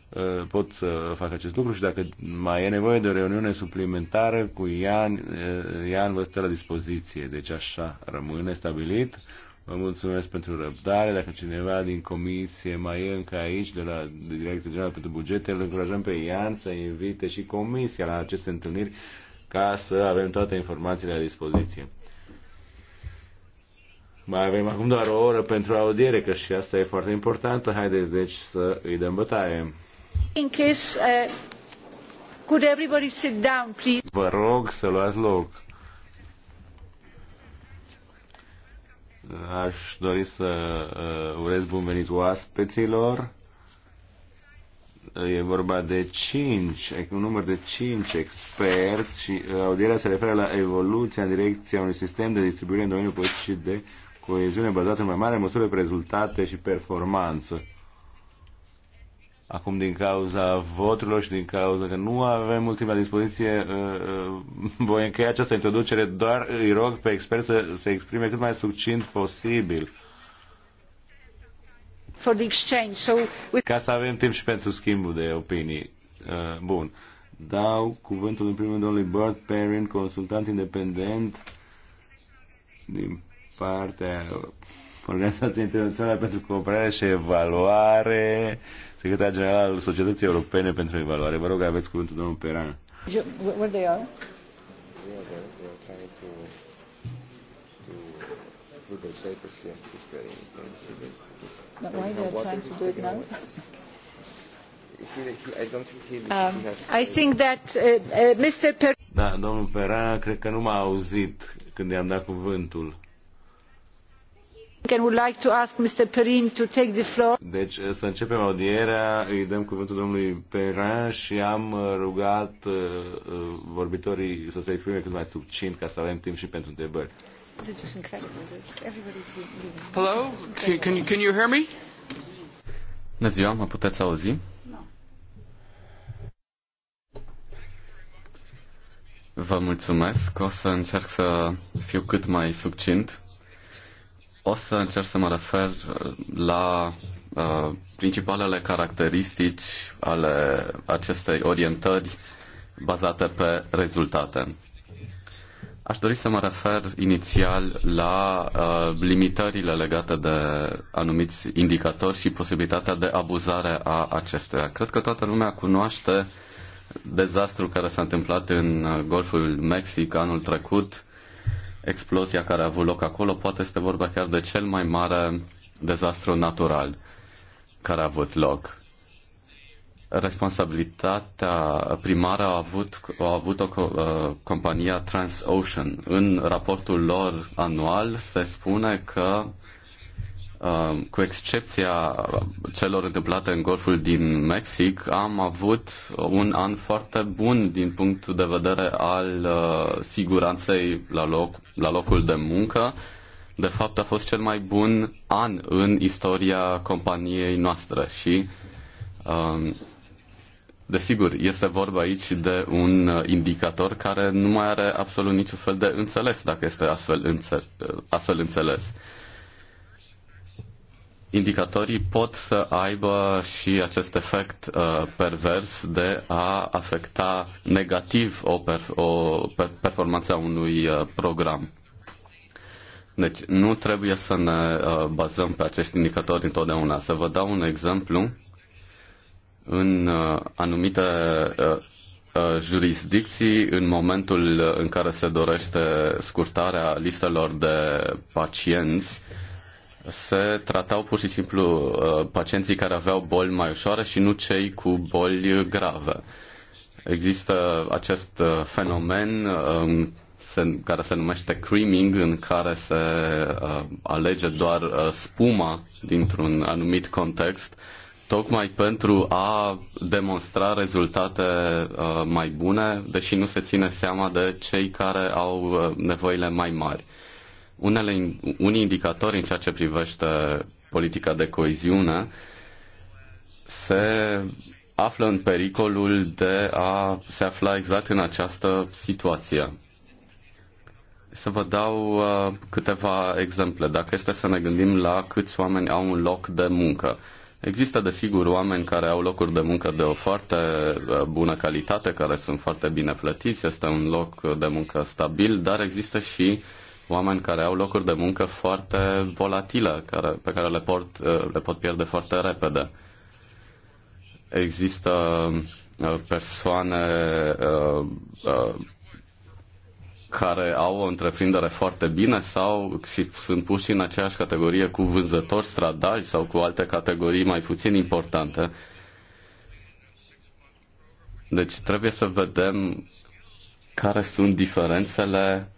uh, pot să fac acest lucru și dacă mai e nevoie de o reuniune suplimentară cu Ian, uh, Ian vă stă la dispoziție. Deci așa rămâne stabilit. Vă mulțumesc pentru răbdare. Dacă cineva din comisie mai e încă aici, de la Direcția Generală pentru Bugete, îl încurajăm pe Ian să invite și comisia la aceste întâlniri ca să avem toate informațiile la dispoziție mai avem acum doar o oră pentru audiere, că și asta e foarte importantă. Haideți, deci, să îi dăm bătaie. In case, uh, could everybody sit down, please? Vă rog să luați loc. Aș dori să uh, urez bun venit oaspeților. E vorba de 5, un număr de 5 experți și uh, audierea se referă la evoluția în direcția unui sistem de distribuire în domeniul politicii de coeziune bazată în mai mare măsură pe rezultate și performanță. Acum, din cauza voturilor și din cauza că nu avem mult timp la dispoziție, uh, uh, voi încheia această introducere, doar îi rog pe expert să se exprime cât mai succint posibil. For the exchange, so we... Ca să avem timp și pentru schimbul de opinii. Uh, bun. Dau cuvântul în primul domnului Bert Perrin, consultant independent din parte Organizația internațională pentru Cooperare și Evaluare, secretar general al Societății Europene pentru Evaluare. Vă rog, aveți cuvântul domnul Peran. Where they are? But why they trying to do it now? Um, I think that uh, uh, Mr. Per da, domnul Peran cred că nu m-a auzit când i-am dat cuvântul. Deci eh, să începem audierea, îi dăm cuvântul domnului Perrin și am eh, rugat eh, vorbitorii să se exprime cât mai succint ca să avem timp și pentru întrebări. Hello? Can, can, can you hear me? Bună ziua, mă puteți auzi? Vă mulțumesc. O să încerc să fiu cât mai succint. O să încerc să mă refer uh, la uh, principalele caracteristici ale acestei orientări bazate pe rezultate. Aș dori să mă refer inițial la uh, limitările legate de anumiți indicatori și posibilitatea de abuzare a acestuia. Cred că toată lumea cunoaște dezastrul care s-a întâmplat în uh, Golful Mexic anul trecut explozia care a avut loc acolo poate este vorba chiar de cel mai mare dezastru natural care a avut loc. Responsabilitatea primară a avut, a avut o uh, compania TransOcean. În raportul lor anual se spune că Uh, cu excepția celor întâmplate în golful din Mexic, am avut un an foarte bun din punctul de vedere al uh, siguranței la, loc, la locul de muncă. De fapt, a fost cel mai bun an în istoria companiei noastre și um, Desigur, este vorba aici de un indicator care nu mai are absolut niciun fel de înțeles dacă este astfel, înțe- uh, astfel înțeles indicatorii pot să aibă și acest efect uh, pervers de a afecta negativ o, perf- o per- performanța unui uh, program. Deci nu trebuie să ne uh, bazăm pe acești indicatori întotdeauna. Să vă dau un exemplu. În uh, anumite uh, uh jurisdicții în momentul în care se dorește scurtarea listelor de pacienți se tratau pur și simplu uh, pacienții care aveau boli mai ușoare și nu cei cu boli grave. Există acest uh, fenomen um, se, care se numește creaming, în care se uh, alege doar uh, spuma dintr-un anumit context, tocmai pentru a demonstra rezultate uh, mai bune, deși nu se ține seama de cei care au uh, nevoile mai mari. Uh, unele, unii indicatori în ceea ce privește politica de coeziune se află în pericolul de a se afla exact în această situație. Să vă dau uh, câteva exemple. Dacă este să ne gândim la câți oameni au un loc de muncă. Există, desigur, oameni care au locuri de muncă de o foarte uh, bună calitate, care sunt foarte bine plătiți, este un loc de muncă stabil, dar există și uh, oameni care au locuri de muncă foarte volatile, care, pe care le, port, uh, le pot pierde foarte repede. Există uh, persoane uh, care au o întreprindere foarte bine sau și sunt puși în aceeași categorie cu vânzători stradali sau cu alte categorii mai puțin importante. Deci trebuie să vedem care sunt diferențele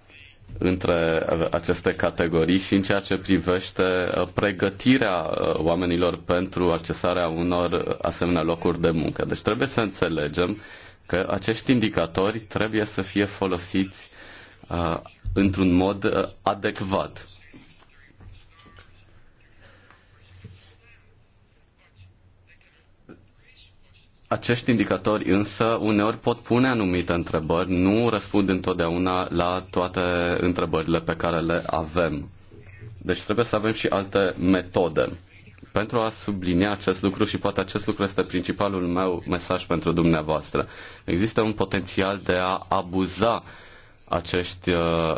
între uh, aceste categorii și în ceea ce privește uh, pregătirea uh, oamenilor pentru accesarea unor asemenea locuri de muncă. Deci trebuie să înțelegem că acești indicatori trebuie să fie folosiți într-un mod adecvat. Acești indicatori însă uneori pot pune anumite întrebări, nu răspund întotdeauna la toate întrebările pe care le avem. Deci trebuie să avem și alte metode. Pentru a sublinia acest lucru și poate acest lucru este principalul meu mesaj pentru dumneavoastră. Există un potențial de a abuza acești uh,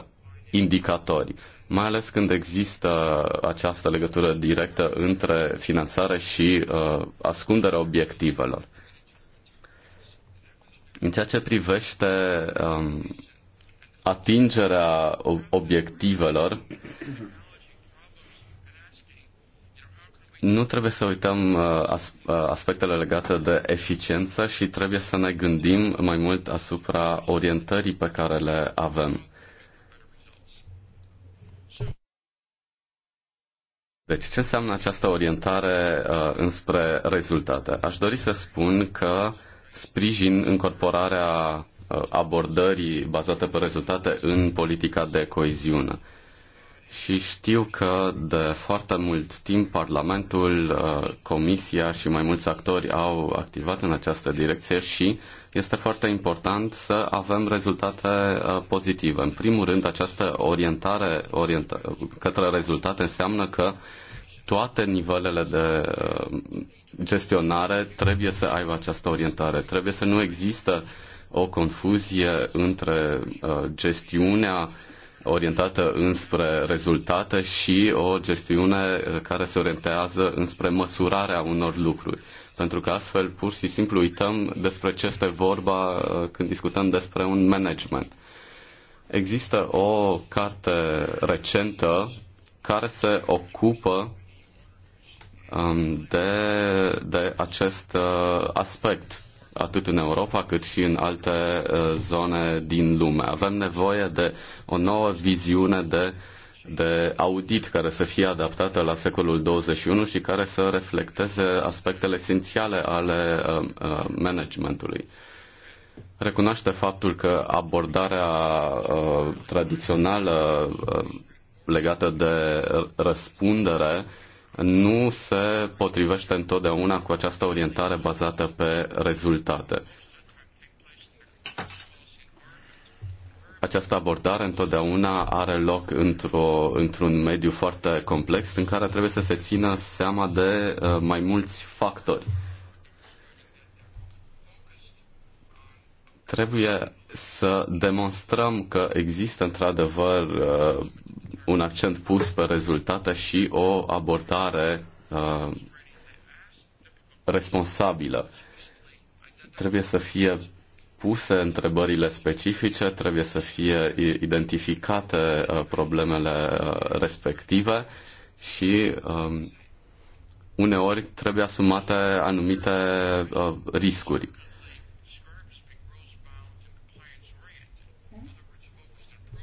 indicatori, mai ales când există această legătură directă între finanțare și uh, ascunderea obiectivelor. În ceea ce privește um, atingerea obiectivelor, nu trebuie să uităm uh, uh, aspectele legate de eficiență și trebuie să ne gândim mai mult asupra orientării pe care le avem. Deci, ce înseamnă această orientare uh, înspre rezultate? Aș dori să spun că sprijin încorporarea uh, abordării bazate pe rezultate în politica de coeziune. Și știu că de foarte mult timp Parlamentul, uh, Comisia și mai mulți actori au activat în această direcție și este foarte important să avem rezultate uh, pozitive. În primul rând, această orientare, orienta, către rezultate înseamnă că uh, toate nivelele de uh, gestionare trebuie să aibă această orientare. Trebuie să nu există o confuzie între uh, gestiunea orientată înspre rezultate și o gestiune uh, care se orientează înspre măsurarea unor lucruri. Pentru că astfel pur și simplu uităm despre ce este vorba când discutăm despre un management. Există o carte recentă care se ocupă Um, de, de acest uh, aspect, atât în Europa cât și în alte uh, zone din lume. Avem nevoie de o nouă viziune de, de audit care să fie adaptată la secolul 21 și care să reflecteze aspectele esențiale ale um, uh, managementului recunoaște faptul că abordarea uh, tradițională uh, legată de răspundere nu se potrivește întotdeauna cu această orientare bazată pe rezultate. Această abordare întotdeauna are loc într-o, într-un mediu foarte complex în care trebuie să se țină seama de uh, mai mulți factori. Trebuie să demonstrăm că există într-adevăr uh, un accent pus pe rezultate și o abordare uh, responsabilă. Trebuie să fie puse întrebările specifice, trebuie să fie identificate uh, problemele uh, respective și um, uneori trebuie asumate anumite riscuri.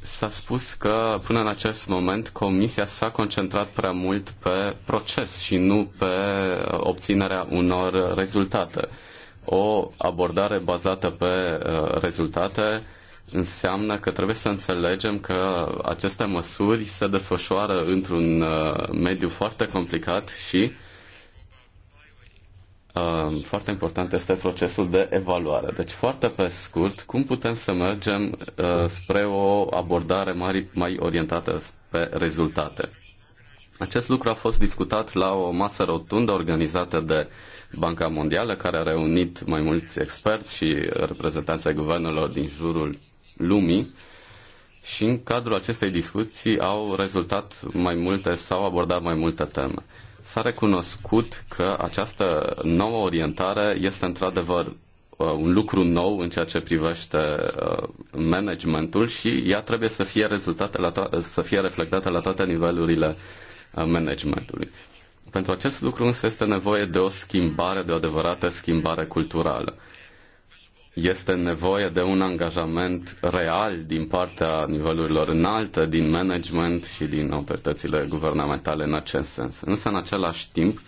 S-a spus că până în acest moment Comisia s-a concentrat prea mult pe proces și nu pe uh, obținerea unor rezultate. O abordare bazată pe uh, rezultate înseamnă că trebuie să înțelegem că aceste măsuri se desfășoară într-un uh, mediu foarte complicat și Um, foarte important este procesul de evaluare. Deci, foarte pe scurt, cum putem să mergem uh, spre o abordare mai, mai orientată pe rezultate? Acest lucru a fost discutat la o masă rotundă organizată de Banca Mondială, care a reunit mai mulți experți și reprezentanții guvernelor din jurul lumii. Și în cadrul acestei discuții au rezultat mai multe, sau abordat mai multe teme s-a recunoscut că această nouă orientare este într-adevăr uh, un lucru nou în ceea ce privește uh, managementul și ea trebuie să fie, rezultate la to- să fie reflectată la toate nivelurile uh, managementului. Pentru acest lucru însă este nevoie de o schimbare, de o adevărată schimbare culturală este nevoie de un angajament real din partea nivelurilor înalte, din management și din autoritățile guvernamentale în acest sens. Însă, în același timp,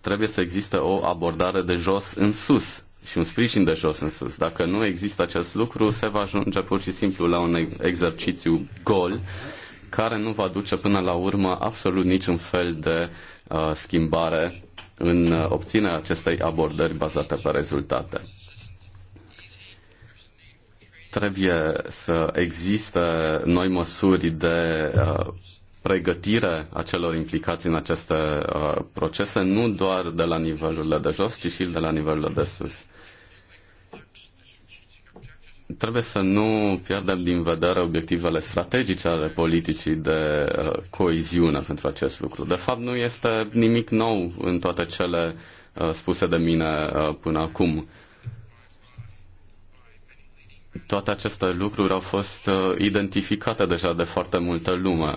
trebuie să existe o abordare de jos în sus și un sprijin de jos în sus. Dacă nu există acest lucru, se va ajunge pur și simplu la un exercițiu gol care nu va duce până la urmă absolut niciun fel de uh, schimbare în uh, obținerea acestei abordări bazate pe rezultate. Trebuie să existe noi măsuri de uh, pregătire a celor implicați în aceste uh, procese, nu doar de la nivelurile de jos, ci și de la nivelurile de sus trebuie să nu pierdem din vedere obiectivele strategice ale politicii de uh, coeziune pentru acest lucru. De fapt, nu este nimic nou în toate cele spuse de mine până acum. Toate aceste lucruri au fost uh, identificate deja de foarte multă lume.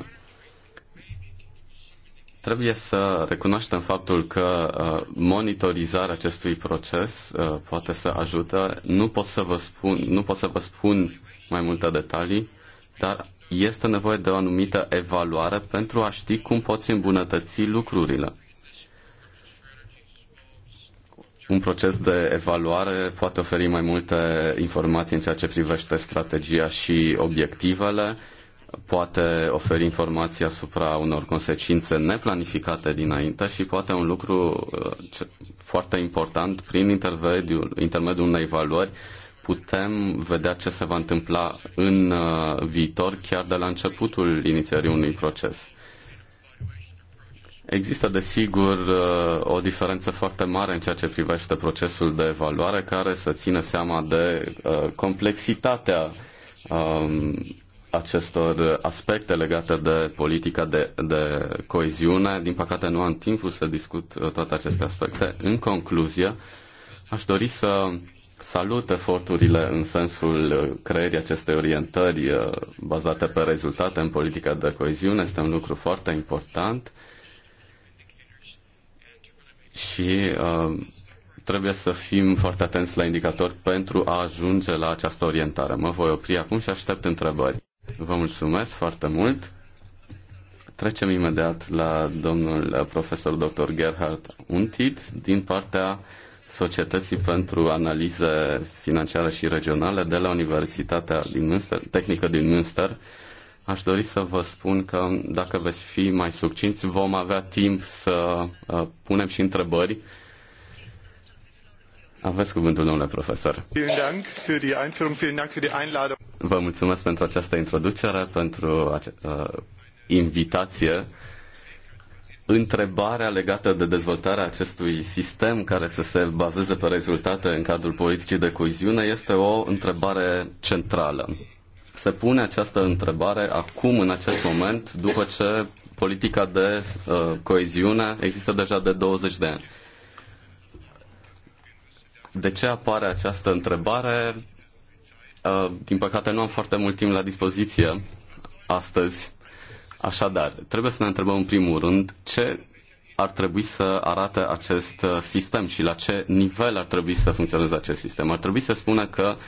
Trebuie să recunoaștem faptul că uh, monitorizarea acestui proces uh, poate să ajute. Nu pot să vă spun, nu pot să vă spun mai multe detalii, dar este nevoie de o anumită evaluare pentru a ști cum poți îmbunătăți lucrurile. un proces de evaluare poate oferi mai multe informații în ceea ce privește strategia și obiectivele, poate oferi informații asupra unor consecințe neplanificate dinainte și poate un lucru uh, foarte important, prin intermediul, intermediul unei evaluări, putem vedea ce se va întâmpla în uh, viitor chiar de la începutul inițierii unui proces. Există, desigur, uh, o diferență foarte mare în ceea ce privește procesul de evaluare, care să țină seama de uh, complexitatea um, acestor aspecte legate de politica de, de coeziune. Din păcate, nu am timpul să discut uh, toate aceste aspecte. În concluzie, aș dori să salut eforturile în sensul creierii acestei orientări bazate pe rezultate în politica de coeziune. Este un lucru foarte important și uh, trebuie să fim foarte atenți la indicatori pentru a ajunge la această orientare. Mă voi opri acum și aștept întrebări. Vă mulțumesc foarte mult. Trecem imediat la domnul uh, profesor dr. Gerhard Untit din partea Societății pentru Analize Financiare și Regionale de la Universitatea din Münster, Tehnică din Münster, Aș dori să vă spun că dacă veți fi mai succinți, vom avea timp să uh, punem și întrebări. Aveți cuvântul, domnule profesor. Vă mulțumesc pentru această introducere, pentru ace- uh, invitație. Întrebarea legată de dezvoltarea acestui sistem care să se bazeze pe rezultate în cadrul politicii de coeziune este o întrebare centrală se pune această întrebare acum, în acest moment, după ce politica de uh, coeziune există deja de 20 de ani. De ce apare această întrebare? Uh, din păcate nu am foarte mult timp la dispoziție astăzi. Așadar, trebuie să ne întrebăm în primul rând ce ar trebui să arate acest uh, sistem și la ce nivel ar trebui să funcționeze acest sistem. Ar trebui să spună că uh,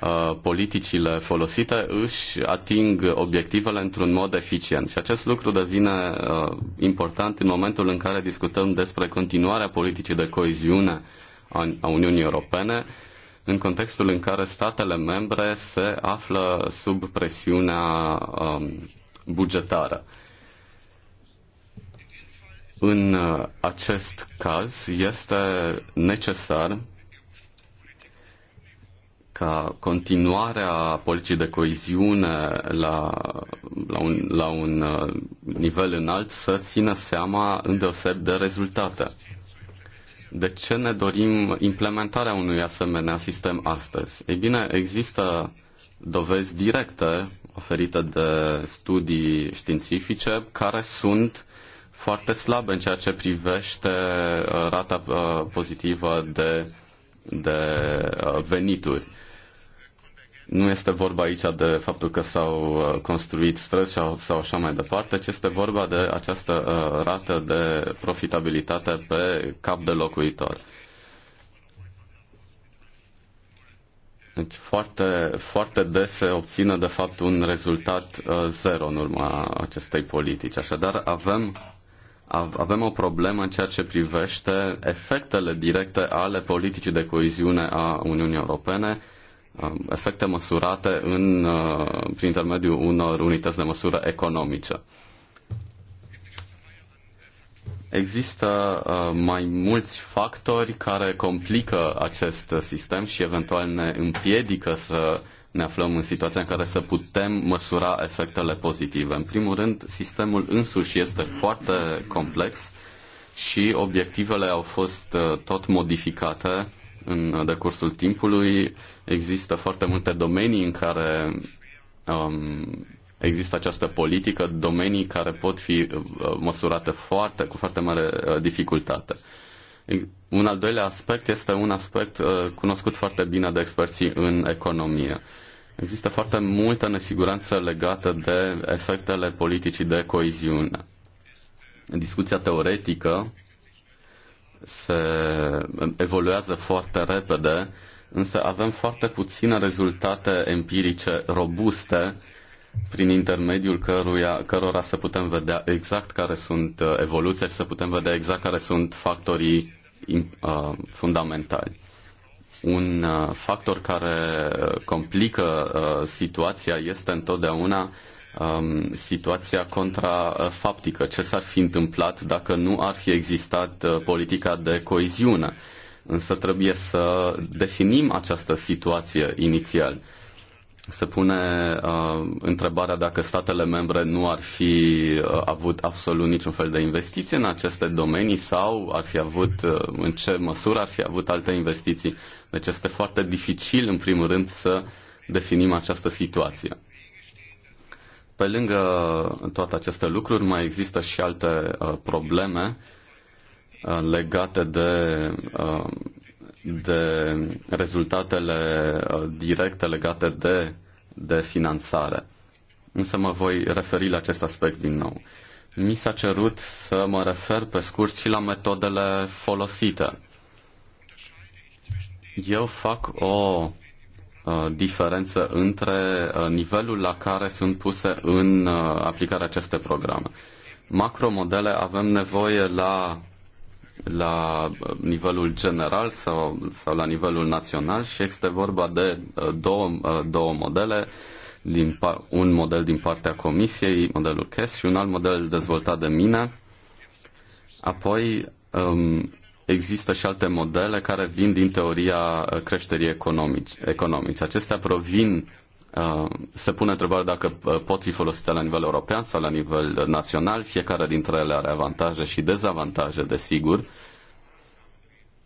Uh, politicile folosite își ating obiectivele într-un mod eficient. Și acest lucru devine uh, important în momentul în care discutăm despre continuarea politicii de coeziune a Uniunii Europene, în contextul în care statele membre se află sub presiunea um, bugetară. În uh, acest caz este necesar ca continuarea politicii de coeziune la, la, un, la un uh, nivel înalt să țină seama îndeoseb de rezultate. De ce ne dorim implementarea unui asemenea sistem astăzi? Ei bine, există dovezi directe oferite de studii științifice care sunt foarte slabe în ceea ce privește uh, rata uh, pozitivă de, de venituri nu este vorba aici de faptul că s-au uh, construit străzi sau, sau așa mai departe, ci este vorba de această uh, rată de profitabilitate pe cap de locuitor. Deci foarte, foarte des se obține de fapt un rezultat uh, zero în urma acestei politici. Așadar avem, avem o problemă în ceea ce privește efectele directe ale politicii de coeziune a Uniunii Europene Um, efecte măsurate în, uh, prin intermediul unor unități de măsură economice. Există uh, mai mulți factori care complică acest sistem și eventual ne împiedică să ne aflăm în situația în care să putem măsura efectele pozitive. În primul rând, sistemul însuși este foarte complex și obiectivele au fost uh, tot modificate în decursul timpului. Există foarte multe domenii în care um, există această politică, domenii care pot fi uh, măsurate foarte, cu foarte mare uh, dificultate. Un al doilea aspect este un aspect uh, cunoscut foarte bine de experții în economie. Există foarte multă nesiguranță legată de efectele politicii de coeziune. Discuția teoretică se evoluează foarte repede, însă avem foarte puține rezultate empirice robuste prin intermediul căruia, cărora să putem vedea exact care sunt uh, evoluția și să putem vedea exact care sunt factorii uh, fundamentali. Un uh, factor care uh, complică uh, situația este întotdeauna um, situația contrafaptică. Ce s-ar fi întâmplat dacă nu ar fi existat uh, politica de coeziune? Însă trebuie să definim această situație inițial. Se pune uh, întrebarea dacă statele membre nu ar fi uh, avut absolut niciun fel de investiție în aceste domenii sau ar fi avut, uh, în ce măsură ar fi avut alte investiții. Deci este foarte dificil, în primul rând, să definim această situație. Pe lângă toate aceste lucruri, mai există și alte uh, probleme uh, legate de, uh, de rezultatele uh, directe legate de, de finanțare. Însă mă voi referi la acest aspect din nou. Mi s-a cerut să mă refer pe scurt și la metodele folosite. Eu fac o Uh, diferență între uh, nivelul la care sunt puse în uh, aplicare aceste programe. Macromodele avem nevoie la, la nivelul general sau, sau la nivelul național și este vorba de două, două modele, din, un model din partea Comisiei, modelul CES și un alt model dezvoltat de mine. Apoi, um, există și alte modele care vin din teoria uh, creșterii economici. economici. Acestea provin uh, se pune întrebarea dacă uh, pot fi folosite la nivel european sau la nivel național. Fiecare dintre ele are avantaje și dezavantaje, desigur.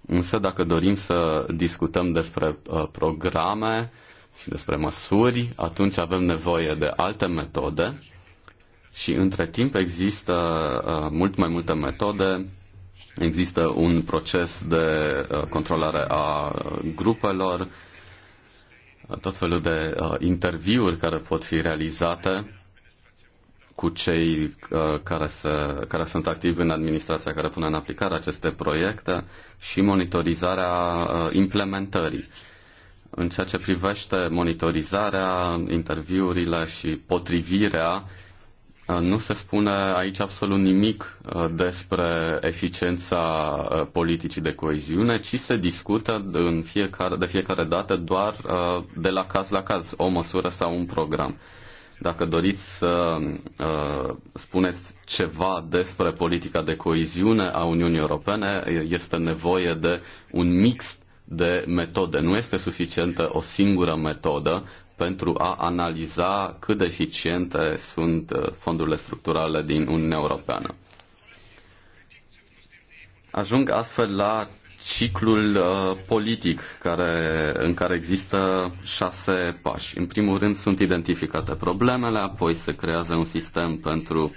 Însă dacă dorim să discutăm despre programe și despre măsuri, atunci avem nevoie de alte metode și între timp există mult mai multe metode Există un proces de uh, controlare a uh, grupelor, tot felul de uh, interviuri care pot fi realizate cu cei care, se, care sunt activi în administrația care pune în aplicare aceste proiecte și monitorizarea implementării. În ceea ce privește monitorizarea, interviurile și potrivirea Uh, nu se spune aici absolut nimic uh, despre eficiența uh, politicii de coeziune, ci se discută în fiecare, de fiecare dată doar de la caz la caz, o măsură sau un program. Dacă doriți să spuneți ceva despre politica de coeziune a Uniunii Europene, este nevoie de un mix de metode. Nu este suficientă o singură metodă pentru a analiza cât de eficiente sunt uh, fondurile structurale din Uniunea Europeană. Ajung astfel la ciclul uh, politic care, în care există șase pași. În primul rând sunt identificate problemele, apoi se creează un sistem pentru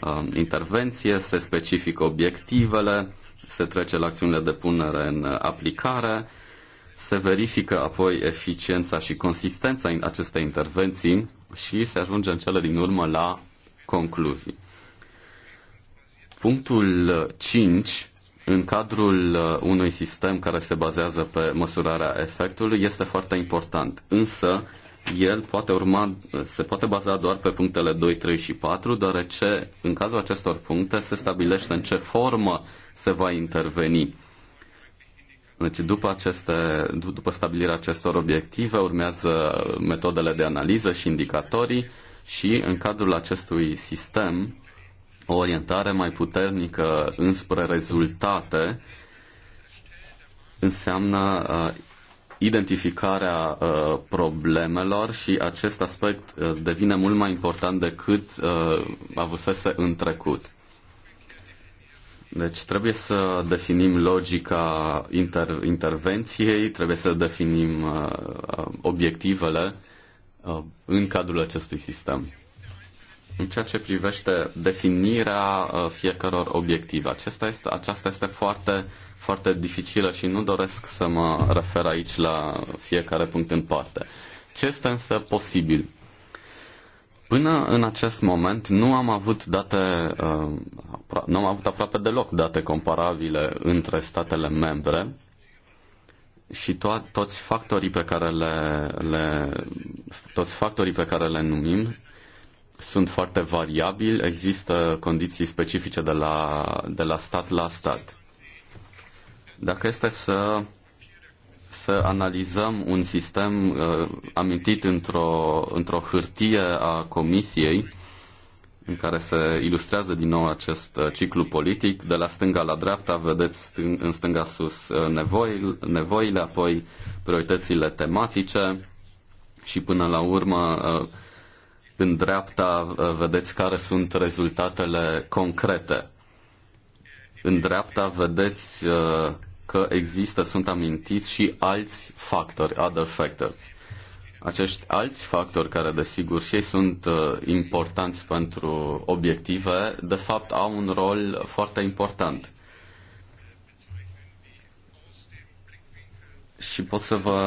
uh, intervenție, se specifică obiectivele, se trece la acțiunile de punere în uh, aplicare, uh, se verifică apoi eficiența și consistența în acestei intervenții și se ajunge în cele din urmă la concluzii. Punctul 5 uh, în cadrul uh, unui sistem care se bazează pe măsurarea efectului este foarte important, însă el poate urma, uh, se poate baza doar pe punctele 2, 3 și 4, deoarece în cazul acestor puncte se stabilește în ce formă se va interveni deci după, aceste, după stabilirea acestor obiective urmează metodele de analiză și indicatorii și în cadrul acestui sistem o orientare mai puternică înspre rezultate înseamnă uh, identificarea uh, problemelor și acest aspect uh, devine mult mai important decât uh, avusese în trecut. Deci trebuie să definim logica inter- intervenției, trebuie să definim uh, uh, obiectivele uh, în cadrul acestui sistem. În ceea ce privește definirea uh, fiecăror obiective, aceasta este, aceasta este foarte, foarte dificilă și nu doresc să mă refer aici la fiecare punct în parte. Ce este însă posibil? Până în acest moment nu am avut date, uh, nu am avut aproape deloc date comparabile între statele membre și to- toți factorii pe care le, le toți factorii pe care le numim sunt foarte variabili, există condiții specifice de la, de la stat la stat. Dacă este să să analizăm un sistem uh, amintit într-o, într-o hârtie a Comisiei în care se ilustrează din nou acest uh, ciclu politic. De la stânga la dreapta vedeți în stânga sus uh, nevoile, nevoile apoi prioritățile tematice și până la urmă uh, în dreapta vedeți care sunt rezultatele concrete. În dreapta vedeți că există, sunt amintiți și alți factori, other factors. Acești alți factori care, desigur, și ei sunt uh, importanți pentru obiective, de fapt au un rol foarte important. Și pot să vă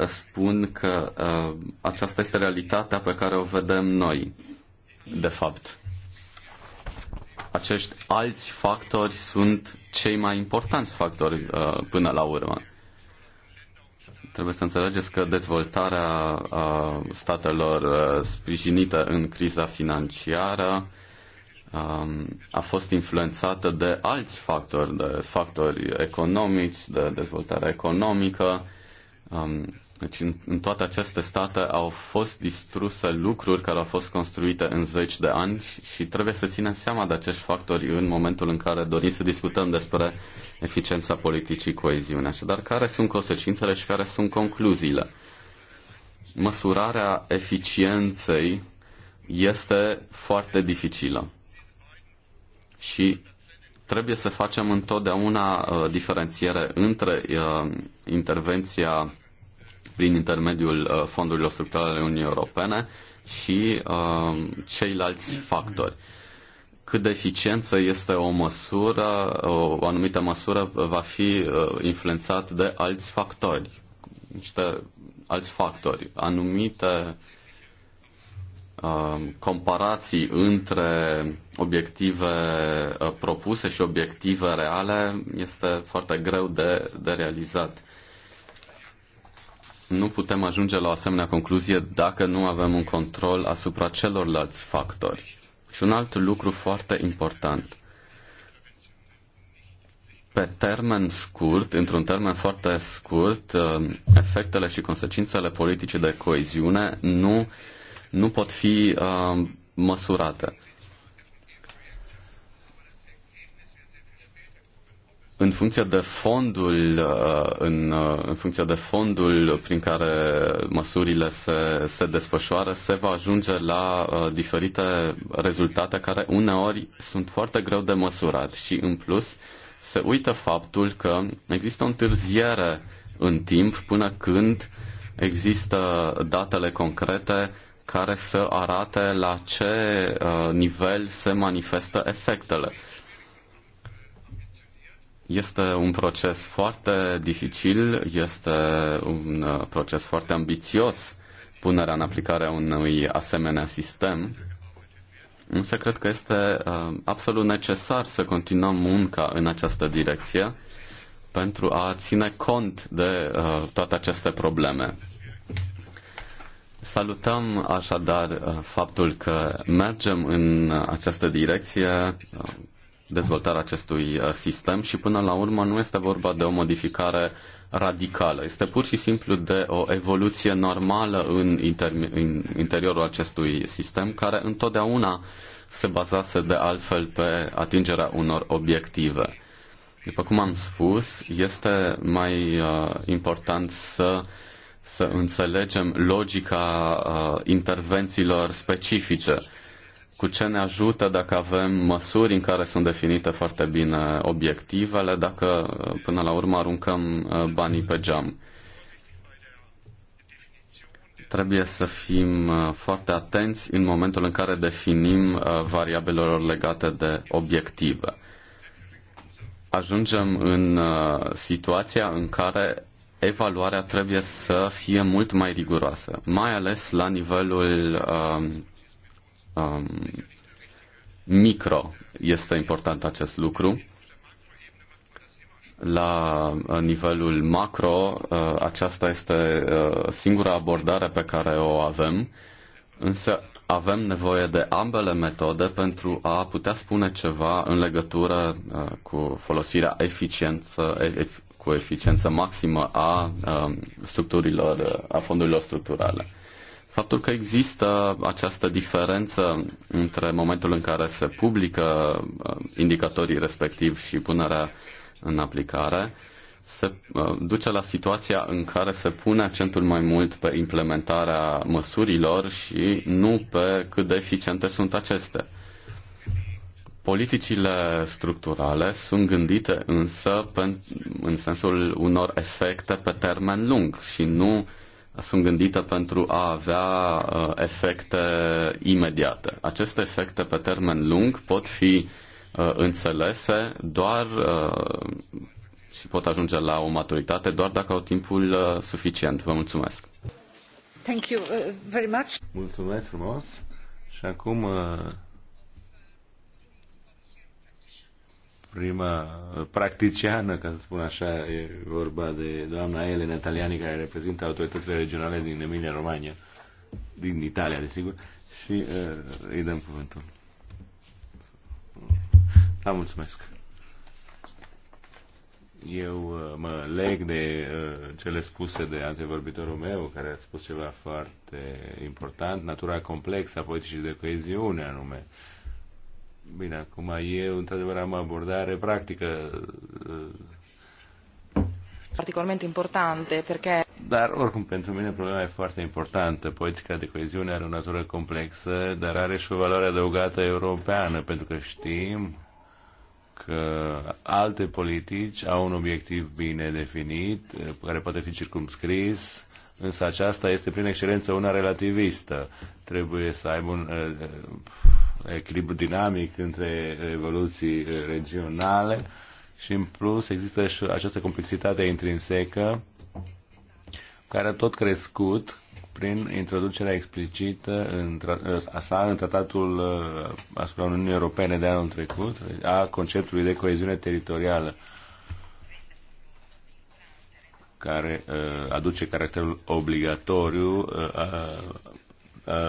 uh, spun că uh, aceasta este realitatea pe care o vedem noi, de fapt acești alți factori sunt cei mai importanți factori uh, până la urmă. Trebuie să înțelegeți că dezvoltarea uh, statelor uh, sprijinită în criza financiară um, a fost influențată de alți factori, de factori economici, de dezvoltare economică, um, deci în, în toate aceste state au fost distruse lucruri care au fost construite în zeci de ani și, și trebuie să ținem seama de acești factori în momentul în care dorim să discutăm despre eficiența politicii coeziunea. Dar care sunt consecințele și care sunt concluziile? Măsurarea eficienței este foarte dificilă și trebuie să facem întotdeauna uh, diferențiere între uh, intervenția prin intermediul uh, fondurilor structurale ale Uniunii Europene și uh, ceilalți factori. Cât de eficiență este o măsură, o anumită măsură uh, va fi uh, influențat de alți factori, niște alți factori, anumite comparații între obiective propuse și obiective reale este foarte greu de, de realizat nu putem ajunge la o asemenea concluzie dacă nu avem un control asupra celorlalți factori. Și un alt lucru foarte important. Pe termen scurt, într-un termen foarte scurt, uh, efectele și consecințele politicii de coeziune nu, nu pot fi uh, măsurate. în funcție de fondul, uh, în, uh, în funcție de fondul prin care măsurile se, se desfășoară, se va ajunge la uh, diferite rezultate care uneori sunt foarte greu de măsurat și în plus se uită faptul că există o întârziere în timp până când există datele concrete care să arate la ce nivel se manifestă efectele. Este un proces foarte dificil, este un uh, proces foarte ambițios punerea în aplicare a unui asemenea sistem, însă cred că este uh, absolut necesar să continuăm munca în această direcție pentru a ține cont de uh, toate aceste probleme. Salutăm așadar faptul că mergem în această direcție dezvoltarea acestui uh, sistem și până la urmă nu este vorba de o modificare radicală. Este pur și simplu de o evoluție normală în, inter- în interiorul acestui sistem care întotdeauna se bazase de altfel pe atingerea unor obiective. După cum am spus, este mai uh, important să să înțelegem logica uh, intervențiilor specifice cu ce ne ajută dacă avem măsuri în care sunt definite foarte bine obiectivele, dacă până la urmă aruncăm uh, banii pe geam. Trebuie să fim uh, foarte atenți în momentul în care definim uh, variabilelor legate de obiective. Ajungem în situația în care evaluarea trebuie să fie mult mai riguroasă, mai ales la nivelul um, micro este important acest lucru. La uh, nivelul macro, uh, aceasta este uh, singura abordare pe care o avem, însă avem nevoie de ambele metode pentru a putea spune ceva în legătură cu folosirea eficiență, cu eficiență maximă a um, structurilor, a fondurilor structurale. Faptul că există această diferență între momentul în care se publică uh, indicatorii respectiv și punerea în aplicare se uh, duce la situația în care se pune accentul mai mult pe implementarea măsurilor și nu pe cât de eficiente sunt acestea. Politicile structurale sunt gândite însă în sensul unor efecte pe termen lung și nu sunt gândite pentru a avea uh, efecte imediate. Aceste efecte pe termen lung pot fi uh, înțelese doar uh, și pot ajunge la o maturitate doar dacă au timpul suficient. Vă mulțumesc. Thank you very much. Mulțumesc frumos. Și acum prima uh, practiciană, ca să spun așa, e vorba de doamna Elena Taliani, care reprezintă autoritățile regionale din Emilia-Romagna, din Italia, desigur, și uh, îi dăm cuvântul. Da, mulțumesc. Eu uh, mă leg de uh, cele spuse de antevorbitorul meu, care a spus ceva foarte important, natura complexă a politicii de coeziune, anume. Uh, Bine, acum e într-adevăr am abordare practică. Uh, Particolarmente importante, perché... Dar oricum pentru mine problema e foarte importantă. Politica de coeziune are o natură complexă, dar are și o valoare adăugată europeană, pentru că știm că alte politici au un obiectiv bine definit, care poate fi circumscris, însă aceasta este prin excelență una relativistă. Trebuie să aibă un, uh, uh, echilibru dinamic între evoluții regionale și în plus există și această complexitate intrinsecă care a tot crescut prin introducerea explicită în, a sa în tratatul uh, asupra Uniunii Europene de anul trecut a conceptului de coeziune teritorială care uh, aduce caracterul obligatoriu uh, uh,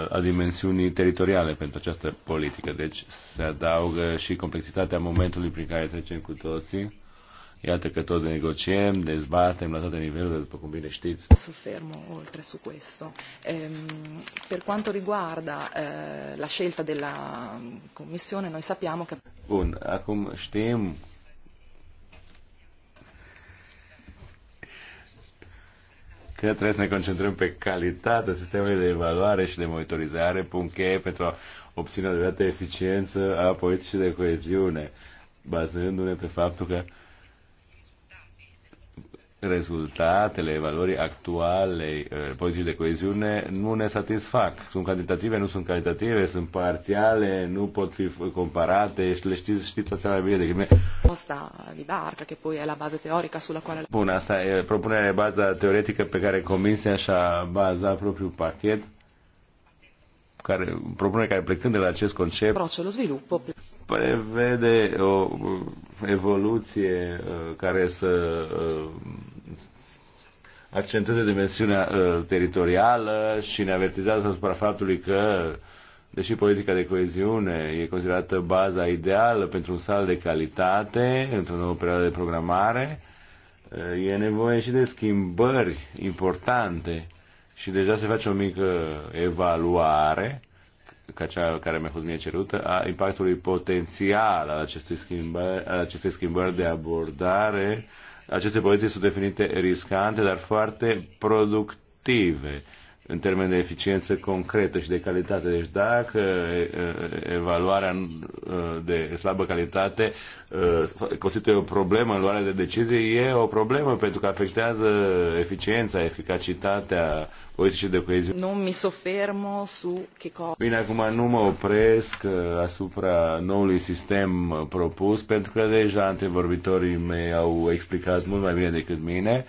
a dimensiunii teritoriale pentru această politică. Deci se adaugă și complexitatea momentului prin care trecem cu toții. Iată că tot negociem, dezbatem la toate nivelurile, după cum bine știți. Soffermo oltre su questo. Ehm, per quanto riguarda eh, la scelta della mm, Commissione, noi sappiamo che... Bun, acum știm că trebuie să ne concentrăm pe calitatea sistemului de evaluare și de monitorizare, punct cheie pentru a obține o eficiență a politicii de coeziune, bazându-ne pe faptul că rezultatele evaluării actualei eh, politici de coeziune nu ne satisfac. Sunt cantitative, nu sunt calitative, sunt parțiale, nu pot fi comparate și le știți, știți asta mai bine decât mine. Asta Barca, che poi e la bază teorica sulla quale... Bun, asta e propunerea baza teoretică pe care Comisia și-a bazat propriul pachet, care, propune care plecând de la acest concept... prevede o evoluție eh, care să eh, accentuate dimensiunea uh, teritorială și ne avertizează asupra faptului că, deși politica de coeziune e considerată baza ideală pentru un sal de calitate într-o nouă perioadă de programare, uh, e nevoie și de schimbări importante și deja se face o mică evaluare ca cea care mi-a fost mie cerută, a impactului potențial al acestei schimbări, al acestei schimbări de abordare aceste poziții sunt definite riscante, dar foarte productive în termen de eficiență concretă și de calitate. Deci dacă evaluarea uh, de slabă calitate uh, constituie o problemă în luarea de decizii, e o problemă pentru că afectează eficiența, eficacitatea politicii de coeziune. Nu mi sofermo su che cosa. Bine, acum nu mă opresc uh, asupra noului sistem propus pentru că deja antevorbitorii mei au explicat mult mai bine decât mine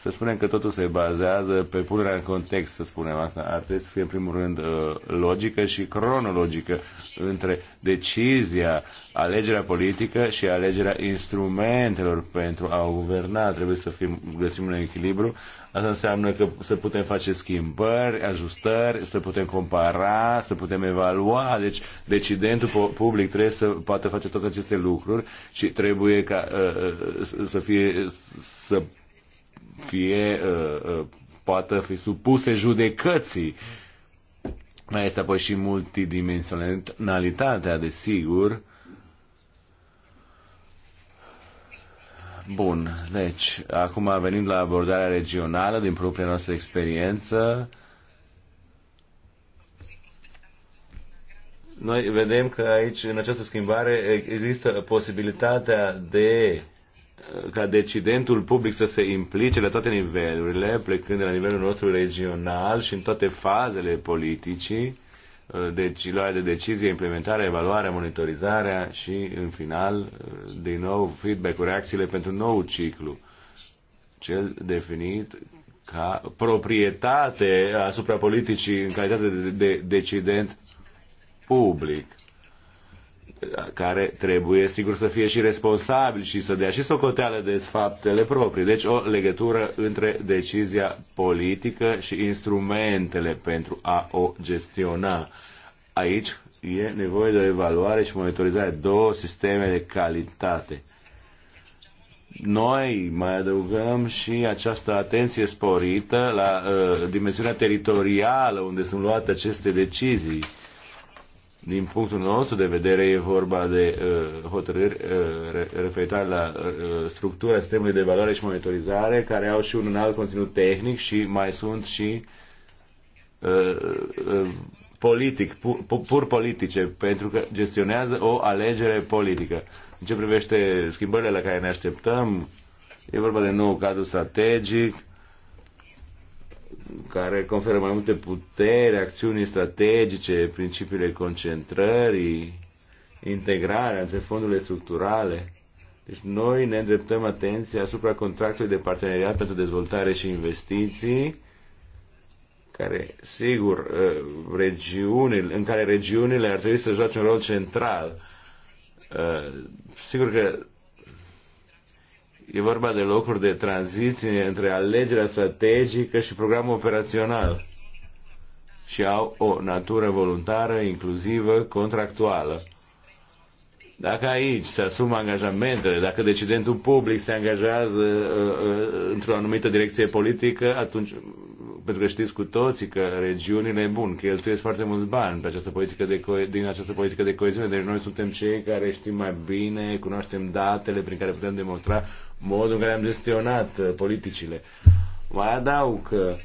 să spunem că totul se bazează pe punerea în context, să spunem asta. Ar trebui să fie, în primul rând, uh, logică și cronologică între decizia, alegerea politică și alegerea instrumentelor pentru a guverna. Trebuie să fim, găsim un echilibru. Asta înseamnă că să putem face schimbări, ajustări, să putem compara, să putem evalua. Deci, decidentul public trebuie să poată face toate aceste lucruri și trebuie ca uh, uh, să fie să fie uh, uh, poată fi supuse judecății. Mai este apoi și multidimensionalitatea, desigur. Bun, deci, acum venim la abordarea regională din propria noastră experiență, noi vedem că aici, în această schimbare, există posibilitatea de ca decidentul public să se implice la toate nivelurile, plecând de la nivelul nostru regional și în toate fazele politicii, uh, deci luarea de decizie, implementarea, evaluarea, monitorizarea și, în final, uh, din nou, feedback-ul, reacțiile pentru nou ciclu, cel definit ca proprietate asupra politicii în calitate de decident public care trebuie, sigur, să fie și responsabil și să dea și socoteală de faptele proprii. Deci o legătură între decizia politică și instrumentele pentru a o gestiona. Aici e nevoie de o evaluare și monitorizare, două sisteme de calitate. Noi mai adăugăm și această atenție sporită la uh, dimensiunea teritorială unde sunt luate aceste decizii din punctul nostru de vedere e vorba de uh, hotărâri uh, referitoare la uh, structura sistemului de valoare și monitorizare care au și un alt conținut tehnic și mai sunt și uh, uh, politic, pur, pur politice, pentru că gestionează o alegere politică. În ce privește schimbările la care ne așteptăm, e vorba de nou cadru strategic, care conferă mai multe putere, acțiuni strategice, principiile concentrării, integrarea între fondurile structurale. Deci noi ne îndreptăm atenția asupra contractului de parteneriat pentru dezvoltare și investiții, care, sigur, ă, regiunile, în care regiunile ar trebui să joace un rol central. Ă, sigur că E vorba de locuri de tranziție între alegerea strategică și programul operațional și au o natură voluntară, inclusivă, contractuală. Dacă aici se asumă angajamentele, dacă decidentul public se angajează uh, uh, într-o anumită direcție politică, atunci pentru că știți cu toții că regiunile, bun, cheltuiesc foarte mulți bani pe această politică de co- din această politică de coeziune, deci noi suntem cei care știm mai bine, cunoaștem datele prin care putem demonstra modul în care am gestionat uh, politicile. Mai adaug că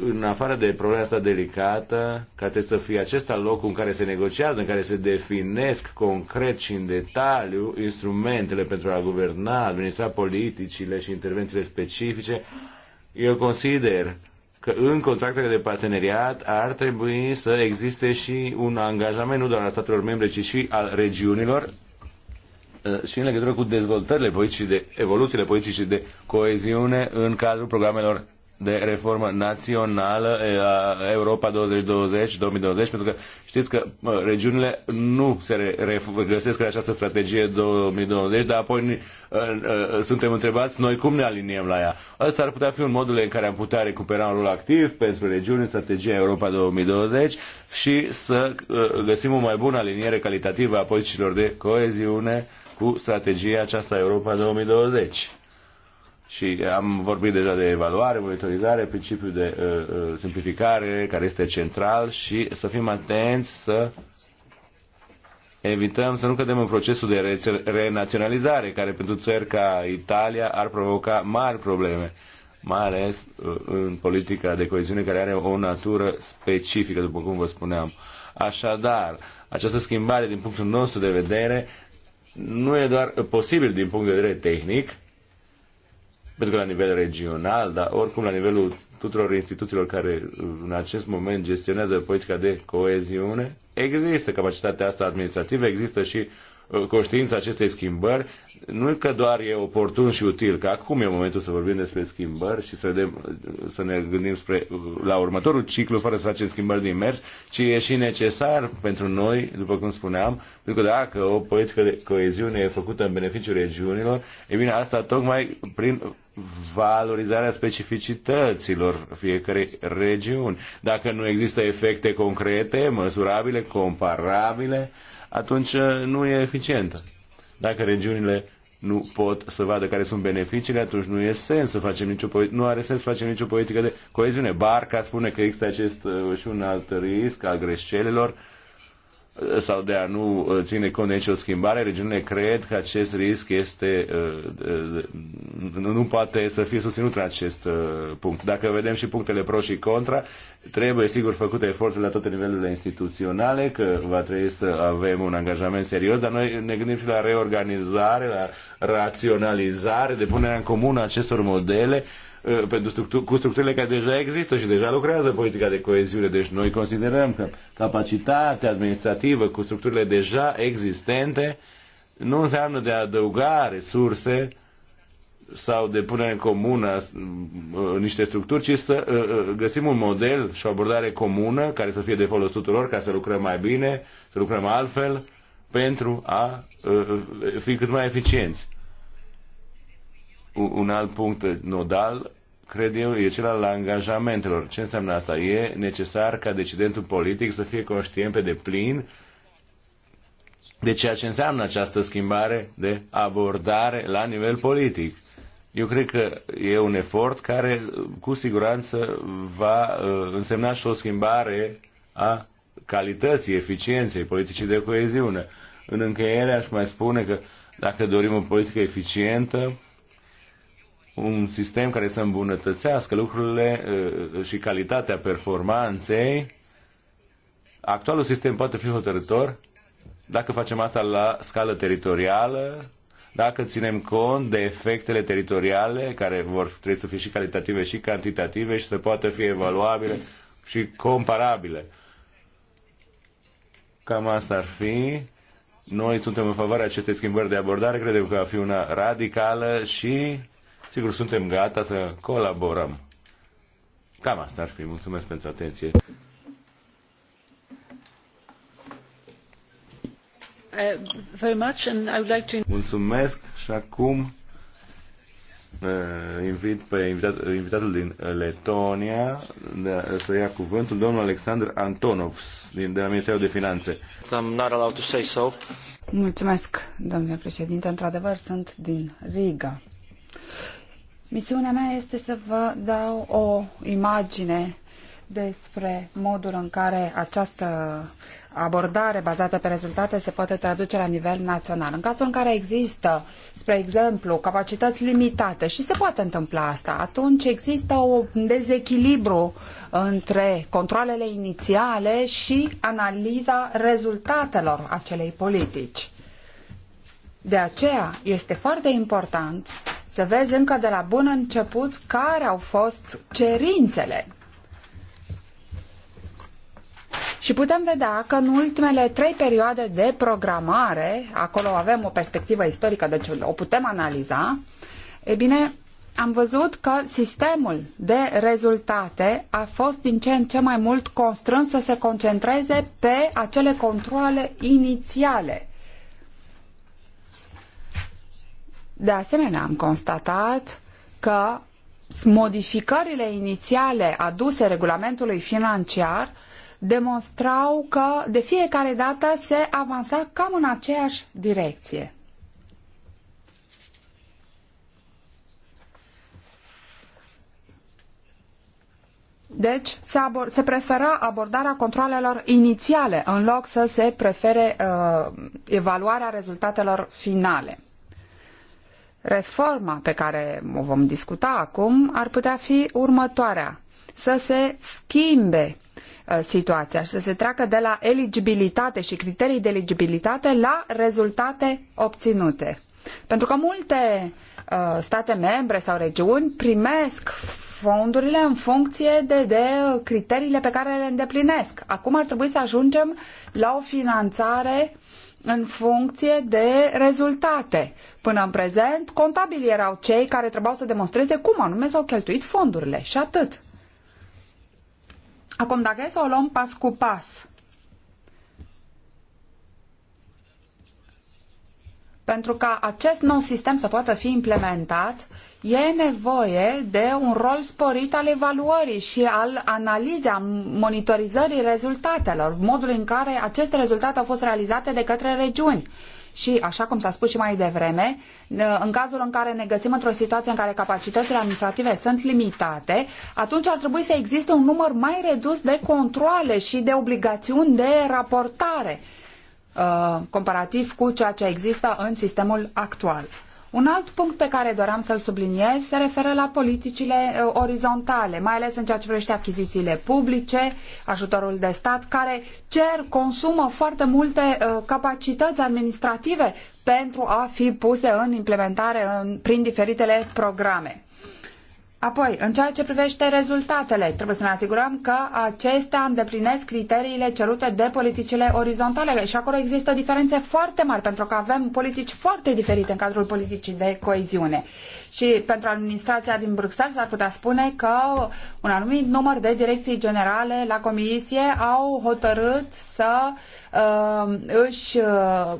în afară de problema asta delicată, ca trebuie să fie acesta locul în care se negociază, în care se definesc concret și în detaliu instrumentele pentru a guverna, administra politicile și intervențiile specifice, eu consider că în contractele de parteneriat ar trebui să existe și un angajament nu doar al statelor membre, ci și al regiunilor uh, și în legătură cu dezvoltările politicii de evoluțiile politicii de coeziune în cadrul programelor de reformă națională a Europa 2020-2020, pentru că știți că mă, regiunile nu se regăsesc în această strategie 2020, dar apoi ă, ă, suntem întrebați noi cum ne aliniem la ea. Asta ar putea fi un modul în care am putea recupera un rol activ pentru regiuni strategia Europa 2020 și să ă, găsim o mai bună aliniere calitativă a politicilor de coeziune cu strategia aceasta Europa 2020 și am vorbit deja de evaluare, monitorizare, principiul de uh, uh, simplificare care este central și să fim atenți să evităm să nu cădem în procesul de renaționalizare care pentru țări ca Italia ar provoca mari probleme mai ales uh, în politica de coeziune care are o natură specifică, după cum vă spuneam. Așadar, această schimbare din punctul nostru de vedere nu e doar posibil din punct de vedere tehnic, pentru că la nivel regional, dar oricum la nivelul tuturor instituțiilor care în acest moment gestionează politica de coeziune, există capacitatea asta administrativă, există și uh, conștiința acestei schimbări, nu că doar e oportun și util, că acum e momentul să vorbim despre schimbări și să, vedem, uh, să ne gândim spre, uh, la următorul ciclu fără să facem schimbări din mers, ci e și necesar pentru noi, după cum spuneam, pentru că dacă o politică de coeziune e făcută în beneficiul regiunilor, e bine, asta tocmai prin valorizarea specificităților fiecărei regiuni. Dacă nu există efecte concrete, măsurabile, comparabile, atunci uh, nu e eficientă. Dacă regiunile nu pot să vadă care sunt beneficiile, atunci nu e sens să facem nicio nu are sens să facem nicio politică de coeziune. Barca spune că există acest uh, și un alt risc al greșelilor sau de a nu uh, ține cont de nicio schimbare, regiunile cred că acest risc este, uh, uh, nu poate să fie susținut în acest punct. Dacă vedem și punctele pro și contra, trebuie sigur făcute eforturi la toate nivelurile instituționale, că va trebui să avem un angajament serios, dar noi ne gândim și la reorganizare, la raționalizare, de punerea în comun a acestor modele, Eh, pentru structur, cu structurile care deja există și deja lucrează politica de coeziune. Deci noi considerăm că capacitatea administrativă cu structurile deja existente nu înseamnă de a adăuga resurse sau de pune în comună eh, niște structuri, ci să eh, găsim un model și o abordare comună care să fie de folos tuturor ca să lucrăm mai bine, să lucrăm altfel pentru a fi cât mai eficienți. Un alt punct nodal, cred eu, e cel al angajamentelor. Ce înseamnă asta? E necesar ca decidentul politic să fie conștient pe deplin de ceea ce înseamnă această schimbare de abordare la nivel politic. Eu cred că e un efort care cu siguranță va uh, însemna și o schimbare a calității, eficienței politicii de coeziune. În încheiere aș mai spune că dacă dorim o politică eficientă, un sistem care să îmbunătățească lucrurile uh, și calitatea performanței. Actualul sistem poate fi hotărător dacă facem asta la scală teritorială, dacă ținem cont de efectele teritoriale care vor trebui să fie și calitative și cantitative și să poată fi evaluabile și comparabile. Cam asta ar fi. Noi suntem în favoarea acestei schimbări de abordare, credem că va fi una radicală și Sigur, suntem gata să colaborăm. Cam asta ar fi. Mulțumesc pentru atenție. Uh, very much and I would like to... Mulțumesc și acum uh, invit pe invitat, invitatul din Letonia de, să ia cuvântul, domnul Alexandru Antonovs, din, de la Ministerul de Finanțe. I'm not allowed to say so. Mulțumesc, domnule președinte. Într-adevăr, sunt din Riga. Misiunea mea este să vă dau o imagine despre modul în care această abordare bazată pe rezultate se poate traduce la nivel național. În cazul în care există, spre exemplu, capacități limitate și se poate întâmpla asta, atunci există un dezechilibru între controlele inițiale și analiza rezultatelor acelei politici. De aceea este foarte important să vezi încă de la bun început care au fost cerințele. Și putem vedea că în ultimele trei perioade de programare, acolo avem o perspectivă istorică, deci o putem analiza, e bine, am văzut că sistemul de rezultate a fost din ce în ce mai mult constrâns să se concentreze pe acele controle inițiale De asemenea, am constatat că modificările inițiale aduse regulamentului financiar demonstrau că de fiecare dată se avansa cam în aceeași direcție. Deci se, abor- se preferă abordarea controalelor inițiale în loc să se prefere uh, evaluarea rezultatelor finale. Reforma pe care o vom discuta acum ar putea fi următoarea. Să se schimbe uh, situația și să se treacă de la eligibilitate și criterii de eligibilitate la rezultate obținute. Pentru că multe uh, state membre sau regiuni primesc fondurile în funcție de, de criteriile pe care le îndeplinesc. Acum ar trebui să ajungem la o finanțare în funcție de rezultate. Până în prezent, contabilii erau cei care trebuiau să demonstreze cum anume s-au cheltuit fondurile și atât. Acum, dacă e să o luăm pas cu pas, pentru ca acest nou sistem să poată fi implementat, e nevoie de un rol sporit al evaluării și al analizei, a monitorizării rezultatelor, modul în care aceste rezultate au fost realizate de către regiuni. Și, așa cum s-a spus și mai devreme, în cazul în care ne găsim într-o situație în care capacitățile administrative sunt limitate, atunci ar trebui să existe un număr mai redus de controle și de obligațiuni de raportare uh, comparativ cu ceea ce există în sistemul actual. Un alt punct pe care doream să-l subliniez se referă la politicile eh, orizontale, mai ales în ceea ce privește achizițiile publice, ajutorul de stat, care cer, consumă foarte multe eh, capacități administrative pentru a fi puse în implementare în, prin diferitele programe. Apoi, în ceea ce privește rezultatele, trebuie să ne asigurăm că acestea îndeplinesc criteriile cerute de politicile orizontale și acolo există diferențe foarte mari pentru că avem politici foarte diferite în cadrul politicii de coeziune. Și pentru administrația din Bruxelles ar putea spune că un anumit număr de direcții generale la comisie au hotărât să uh, își uh,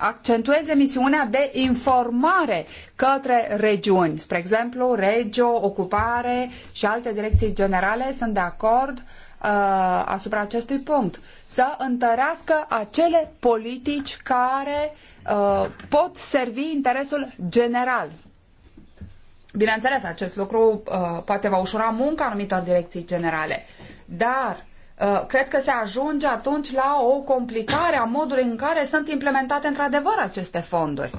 accentueze misiunea de informare către regiuni. Spre exemplu, regio, ocupare și alte direcții generale sunt de acord uh, asupra acestui punct. Să întărească acele politici care uh, pot servi interesul general. Bineînțeles, acest lucru uh, poate va ușura munca anumitor direcții generale, dar Uh, cred că se ajunge atunci la o complicare a modului în care sunt implementate într-adevăr aceste fonduri.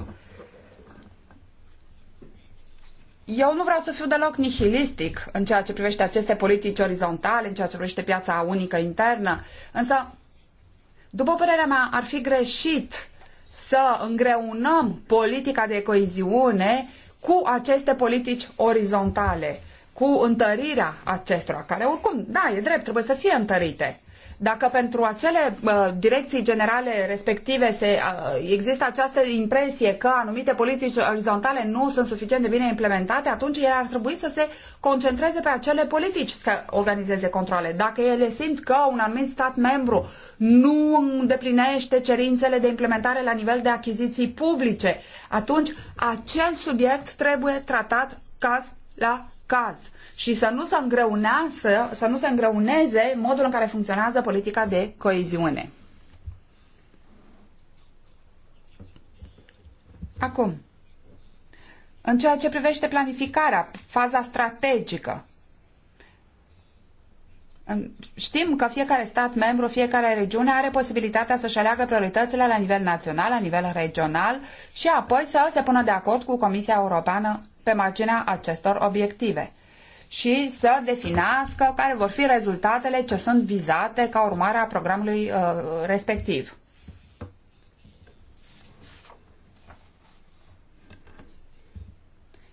Eu nu vreau să fiu deloc nihilistic în ceea ce privește aceste politici orizontale, în ceea ce privește piața unică internă, însă, după părerea mea, ar fi greșit să îngreunăm politica de coeziune cu aceste politici orizontale cu întărirea acestora, care oricum, da, e drept, trebuie să fie întărite. Dacă pentru acele uh, direcții generale respective se, uh, există această impresie că anumite politici orizontale nu sunt suficient de bine implementate, atunci ele ar trebui să se concentreze pe acele politici să organizeze controle. Dacă ele simt că un anumit stat membru nu îndeplinește cerințele de implementare la nivel de achiziții publice, atunci acel subiect trebuie tratat caz la caz și să nu se, să nu se îngreuneze modul în care funcționează politica de coeziune. Acum, în ceea ce privește planificarea, faza strategică, Știm că fiecare stat membru, fiecare regiune are posibilitatea să-și aleagă prioritățile la nivel național, la nivel regional și apoi să se pună de acord cu Comisia Europeană pe marginea acestor obiective și să definească care vor fi rezultatele ce sunt vizate ca urmare a programului uh, respectiv.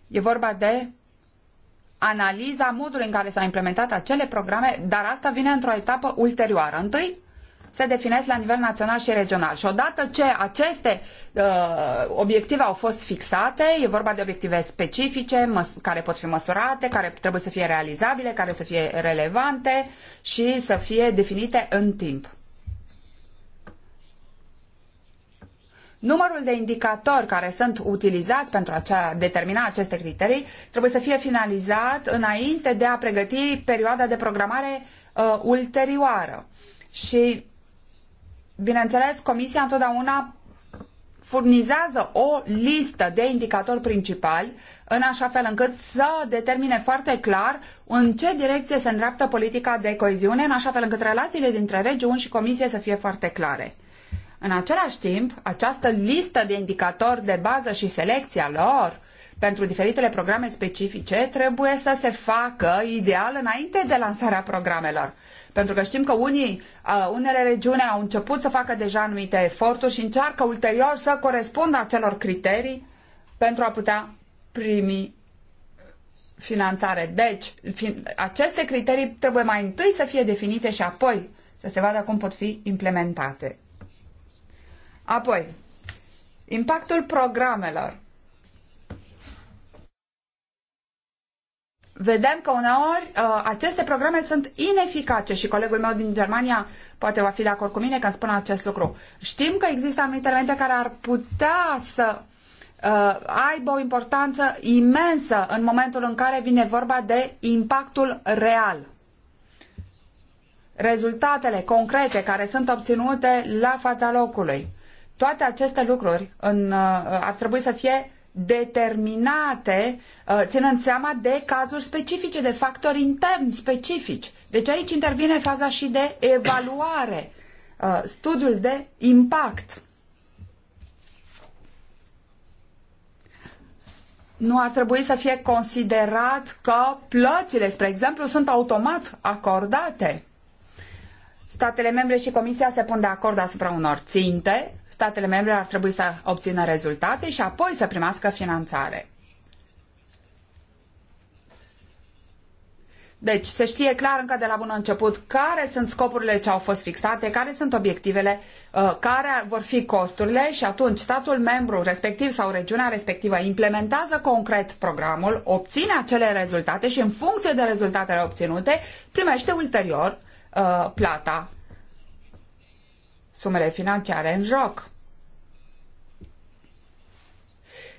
E vorba de analiza modului în care s-au implementat acele programe, dar asta vine într-o etapă ulterioară. Întâi se definesc la nivel național și regional. Și odată ce aceste uh, obiective au fost fixate, e vorba de obiective specifice care pot fi măsurate, care trebuie să fie realizabile, care să fie relevante și să fie definite în timp. Numărul de indicatori care sunt utilizați pentru a determina aceste criterii trebuie să fie finalizat înainte de a pregăti perioada de programare uh, ulterioară. Și bineînțeles, Comisia întotdeauna furnizează o listă de indicatori principali în așa fel încât să determine foarte clar în ce direcție se îndreaptă politica de coeziune, în așa fel încât relațiile dintre regiuni și comisie să fie foarte clare. În același timp, această listă de indicatori de bază și selecția lor pentru diferitele programe specifice trebuie să se facă ideal înainte de lansarea programelor. Pentru că știm că unii, uh, unele regiuni au început să facă deja anumite eforturi și încearcă ulterior să corespundă acelor criterii pentru a putea primi finanțare. Deci, aceste criterii trebuie mai întâi să fie definite și apoi să se vadă cum pot fi implementate. Apoi, impactul programelor. vedem că uneori uh, aceste programe sunt ineficace și colegul meu din Germania poate va fi de acord cu mine când spun acest lucru. Știm că există anumite elemente care ar putea să uh, aibă o importanță imensă în momentul în care vine vorba de impactul real. Rezultatele concrete care sunt obținute la fața locului. Toate aceste lucruri în, uh, ar trebui să fie determinate uh, ținând seama de cazuri specifice, de factori interni specifici. Deci aici intervine faza și de evaluare, uh, studiul de impact. nu ar trebui să fie considerat că plățile, spre exemplu, sunt automat acordate statele membre și Comisia se pun de acord asupra unor ținte, statele membre ar trebui să obțină rezultate și apoi să primească finanțare. Deci, se știe clar încă de la bun început care sunt scopurile ce au fost fixate, care sunt obiectivele, uh, care vor fi costurile și atunci statul membru respectiv sau regiunea respectivă implementează concret programul, obține acele rezultate și în funcție de rezultatele obținute primește ulterior Uh, plata, sumele financiare în joc.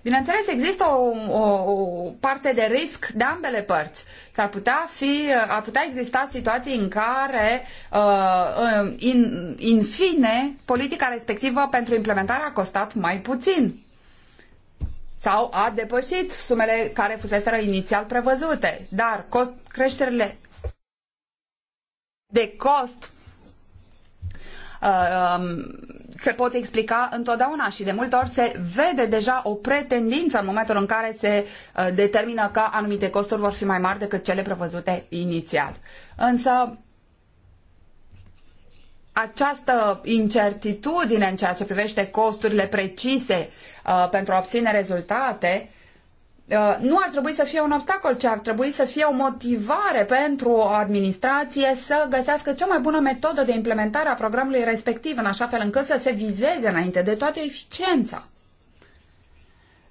Bineînțeles, există o, o, o parte de risc de ambele părți. S-ar putea fi, uh, ar putea exista situații în care, uh, in, in fine, politica respectivă pentru implementare a costat mai puțin sau a depășit sumele care fuseseră inițial prevăzute, dar creșterile de cost uh, um, se pot explica întotdeauna și de multe ori se vede deja o pretendință în momentul în care se uh, determină că anumite costuri vor fi mai mari decât cele prevăzute inițial. Însă această incertitudine în ceea ce privește costurile precise uh, pentru a obține rezultate Uh, nu ar trebui să fie un obstacol, ci ar trebui să fie o motivare pentru o administrație să găsească cea mai bună metodă de implementare a programului respectiv, în așa fel încât să se vizeze înainte de toate eficiența.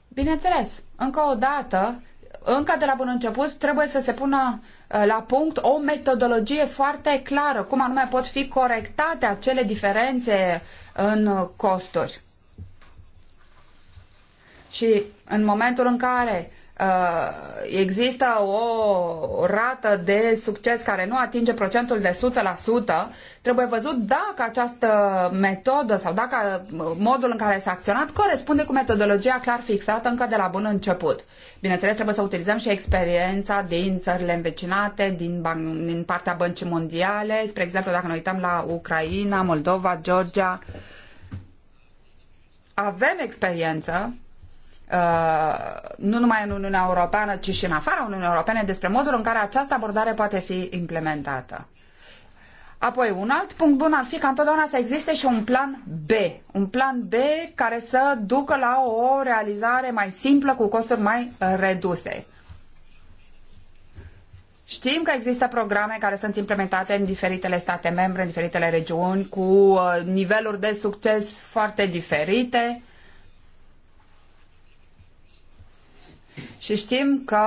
Bineînțeles, încă o dată, încă de la bun început, trebuie să se pună uh, la punct o metodologie foarte clară, cum anume pot fi corectate acele diferențe în uh, costuri. Și în momentul în care Uh, există o rată de succes care nu atinge procentul de 100%, trebuie văzut dacă această metodă sau dacă modul în care s-a acționat corespunde cu metodologia clar fixată încă de la bun început. Bineînțeles, trebuie să utilizăm și experiența din țările învecinate, din, ban- din partea băncii mondiale, spre exemplu, dacă ne uităm la Ucraina, Moldova, Georgia, avem experiență Uh, nu numai în Uniunea Europeană, ci și în afara Uniunii Europene, despre modul în care această abordare poate fi implementată. Apoi, un alt punct bun ar fi ca întotdeauna să existe și un plan B. Un plan B care să ducă la o realizare mai simplă cu costuri mai reduse. Știm că există programe care sunt implementate în diferitele state membre, în diferitele regiuni, cu uh, niveluri de succes foarte diferite. și știm că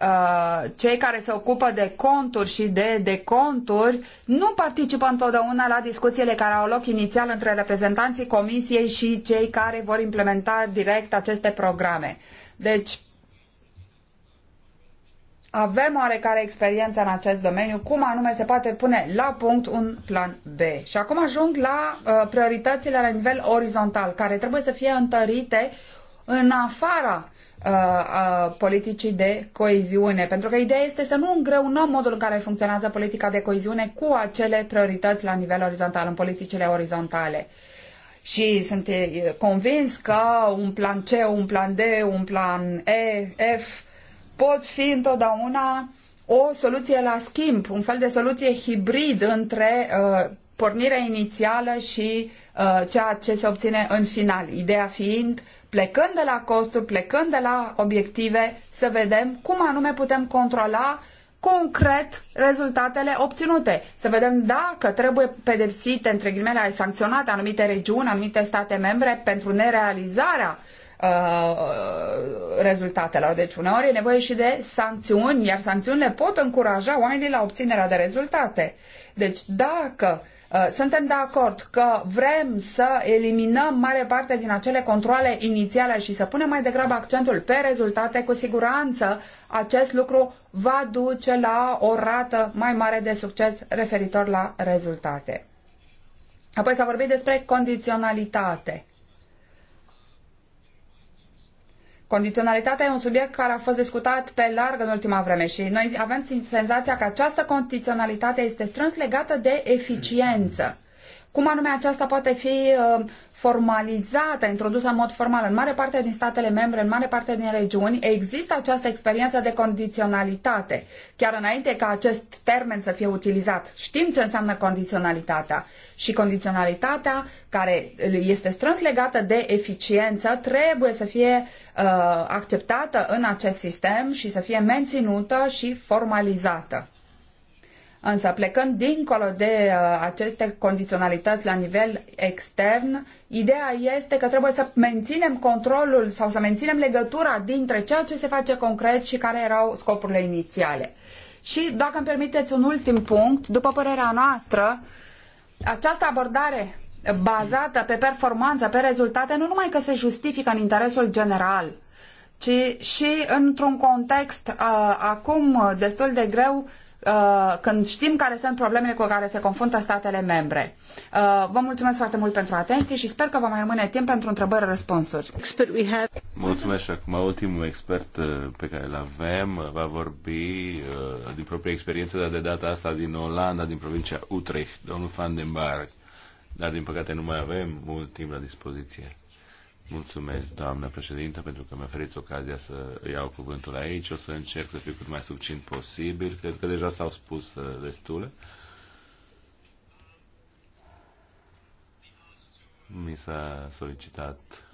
uh, cei care se ocupă de conturi și de deconturi nu participă întotdeauna la discuțiile care au loc inițial între reprezentanții comisiei și cei care vor implementa direct aceste programe. Deci, avem oarecare experiență în acest domeniu, cum anume se poate pune la punct un plan B. Și acum ajung la uh, prioritățile la nivel orizontal, care trebuie să fie întărite în afara Uh, a politicii de coeziune. Pentru că ideea este să nu îngreunăm modul în care funcționează politica de coeziune cu acele priorități la nivel orizontal, în politicile orizontale. Și sunt convins că un plan C, un plan D, un plan E, F pot fi întotdeauna o soluție la schimb, un fel de soluție hibrid între uh, pornirea inițială și uh, ceea ce se obține în final. Ideea fiind plecând de la costuri, plecând de la obiective, să vedem cum anume putem controla concret rezultatele obținute. Să vedem dacă trebuie pedepsite, între ghilimele, sancționate anumite regiuni, anumite state membre pentru nerealizarea uh, rezultatelor. Deci uneori e nevoie și de sancțiuni, iar sancțiunile pot încuraja oamenii la obținerea de rezultate. Deci dacă uh, Uh, suntem de acord că vrem să eliminăm mare parte din acele controle inițiale și să punem mai degrabă accentul pe rezultate, cu siguranță acest lucru va duce la o rată mai mare de succes referitor la rezultate. Apoi s-a vorbit despre condiționalitate. Condiționalitatea e un subiect care a fost discutat pe larg în ultima vreme și noi avem senzația că această condiționalitate este strâns legată de eficiență. Cum anume aceasta poate fi uh, formalizată, introdusă în mod formal în mare parte din statele membre, în mare parte din regiuni, există această experiență de condiționalitate, chiar înainte ca acest termen să fie utilizat. Știm ce înseamnă condiționalitatea și condiționalitatea care este strâns legată de eficiență trebuie să fie uh, acceptată în acest sistem și să fie menținută și formalizată. Însă, plecând dincolo de uh, aceste condiționalități la nivel extern, ideea este că trebuie să menținem controlul sau să menținem legătura dintre ceea ce se face concret și care erau scopurile inițiale. Și, dacă îmi permiteți un ultim punct, după părerea noastră, această abordare bazată pe performanță, pe rezultate, nu numai că se justifică în interesul general, ci și într-un context uh, acum destul de greu Uh, când știm care sunt problemele cu care se confruntă statele membre. Uh, vă mulțumesc foarte mult pentru atenție și sper că va mai rămâne timp pentru întrebări-răspunsuri. Mulțumesc și acum ultimul expert uh, pe care îl avem va vorbi din propria experiență, dar de data asta din Olanda, din provincia Utrecht, domnul Van den Berg. Dar din păcate nu mai avem mult timp la dispoziție. Mulțumesc, doamnă președintă, pentru că mi-a oferit ocazia să iau cuvântul aici. O să încerc să fiu cât mai succint posibil. Cred că deja s-au spus uh, destule. Mi s-a solicitat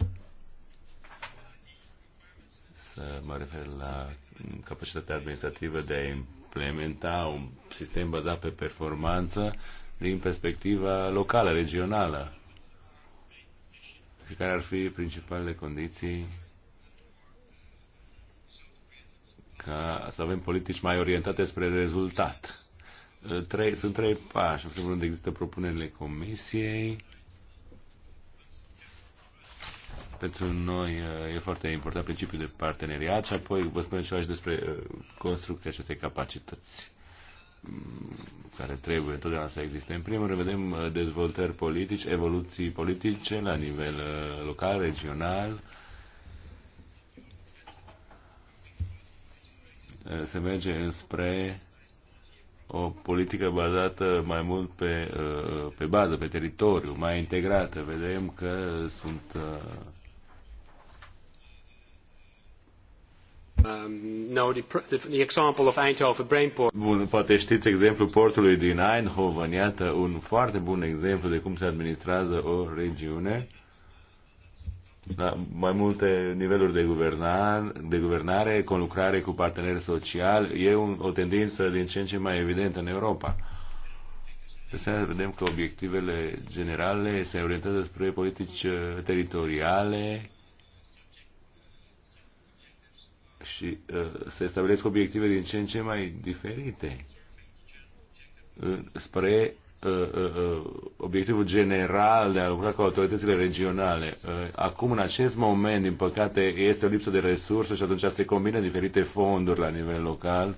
să mă refer la capacitatea administrativă de a implementa un sistem bazat pe performanță din perspectiva locală, regională și care ar fi principalele condiții ca să avem politici mai orientate spre rezultat. Ă, trei, sunt trei pași. În primul rând există propunerile comisiei. Pentru noi ă, e foarte important principiul de parteneriat și apoi vă spun ceva și despre ă, construcția acestei capacități care trebuie întotdeauna să existe. În primul rând, vedem uh, dezvoltări politici, evoluții politice la nivel uh, local, regional. Uh, se merge înspre o politică bazată mai mult pe, pe bază, pe teritoriu, mai integrată. Vedem că sunt Um, bun, poate știți exemplul portului din Eindhoven, iată un foarte bun exemplu de cum se administrează o regiune la mai multe niveluri de, guvernan, de guvernare, conlucrare cu parteneri sociali, e un, o tendință din ce în ce mai evidentă în Europa. Să vedem că obiectivele generale se orientează spre politici uh, teritoriale, și uh, se stabilesc obiective din ce în ce mai diferite uh, spre uh, obiectivul general de a lucra cu autoritățile regionale. Acum, în acest moment, din păcate, este o lipsă de resurse și atunci se combină diferite fonduri la nivel local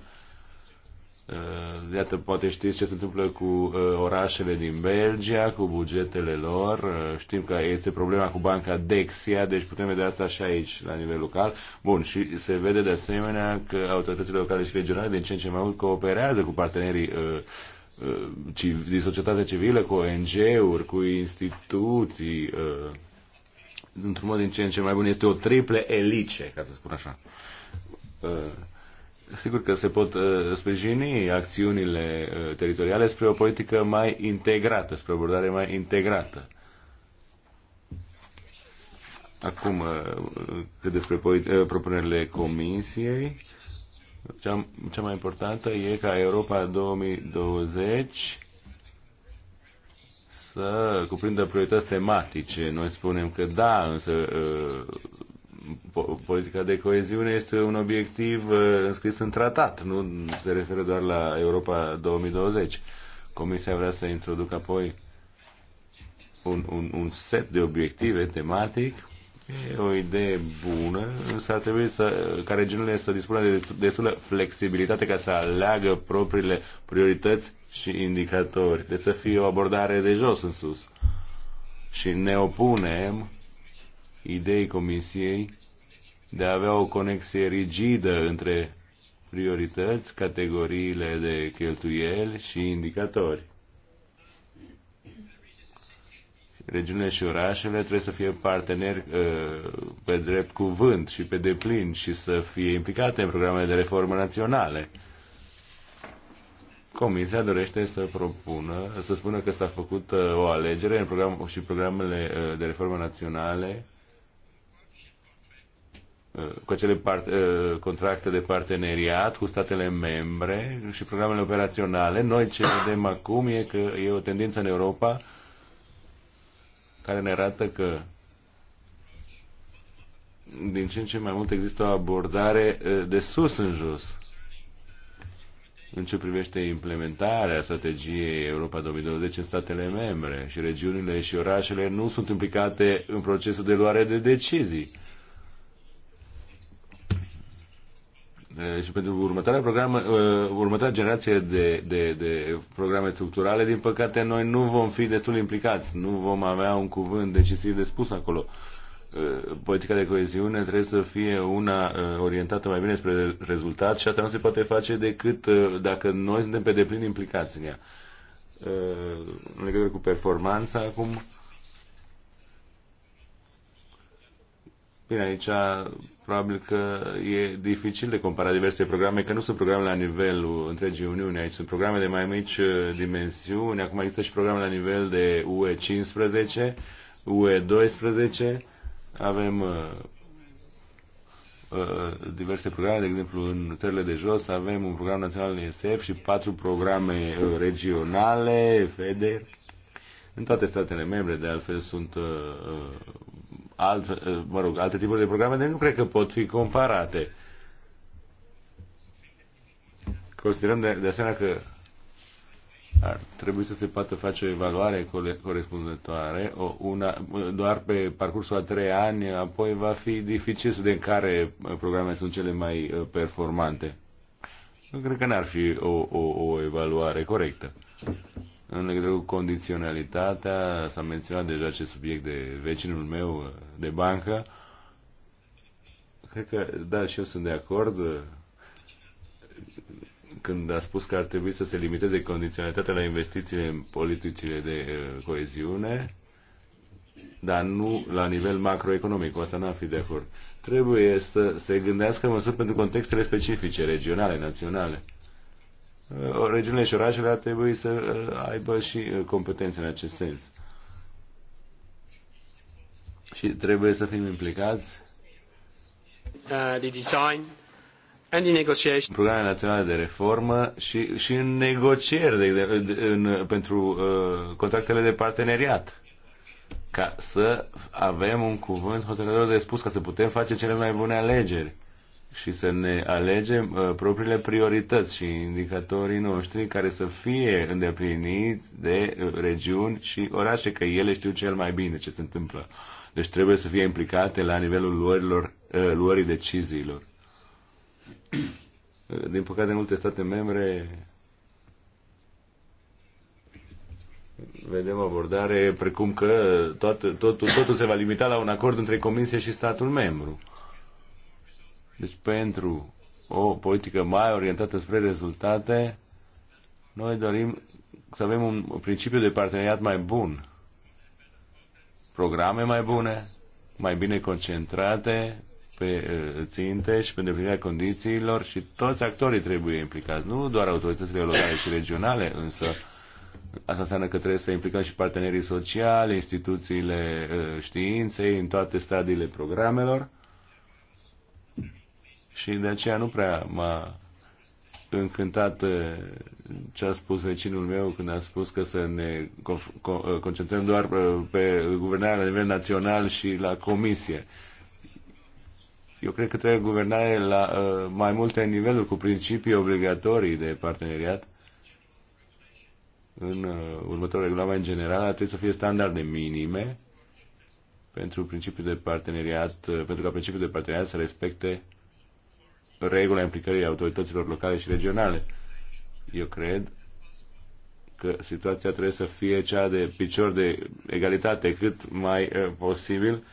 Uh, iată, poate știți ce se întâmplă cu uh, orașele din Belgia, cu bugetele lor. Uh, știm că este problema cu banca Dexia, deci putem vedea asta și aici, la nivel local. Bun, și se vede de asemenea că autoritățile locale și regionale din ce în ce mai mult cooperează cu partenerii din societatea civilă, cu ONG-uri, cu instituții. Într-un mod din ce în ce mai bun este o triple elice, ca să spun așa Sigur că se pot uh, sprijini acțiunile uh, teritoriale spre o politică mai integrată, spre o abordare mai integrată. Acum, uh, cât despre propunerile Comisiei, cea, cea mai importantă e ca Europa 2020 să cuprindă priorități tematice. Noi spunem că da, însă politica de coeziune este un obiectiv uh, înscris în tratat, nu se referă doar la Europa 2020. Comisia vrea să introducă apoi un, un, un set de obiective tematic. E o idee bună, însă ar trebui să, ca regiunile să dispună de destulă flexibilitate ca să aleagă propriile priorități și indicatori. Deci să fie o abordare de jos în sus. Și ne opunem Idei Comisiei de a avea o conexie rigidă între priorități, categoriile de cheltuieli și indicatori. Regiunile și orașele trebuie să fie parteneri uh, pe drept cuvânt și pe deplin și să fie implicate în programele de reformă naționale. Comisia dorește să propună, să spună că s-a făcut uh, o alegere în program, și programele uh, de reformă naționale Uh, cu acele part, uh, contracte de parteneriat cu statele membre și programele operaționale. Noi ce vedem acum e că e o tendință în Europa care ne arată că din ce în ce mai mult există o abordare uh, de sus în jos în ce privește implementarea strategiei Europa 2020 în statele membre și regiunile și orașele nu sunt implicate în procesul de luare de decizii Eh, și pentru următoarea, programă, eh, următoarea generație de, de, de programe structurale, din păcate, noi nu vom fi destul implicați, nu vom avea un cuvânt decisiv de spus acolo. Eh, politica de coeziune trebuie să fie una orientată mai bine spre rezultat și asta nu se poate face decât dacă noi suntem pe deplin implicați în ea. În legătură cu performanța, acum. Bine, aici Probabil că e dificil de comparat diverse programe, că nu sunt programe la nivelul întregii Uniuni, aici sunt programe de mai mici uh, dimensiuni, acum există și programe la nivel de UE 15, UE 12, avem uh, uh, diverse programe, de exemplu în țările de jos avem un program național ISF și patru programe regionale, FEDER în toate statele membre, de altfel, sunt uh, uh alt, uh, mă rog, alte tipuri de programe, dar deci nu cred că pot fi comparate. Considerăm de, de asemenea că ar trebui să se poată face o evaluare corespunzătoare, o, una, doar pe parcursul a trei ani, apoi va fi dificil să vedem care programe sunt cele mai uh, performante. Nu cred că n-ar fi o, o, o evaluare corectă. În legătură cu condiționalitatea, s-a menționat deja acest subiect de vecinul meu de bancă. Cred că, da, și eu sunt de acord când a spus că ar trebui să se limiteze condiționalitatea la investițiile în politicile de eh, coeziune, dar nu la nivel macroeconomic, cu asta n-am fi de acord. Trebuie să se gândească măsuri pentru contextele specifice, regionale, naționale. Uh, regiunile și orașele ar trebui să uh, aibă și uh, competențe în acest sens. Și trebuie să fim implicați în design and the negotiation. Programul Național de Reformă și, și în negocieri de, de, de, în, pentru uh, contractele de parteneriat ca să avem un cuvânt hotărător de spus ca să putem face cele mai bune alegeri și să ne alegem uh, propriile priorități și indicatorii noștri care să fie îndepliniți de uh, regiuni și orașe, că ele știu cel mai bine ce se întâmplă. Deci trebuie să fie implicate la nivelul luărilor, uh, luării deciziilor. Uh, din păcate, multe state membre vedem abordare precum că tot, totul, totul se va limita la un acord între Comisie și statul membru. Uh, deci pentru o politică mai orientată spre rezultate, noi dorim să avem un principiu de parteneriat mai bun, programe mai bune, mai bine concentrate pe eh, ținte și pe îndeplinirea condițiilor și toți actorii trebuie implicați, nu doar autoritățile locale și regionale, însă asta înseamnă că trebuie să implicăm și partenerii sociali, instituțiile eh, științei în toate stadiile programelor și de aceea nu prea m-a încântat eh, ce a spus vecinul meu când a spus că să ne eh, concentrăm doar eh, pe guvernarea la nivel național și la comisie. Eu cred că trebuie guvernare la mai multe niveluri cu principii obligatorii de parteneriat. În următorul regulament general trebuie să fie standarde minime pentru principiul de parteneriat, pentru ca principiul de parteneriat să respecte regula implicării autorităților locale și regionale. Eu cred că situația trebuie să fie cea de picior de egalitate cât mai posibil,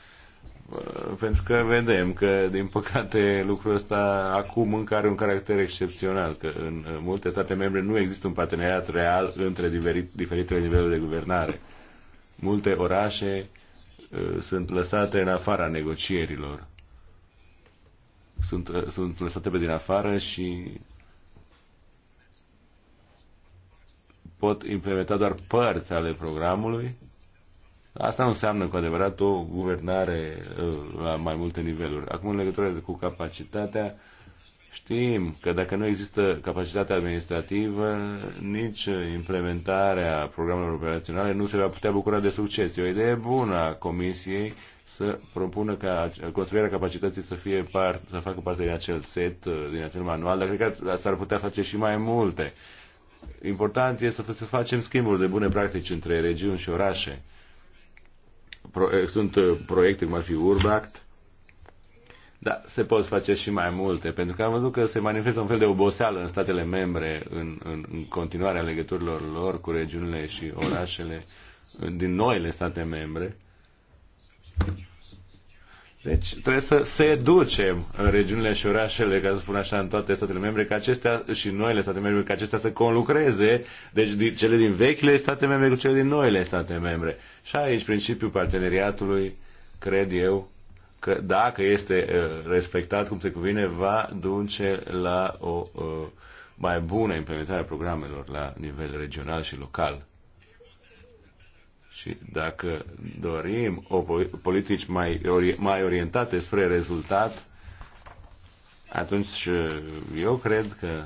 pentru că vedem că, din păcate, lucrul ăsta acum încă are un caracter excepțional, că în multe state membre nu există un parteneriat real între diferitele niveluri de guvernare. Multe orașe sunt lăsate în afara negocierilor sunt, ă, sunt lăsate pe din afară și pot implementa doar părți ale programului. Asta nu înseamnă cu adevărat o guvernare ă, la mai multe niveluri. Acum, în legătură cu capacitatea, știm că dacă nu există capacitatea administrativă, nici implementarea programelor operaționale nu se va putea bucura de succes. E o idee bună a Comisiei să propună ca construirea capacității să, fie part, să facă parte din acel set, uh, din acel manual, dar cred că s-ar putea face și mai multe. Important este să, să facem schimburi de bune practici între regiuni și orașe. Pro, eh, sunt uh, proiecte cum ar fi Urbact, da, se pot face și mai multe, pentru că am văzut că se manifestă un fel de oboseală în statele membre în, în, în continuarea legăturilor lor cu regiunile și orașele din noile state membre. Deci trebuie să seducem regiunile și orașele, ca să spun așa, în toate statele membre, ca acestea și noile state membre, ca acestea să conlucreze, deci cele din vechile state membre cu cele din noile state membre. Și aici principiul parteneriatului, cred eu, că dacă este uh, respectat cum se cuvine, va duce la o uh, mai bună implementare a programelor la nivel regional și local. Și dacă dorim o politici mai, ori, mai orientate spre rezultat, atunci uh, eu cred că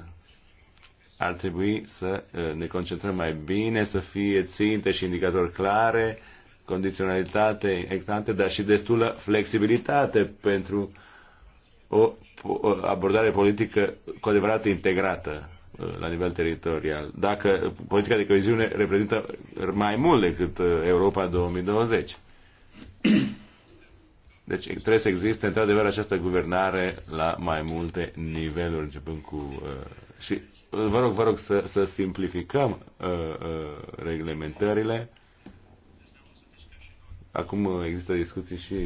ar trebui să uh, ne concentrăm mai bine, să fie ținte și indicatori clare, condiționalitate exante, dar și destulă flexibilitate pentru o abordare politică cu adevărat integrată la nivel teritorial. Dacă politica de coeziune reprezintă mai mult decât uh, Europa 2020. Deci trebuie să existe într-adevăr această guvernare la mai multe niveluri, începând cu... Uh, și uh, vă rog, vă rog să, să simplificăm uh, uh, reglementările. Acum există discuții și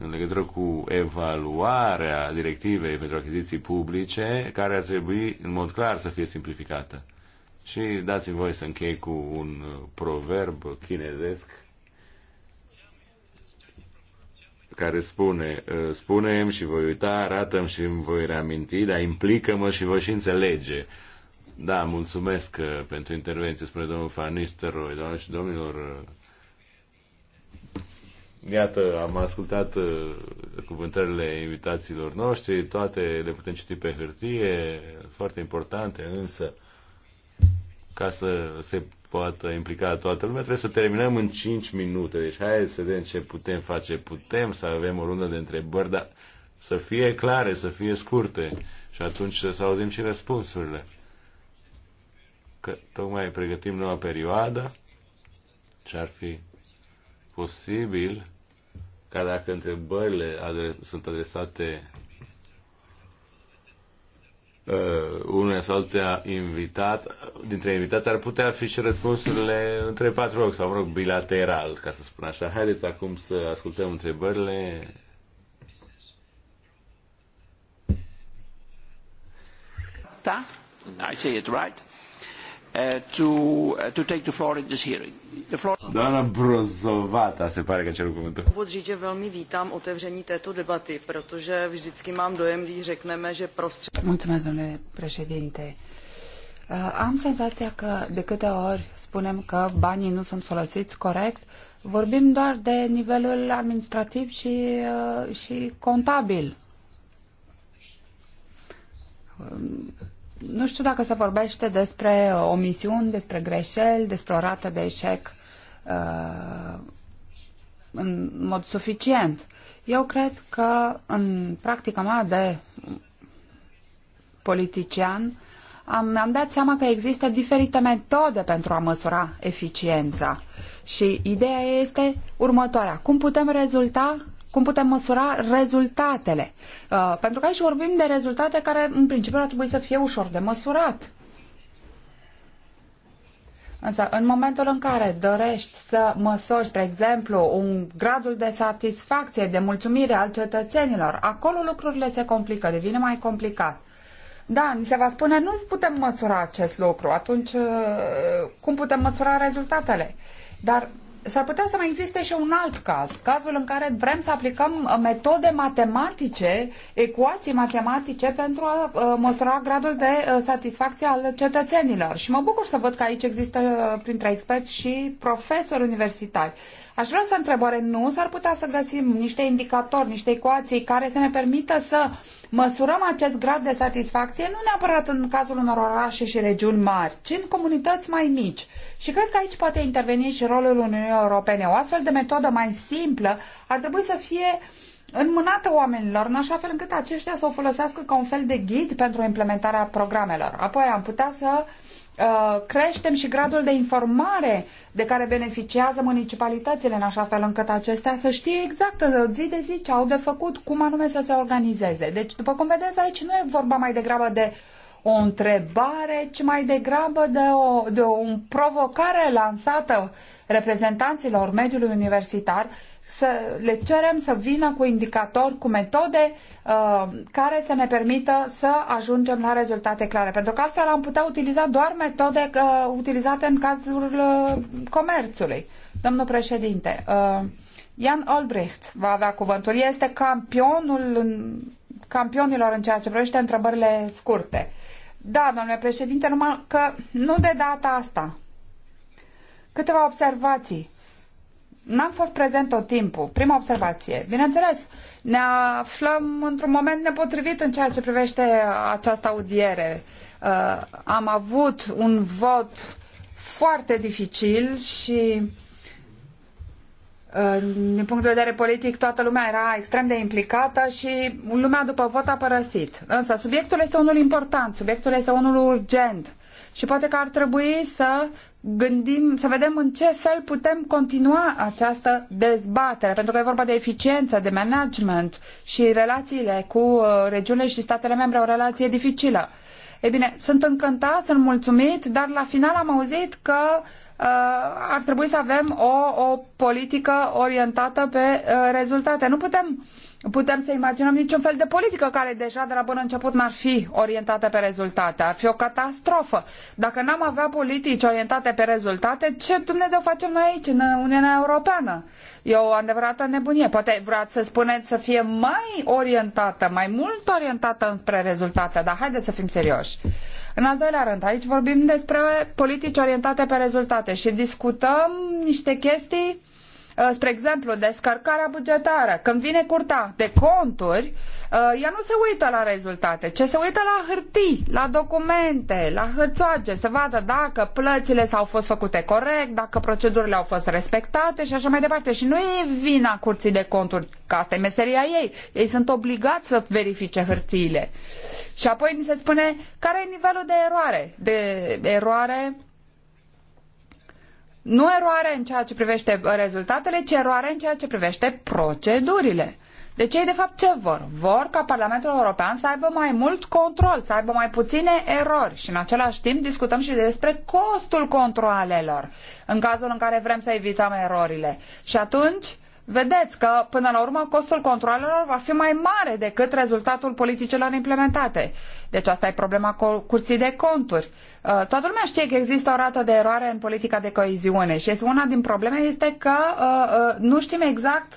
în legătură cu evaluarea directivei pentru achiziții publice, care ar trebui în mod clar să fie simplificată. Și dați-mi voi să închei cu un uh, proverb chinezesc care spune, uh, spunem și voi uita, arată și îmi voi reaminti, dar implică-mă și voi și înțelege. Da, mulțumesc uh, pentru intervenție, spune domnul Fanister, Roy, doamne și domnilor, Iată, am ascultat uh, cuvântările invitațiilor noștri, toate le putem citi pe hârtie, foarte importante, însă ca să se poată implica toată lumea, trebuie să terminăm în 5 minute. Deci hai să vedem ce putem face. Putem să avem o rundă de întrebări, dar să fie clare, să fie scurte și atunci să auzim și răspunsurile. Că tocmai pregătim noua perioadă ce ar fi posibil ca dacă întrebările adre- sunt adresate uh, unul sau altuia invitat, dintre invitați ar putea fi și răspunsurile între patru ochi sau, mă rog, bilateral, ca să spun așa. Haideți acum să ascultăm întrebările. Da? I say it right. Uh, to, uh, to take the floor in this hearing. Doamna Brozovata se pare că ceru cuvântul. Vod říct, že velmi vítám otevření této debaty, protože vždycky mám dojem, když řekneme, že prostřed... Mulțumesc, domnule președinte. Uh, am senzația că de câte ori spunem că banii nu sunt folosiți corect, vorbim doar de nivelul administrativ și, și contabil nu știu dacă se vorbește despre omisiuni, despre greșeli, despre o rată de eșec uh, în mod suficient. Eu cred că în practica mea de politician am, mi-am dat seama că există diferite metode pentru a măsura eficiența. Și ideea este următoarea. Cum putem rezulta cum putem măsura rezultatele. Uh, pentru că aici vorbim de rezultate care, în principiu, ar trebui să fie ușor de măsurat. Însă, în momentul în care dorești să măsori, spre exemplu, un gradul de satisfacție, de mulțumire al cetățenilor, acolo lucrurile se complică, devine mai complicat. Da, ni se va spune, nu putem măsura acest lucru, atunci uh, cum putem măsura rezultatele? Dar S-ar putea să mai existe și un alt caz, cazul în care vrem să aplicăm uh, metode matematice, ecuații matematice pentru a uh, măsura gradul de uh, satisfacție al cetățenilor. Și mă bucur să văd că aici există printre experți și profesori universitari. Aș vrea să întreb, oare nu s-ar putea să găsim niște indicatori, niște ecuații care să ne permită să măsurăm acest grad de satisfacție, nu neapărat în cazul unor orașe și regiuni mari, ci în comunități mai mici? Și cred că aici poate interveni și rolul Uniunii Europene. O astfel de metodă mai simplă ar trebui să fie înmânată oamenilor, în așa fel încât aceștia să o folosească ca un fel de ghid pentru implementarea programelor. Apoi am putea să uh, creștem și gradul de informare de care beneficiază municipalitățile, în așa fel încât acestea să știe exact zi de zi ce au de făcut, cum anume să se organizeze. Deci, după cum vedeți, aici nu e vorba mai degrabă de uh, o întrebare, ci mai degrabă de o, de o provocare lansată reprezentanților mediului universitar să le cerem să vină cu indicatori, cu metode uh, care să ne permită să ajungem la rezultate clare. Pentru că altfel am putea utiliza doar metode uh, utilizate în cazul uh, comerțului. Domnul președinte, uh, Jan Olbricht va avea cuvântul. Este campionul în, campionilor în ceea ce privește întrebările scurte. Uh, da, domnule președinte, numai că nu de data asta. Câteva observații. N-am fost prezent tot timpul. Prima observație. Bineînțeles, ne aflăm într-un moment nepotrivit în ceea ce privește această audiere. Uh, am avut un vot foarte dificil și din punct de vedere politic, toată lumea era extrem de implicată și lumea după vot a părăsit. Însă subiectul este unul important, subiectul este unul urgent și poate că ar trebui să gândim, să vedem în ce fel putem continua această dezbatere, pentru că e vorba de eficiență, de management și relațiile cu uh, regiunile și statele membre, o relație dificilă. Ei bine, sunt încântat, sunt mulțumit, dar la final am auzit că uh, Uh, ar trebui să avem o, o politică orientată pe uh, rezultate. Nu putem, putem să imaginăm niciun fel de politică care deja de la bun început n-ar fi orientată pe rezultate. Ar fi o catastrofă. Dacă n-am avea politici orientate pe rezultate, ce Dumnezeu facem noi aici, în Uniunea Europeană? E o adevărată nebunie. Poate vreați să spuneți să fie mai orientată, mai mult orientată înspre rezultate, dar haideți să fim serioși. În al doilea rând, aici vorbim despre politici orientate pe rezultate și discutăm niște chestii, uh, spre exemplu, descărcarea bugetară. Când vine curtea de conturi, uh, Uh, ea nu se uită la rezultate, ci se uită la hârtii, la documente, la hârțoage, să vadă dacă plățile s-au fost făcute corect, dacă procedurile au fost respectate și așa mai departe. Și nu e vina curții de conturi, că asta e meseria ei. Ei sunt obligați să verifice hârtiile. Și apoi ni se spune care e nivelul de eroare. De eroare nu eroare în ceea ce privește rezultatele, ci eroare în ceea ce privește procedurile. Deci ei de fapt ce vor? Vor ca Parlamentul European să aibă mai mult control, să aibă mai puține erori și în același timp discutăm și despre costul controalelor în cazul în care vrem să evităm erorile. Și atunci vedeți că până la urmă costul controalelor va fi mai mare decât rezultatul politicilor implementate. Deci asta e problema cu curții de conturi. Uh, toată lumea știe că există o rată de eroare în politica de coeziune și una din probleme este că uh, uh, nu știm exact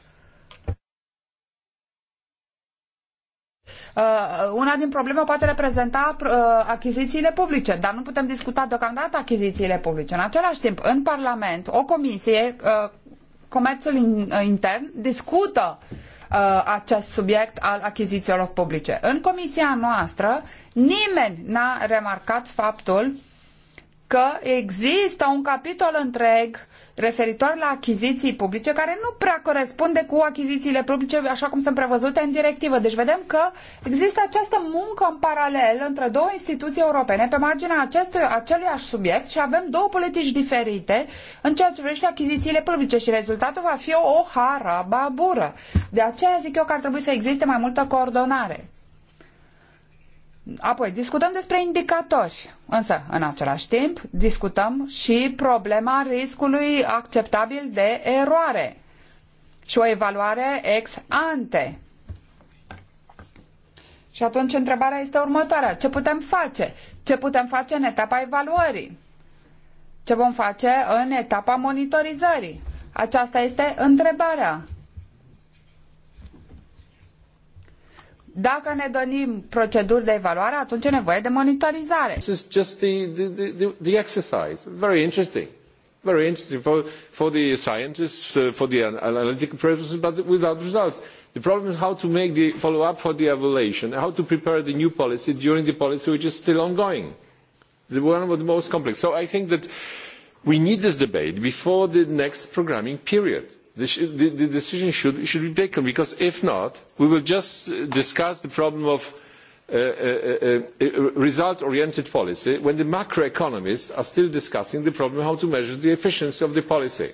Uh, una din probleme poate reprezenta uh, achizițiile publice, dar nu putem discuta deocamdată achizițiile publice. În același timp, în Parlament, o comisie, uh, Comerțul Intern, discută acest subiect al achizițiilor publice. În comisia noastră, nimeni n-a remarcat faptul că există un capitol întreg referitor la achiziții publice care nu prea corespunde cu achizițiile publice așa cum sunt prevăzute în directivă. Deci vedem că există această muncă în paralel între două instituții europene pe marginea acestui, aceluiași subiect și avem două politici diferite în ceea ce privește achizițiile publice și rezultatul va fi o harababură. De aceea zic eu că ar trebui să existe mai multă coordonare. Apoi, discutăm despre indicatori, însă, în același timp, discutăm și problema riscului acceptabil de eroare și o evaluare ex ante. Și atunci întrebarea este următoarea. Ce putem face? Ce putem face în etapa evaluării? Ce vom face în etapa monitorizării? Aceasta este întrebarea Dacă ne dorim proceduri de evaluare, atunci e nevoie de monitorizare. This is just the, the, the, the exercise. Very interesting. Very interesting for, for the scientists, uh, for the analytical purposes, but without results. The problem is how to make the follow-up for the evaluation, how to prepare the new policy during the policy which is still ongoing. The one with the most complex. So I think that we need this debate before the next programming period The, the, decision should, should be taken because if not, we will just uh, discuss the problem of uh uh, uh, uh, uh, result-oriented policy when the macroeconomists are still discussing the problem how to measure the efficiency of the policy.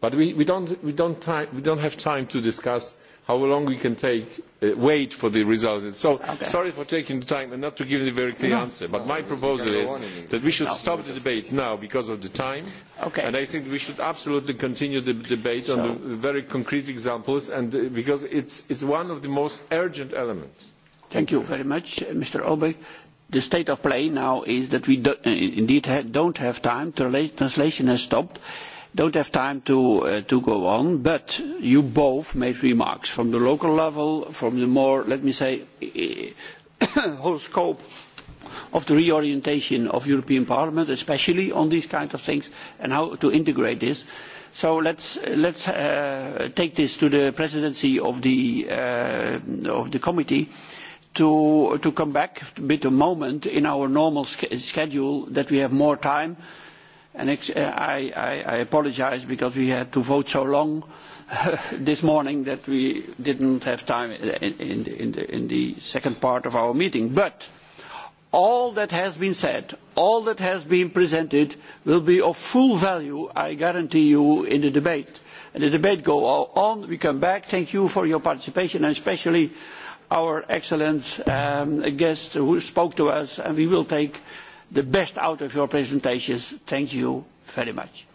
But we, we, don't, we, don't, we don't have time to discuss how long we can take Uh, wait for the results. So okay. sorry for taking the time and not to give you a very clear no. answer. But no, my proposal is that we should no. stop the debate now because of the time. Okay. And I think we should absolutely continue the debate so. on the very concrete examples and uh, because it's, it's one of the most urgent elements. Thank you very much, uh, Mr. Obeck. The state of play now is that we do, indeed don't have time. The translation has stopped don't have time to, uh, to go on, but you both made remarks from the local level, from the more, let me say, whole scope of the reorientation of European Parliament, especially on these kinds of things, and how to integrate this. So let's, let's uh, take this to the presidency of the, uh, of the committee to, to come back with a moment in our normal schedule that we have more time And uh, I, I, I apologize because we had to vote so long this morning that we didn't have time in, in, in, the, in the second part of our meeting. But all that has been said, all that has been presented will be of full value, I guarantee you, in the debate. And the debate goes on, we come back. Thank you for your participation and especially our excellent um, guest who spoke to us and we will take the best out of your presentations. Thank you very much.